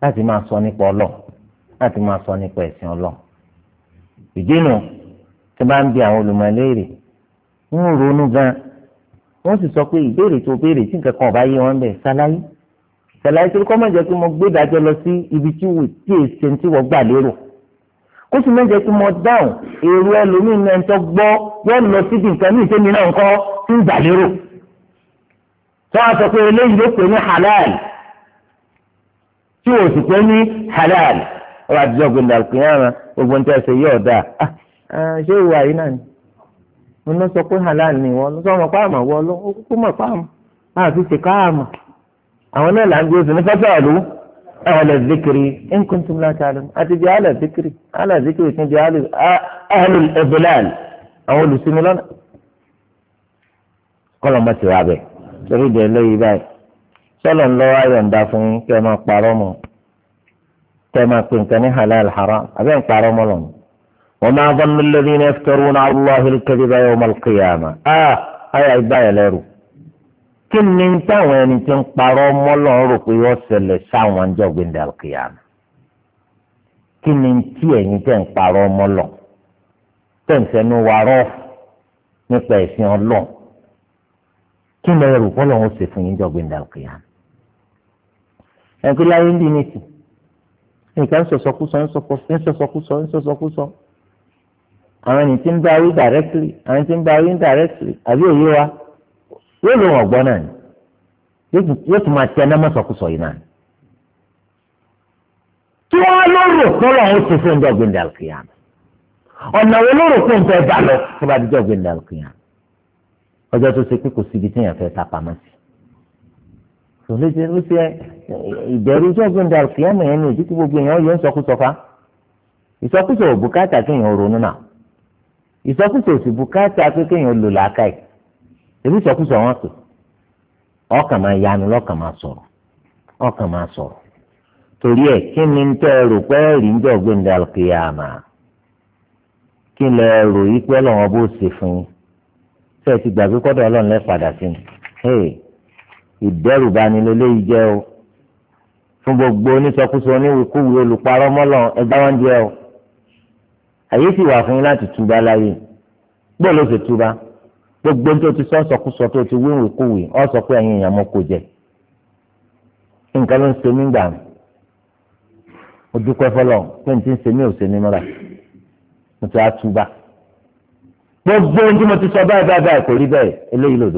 láti máa sọ nípa ọlọ́ọ̀ láti máa sọ nípa ẹ̀sìn ìdí nu tí bá ń bi àwọn ń ronú gan wọ́n sì sọ sẹ̀láì tó kọ́ mọ̀jẹ́ pé mo gbé ìdájọ́ lọ sí ibi tí wò tí èsì tí wọ́n gbà lérò kó sì mọ̀jẹ́ pé mo dáhùn èrò ẹlòmíì náà ń tọ́ gbọ́ wọ́n lọ síbi nǹkan ní ìtẹ́mi náà ń kọ́ tí ń gbà lérò tó a sọ pé eléyìí ló pè ní halal tí wò sì pé ní halal ọ̀rọ̀ àdìjọ́ gbẹ̀ndà kìíyàmà gbogbo ń tẹ̀sẹ̀ yóò dà ah, ah, ṣé ìwà yìí náà ni mo náà sọ pé halal ni wọ́n sọ mọ̀ pàmò wọ́n lọ ó kúkú mọ̀ pàmò àti ṣèkáàmọ̀ أولا العنجوز فسألوا أهل الذكر إن كنتم لا تعلم أتجي على ذكري على ذكري تجي على أهل الإضلال أقول سنة لنا قال ما توابه تريد لي باي صلى الله أيضا دافن كما قارمه كما كنت حلال حرام أبين قارم لهم وما ظن الذين يفترون على الله الكذب يوم القيامة آه هيا إباي ليرو kí ni táwọn ẹni tí ń parọ́ mọ́lọ́ rò pé ó ṣẹlẹ̀ sáwọn ọjọ́ gbẹ̀ndẹ̀ àlùkìyàmù kí ni tí ẹ̀yin tẹ̀ ń parọ́ mọ́lọ́ tẹ̀sẹ̀nu wa rọ́ nípa ẹ̀sìn ọlọ́ọ̀ kí ni ẹrù kọ́ lọ́wọ́ ṣe fún yín jọ gbẹ̀ndẹ̀ àlùkìyàmù ẹ̀kú ń bí ní sí nǹkan sọ̀sọ̀kúsọ ńsọ̀sọ̀kúsọ ńsọ̀sọ̀kúsọ àwọn ẹni tí ń darí directly àwọn ẹni tí ń darí indirectly àbí òye wa yóò lò wọ́n gbọ́ náà ni yóò tún máa tẹ ẹnẹ́mọ́ sọkúsọ yìí náà ni. kí wọ́n lórò kọ́lọ̀ ó ti fún ìjọba ìdàlùkìyàn ọ̀nà wo lórò fún ìjọba ìbálò tó bá dijọba ìdàlùkìyàn ọjọ́ tó ṣe pé kò síbi tí èèyàn fẹ́ ta pamọ́ sí. sọlẹ́jẹ́ ló ṣe ìbẹ̀rù ìjọba ìdàlùkìyàn mọ̀ yẹn ní ìdí tí gbogbo èèyàn yọ ìsọkúsọ fa ìsọkúsọ ò kéèyàn ronú náà ìsọkúsọ ò ebi sọkúsọ wọn pè ọkàn máa yanu lọkàn máa sọ̀rọ̀ ọkàn máa torí ẹ kí ni tẹ ẹ rò ń jọ kí lẹ rò yí pé lọ́wọ́ bó ṣe fún yín ti gbàgbé kọ́dọ̀ ọlọ́run lẹ́ padà sí ni fún gbogbo onísọkúsọ olùparọ́ ẹgbẹ́ wọn jẹ́ àyè sì wà fún láti gbogbo tó ti sọ sọkúsọ tó ti wéwèé kúwèé ọ sọ pé mọ kò jẹ nǹkan ló ń ṣe mí gbà ó dúpẹ́ fọlọ́ pé ti gbogbo ndị tí mo ti sọ báyìí báyìí báyìí kò rí bẹ́ẹ̀ gbogbo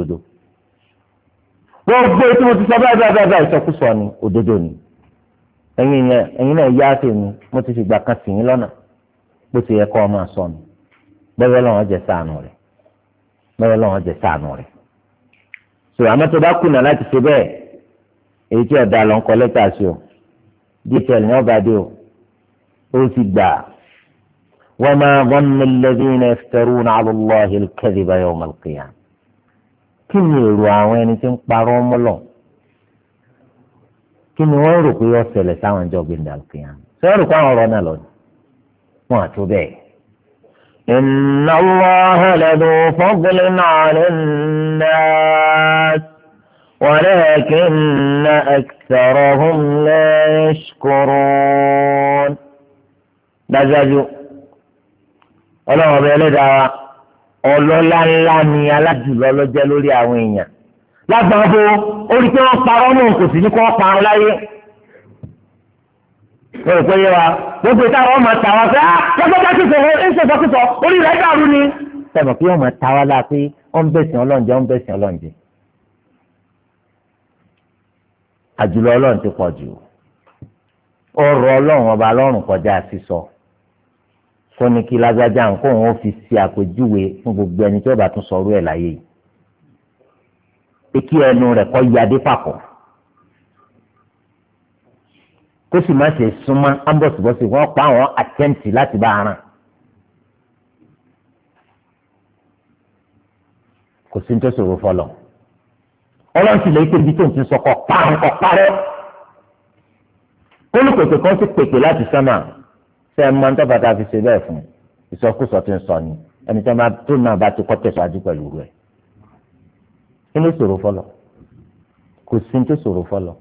tí mo ti sọ báyìí báyìí báyìí sọkúsọ ni òdodo ni yẹn náà yá sí mi mo ti kan yín lọ́nà bó ti yẹ mọ́lẹ́ lọ́wọ́ jẹ sáànù rẹ̀ so àmọ́ tó bá kùnà láti ṣe bẹ́ẹ̀ èyí tí ọ̀dà lọ́n kọ́ lẹ́tà sí o dtl ní ọba dé o ó sì gbà wa ma dhannu alladhina yaftaruna ala Allahi al-kadhiba yawm al-qiyamah kí ni èrò àwọn ẹni tí ń parọ́ mọ́lọ̀ kí ni wọ́n rò pé ó ṣẹlẹ̀ sáwọn ìjọba ìdàlùkìyàn sọ́ọ́rù kó àwọn ọ̀rọ̀ náà lọ́dún إن الله لذو فضل على الناس ولكن أكثرهم لا يشكرون دجاجو ọlọ́run ọba ẹlẹ́dàá ọlọ́lá ńlá ni alájùlọ ló jẹ́ lórí àwọn èèyàn lágbàdo orí pé wọ́n parọ́ náà kò sí ní kó wọ́n parọ́ láyé wọ́n rò pé yé wa gbogbo ìta àwọn ọmọ ta wa pé ah lọ́gbọ́dá ti sọ̀rọ̀ ń sọ̀tọ̀ kí sọ orí rẹ̀ dàrú ni. sọ̀rọ̀ pé ọmọ ta wa la pé ó ń bẹ̀sìn ọlọ́njẹ́ ó ń bẹ̀sìn ọlọ́njẹ́. àjùlọ ọlọ́run ti pọ̀ jù ọ̀rọ̀ ọlọ́run ọba lọ́rùn kọjá sísọ kó ní kí lágbájá nǹkan òun ó fi ṣe àpèjúwe fún gbogbo ẹni tí ó bá tún sọ̀rọ̀ ẹ̀ láyé yìí. pé kí ẹnu rẹ̀ kọ́ yí adé papọ̀ kó sì má ṣe súnmọ́ ambọ̀sibọ́sì wọ́n pa àwọn àtẹ́ǹtì láti bá aràn. kò sí ní tó ṣòro fọlọ ọlọ́run sì lè pé ibi tó ń ti sọkọ pàǹkọ parẹ́ kólùkòtò kan sì pèpè láti sánmà ṣe é mọ nítorí bàtà fi ṣe bẹ́ẹ̀ fún ìsọkúsọ tó ń sọ ni ẹni tó máa tó náà bá ti kọ́ tẹ̀síwájú pẹ̀lú rẹ̀ kí ló ṣòro fọlọ kò sí ní tó ṣòro fọlọ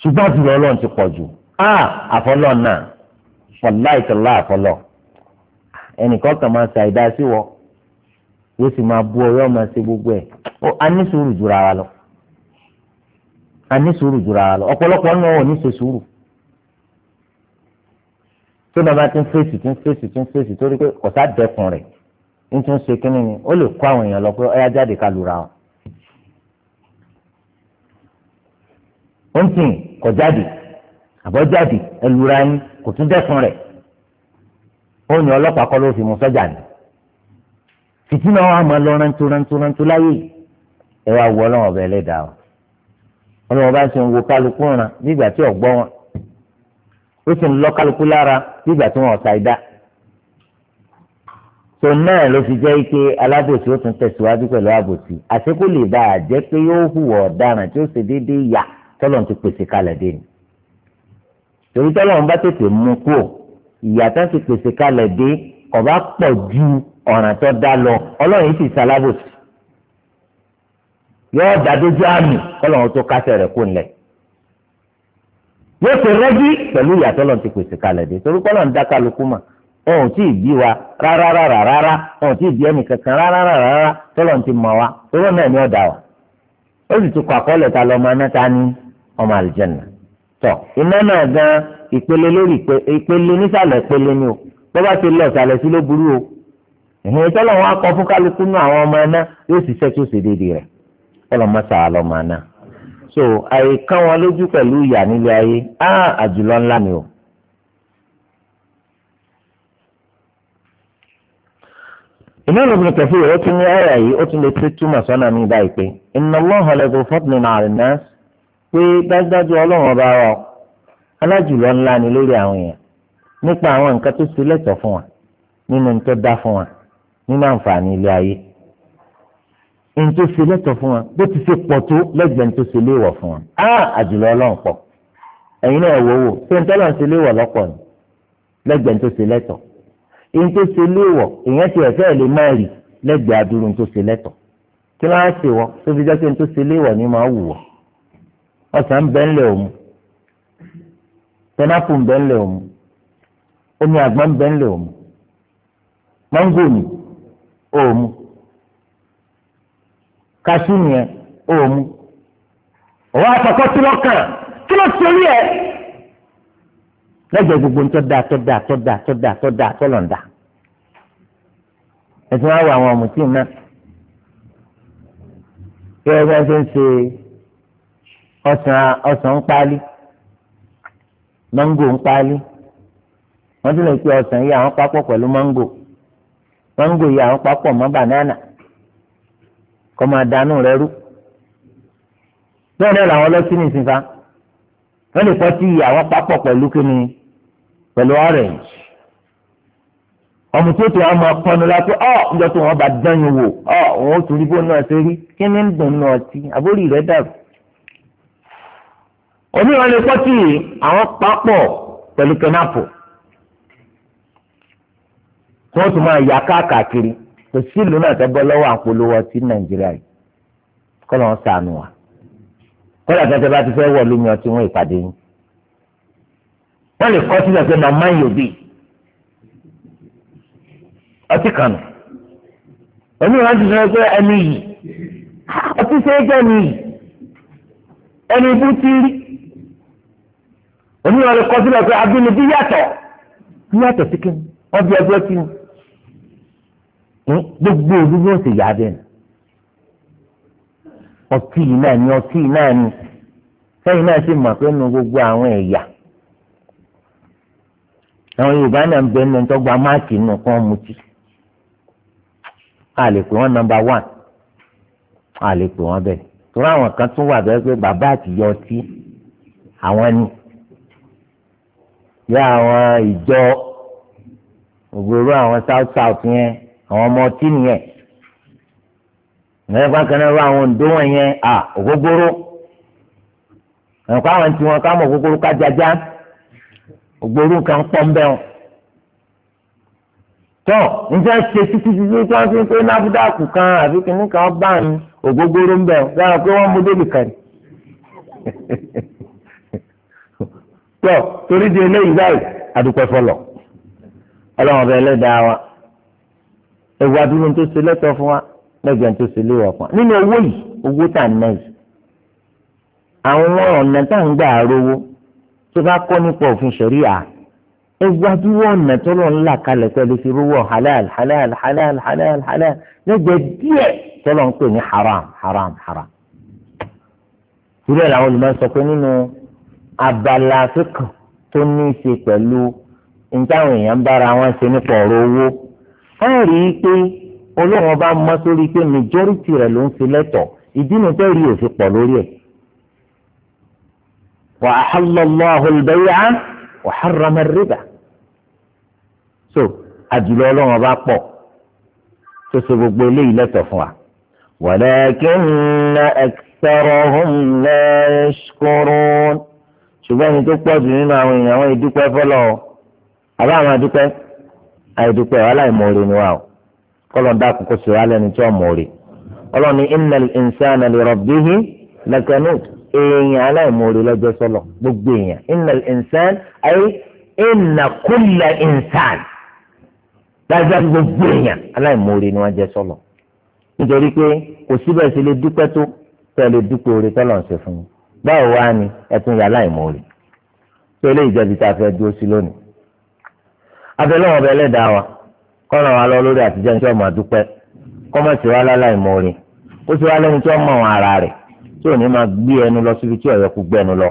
ṣùgbọ́n àbúrò ọlọ́run pọ̀ jù a ah, àfọlọ́ náà fọlá ìtọ́lá àfọlọ́ ẹnìkan kan máa ṣàìdá sí wọ yóò sì máa bú ọ yóò máa ṣe gbogbo ẹ̀ ó a ní sùúrù jura wa lọ a ní sùúrù jura wa lọ ọ̀pọ̀lọpọ̀ ọ̀nà ò ní ṣe sùúrù tó náà bá ti ń fèsì ti ń fèsì ti ń fèsì torí pé kọ̀tà dẹkùn rẹ̀ ń tún ṣe kínní ni ó lè kó àwọn èèyàn lọ pé ọyá jáde ká lura wọn. ó ń tì kọ̀ jáde àbọ̀jáde ẹlura yín kò tún dẹ́kun rẹ̀ ó ní ọlọ́pàá kọ́ ló fi mú sọ́jà ni fìtínà wa máa lọ rántó rántó rántó láyé ẹ wá wọ ọlọ́wọ́n ọbẹ̀ ẹlẹ́dàá o ọlọ́wọ́n bá ń sọ wo kálukú ràn nígbà tí ọ̀gbọ́n wọn ó sì ń lọ kálukú lára nígbà tí wọn ọ̀sà ìdá tó náà ló fi jẹ́ pé alábòsí ó tún tẹ̀síwájú pẹ̀lú àbòsí àti kó lè bá a jẹ́ pé yóò hùwà ọ̀daràn tí ó ṣe déédéé yà tọ́lọ́n ti pèsè kalẹ̀ dé ni torí tọ́lọ́ ń bá tètè mú kúò ìyàtọ̀ ti pèsè kalẹ̀ dé ọba pọ̀ ju ọ̀ràn tó dá lọ ọlọ́run sì ṣalábòsí yóò dá dójú àmì kọ́lọ́run tó kásẹ̀ rẹ̀ kó lẹ̀ yóò ṣe rẹ́jí pẹ̀lú ìyàtọ̀ lọ́n ti pèsè kalẹ̀ dé torí kọ́lọ́run dá kálukú mà ọ̀hún tí ì bí wa rárá rárá rárá ọ̀hún tí ì bí ẹnì kankan rárá rárá rárá tọ́lọ́run ti mọ̀ wa torí náà ni ọ̀dà wa ó sì tún kọ àkọọ́lẹ̀ ta lọ́mọ tọ iná náà gan ìpele lórí ìpele nísàlẹ̀ ìpele ni o bó bá ti lọ o ìhìn tọ́lọ̀ wọn akọ fún nù àwọn ọmọ si yóò ṣiṣẹ́ tó ṣe déédéé rẹ̀ tọ́lọ̀ mọ́ sàá lọ́ máa so àìkán wọn lójú pẹ̀lú ìyà nílé ayé á àjùlọ ńlá ni o. ó tún ní yìí ó tún lè tún túmọ̀ sọ́nà mi báyìí pé pé dájúdájú ọlọ́run ọba wa alájùlọ ńlá ni lórí àwọn èèyàn nípa àwọn nǹkan tó ṣe lẹ́tọ̀ọ́ fún wa nínú ní tó dá fún wa nínú àǹfààní ilé ayé ní tó ṣe lẹ́tọ̀ọ́ fún wa bó ti ṣe pọ̀ tó lẹ́gbẹ̀ẹ́ ní tó ṣe léèwọ̀ fún wa á àjùlọ ọlọ́run pọ̀ ẹ̀yin náà wò wò ṣé ní tọ́lọ̀ ń ṣe léèwọ̀ lọ́pọ̀ ni lẹ́gbẹ̀ẹ́ ní tó ṣe lẹ́tọ̀ọ́ ní tó ṣe léèwọ̀ èèyàn ti ẹ̀fẹ́ lè má rí lẹ́gbẹ̀ẹ́ adúrú ní tó ṣe lẹ́tọ̀ọ́ kí ló ṣe wọ tó fi jẹ́ pé ní tó ṣe léèwọ̀ ni máa wù wọ́ ọsàn bẹ ńlẹ òmu pẹnápù bẹ ńlẹ òmu omi àgbọn bẹ ńlẹ òmu mọngò ni òmu kaṣú nìyẹn òmu òwò àtọkọ tí wọn kàn kí ló sori ẹ lẹgbẹẹ gbogbo ń tọdà tọdà tọdà tọdà tọdà tọlọǹda ẹtì wọn wọ àwọn ọmọ tí ń ná kí ẹ bá ṣe ń ṣe. ọsàn ọsàn ń pálí mángò ń pálí ti lè pe ọsàn yìí àwọn papọ̀ pẹ̀lú mango mango yìí àwọn papọ̀ mọ́ banana kọ́ máa dànù rẹ rú bẹ́ẹ̀ náà làwọn ní ìsinfa wọ́n lè pọ́ tí àwọn papọ̀ pẹ̀lú kíni pẹ̀lú orange tó máa pọnu ọ tó wọn ọ wọn ò tún rí bó náà ṣe rí kí ni òmíràn lè pọ́tì àwọn papọ̀ pẹ̀lú kẹ́nápù tí wọ́n tún máa yà káàkiri kò sí ìlú náà tẹ́ bọ́ lọ́wọ́ àpolówó ti nàìjíríà yìí kọ́ lọ́n sànù wa kọ́lá tẹ́tẹ́ bá ti fẹ́ wọ̀ lómi ọtí wọn ìpàdé yín wọ́n lè kọ́ sílẹ̀ pé màmá yóò bì ọtí kànú òmíràn ti sọ pé ẹni yìí ọtí ṣe ni yìí ẹni ibú ti rí oníwàlú kọ sílẹ̀ pé abínibí yàtọ̀ yàtọ̀ sí kí ọbẹ ọjọ́ sí gbogbo òbí yóò sì yá bẹ́ẹ̀ ọtí yìí náà ni ọtí yìí náà ni sẹ́yìn náà sì mọ̀ pé nu gbogbo àwọn ẹ̀yà àwọn Yorùbá náà ń bẹ ẹnu tó gba máàkì nù kán mutí a lè pè wọ́n nọ́mbà wán a lè pè wọ́n bẹ́ẹ̀ torí àwọn kan tún wà bẹ́ẹ̀ pé bàbá àtìyọ ọtí àwọn ni bí àwọn ìjọ ògbóró àwọn south south yẹn àwọn ọmọ ọtí nìyẹn ìyẹn bákan náà àwọn òǹdó wọn yẹn à ògógóró ẹ̀kọ́ àwọn tí wọn ká mọ̀ ògógóró kájájá ògbóró kan pọ̀ ń bẹ̀ wọn tọ́ njẹ́ ṣe títí títí tí wọ́n fi ń pé nábúdàkù kan àbí kìnnìkan bá ń ògógóró ń bẹ̀ wọ́n dára pé wọ́n mú débì ni. tọ torí di eléyìí báyìí adúpẹ́ fọlọ́ ọlọ́run ọba ẹlẹ́dàá wa ewu adúlọ́ tó ṣe lẹ́tọ̀ fún wa lẹ́gbẹ̀ẹ́ tó ṣe léwọ̀ pọ̀ nínú owó yìí owó tà náà yìí àwọn ọ̀nà tá à ń gbà rówó tó bá kọ́ nípa òfin ṣẹ̀ríà ewu adúlọ́ ọ̀nà tó lọ ńlá kalẹ̀ pẹ̀lú fi rówó halal halal halal halal halal lẹ́gbẹ̀ẹ́ díẹ̀ tó lọ ń pè ní haram haram haram. ìrẹ́ làwọn olùmọ̀ sọ pé nínú abala fíkàn tó ní í ṣe pẹ̀lú nítawọn èèyàn bára wọn ṣe nípa ọ̀rọ̀ owó ẹ rí i pé olóhùn ọba mọ sórí pé majority rẹ̀ ló ń fi lẹ́tọ̀ ìdí nu tẹ́ rí òfin pọ̀ lórí ẹ̀. wa ahalla Allahu al-bay'a wa harrama ar-riba so àjùlọ ọlọ́run ọba pọ̀ tó so gbogbo eléyìí lẹ́tọ̀ fún wa. walakinna aktharahum la yashkurun ṣùgbọ́n ẹni tó pọ̀ jù nínú àwọn èèyàn wọn ìdúpẹ́ fọlọ́ àbá àwọn àdúpẹ́ àìdúpẹ́ wàhálà ìmọ̀ọ́rẹ́ ni wà ó kọ́lọ́n dá àkókò sí wàhálà ẹni tí wọ́n mọ̀ọ́rẹ́ ọlọ́ni innal insana li rabbihi lakanut èèyàn aláìmọ̀ọ́rẹ́ lọ́jọ́ sọ́lọ̀ gbogbo èèyàn innal insan ay inna kulla insan dájá gbogbo èèyàn aláìmọ̀ọ́rẹ́ ni wọ́n báwo wá ni ẹ tún yà láì mọ̀ọ́rì tó ilé ìjọba tá a fẹ́ dúró sí lónìí. abẹ́lẹ́wọ̀n ọbẹ̀ ẹlẹ́dàá wa kọ́ ràn wá lọ lórí àtijọ́ ní ọmọ àdúpẹ́ kọ́ mọ̀ sí wa láì mọ̀ọ́rì ó sì wá lẹ́ni tí wọ́n mọ̀ wọn ara rẹ̀ tí ò ní máa gbé ẹnu lọ síbi tí ọ̀yọ́ kú gbé ẹnu lọ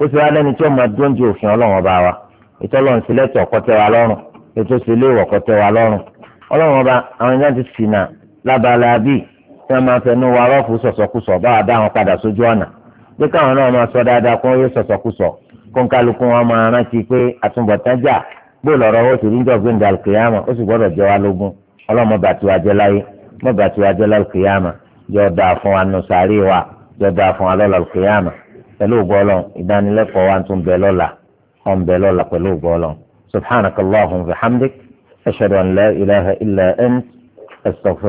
ó sì wá lẹ́ni tí wọ́n máa dóńjì òfin ọlọ́run ọba wa ètò ọlọ́run pé káwọn náà máa sọ dáadáa kó yóò sọ̀sọ̀kúsọ kó ń kálukú wọn máa rántí pé àtúbọ̀tánjà bó lọ́rọ̀ ó sì ríjọ́ gbẹ̀ndà kìyàmà ó sì gbọ́dọ̀ jẹ́ wa lógún ọlọ́mọ bàtí wa jẹ́ láyé mọ bàtí wa jẹ́ lọ́kìyàmà yọ dáa fún wa nù sàárè wa yọ dáa fún wa lọ́lọ́kìyàmà pẹ̀lú ògbọ́lọ́ ìdánilẹ́kọ̀ọ́ wa tún bẹ lọ́la ọ̀n bẹ lọ́la pẹ̀lú ògbọ́lọ́ subhanakallahumma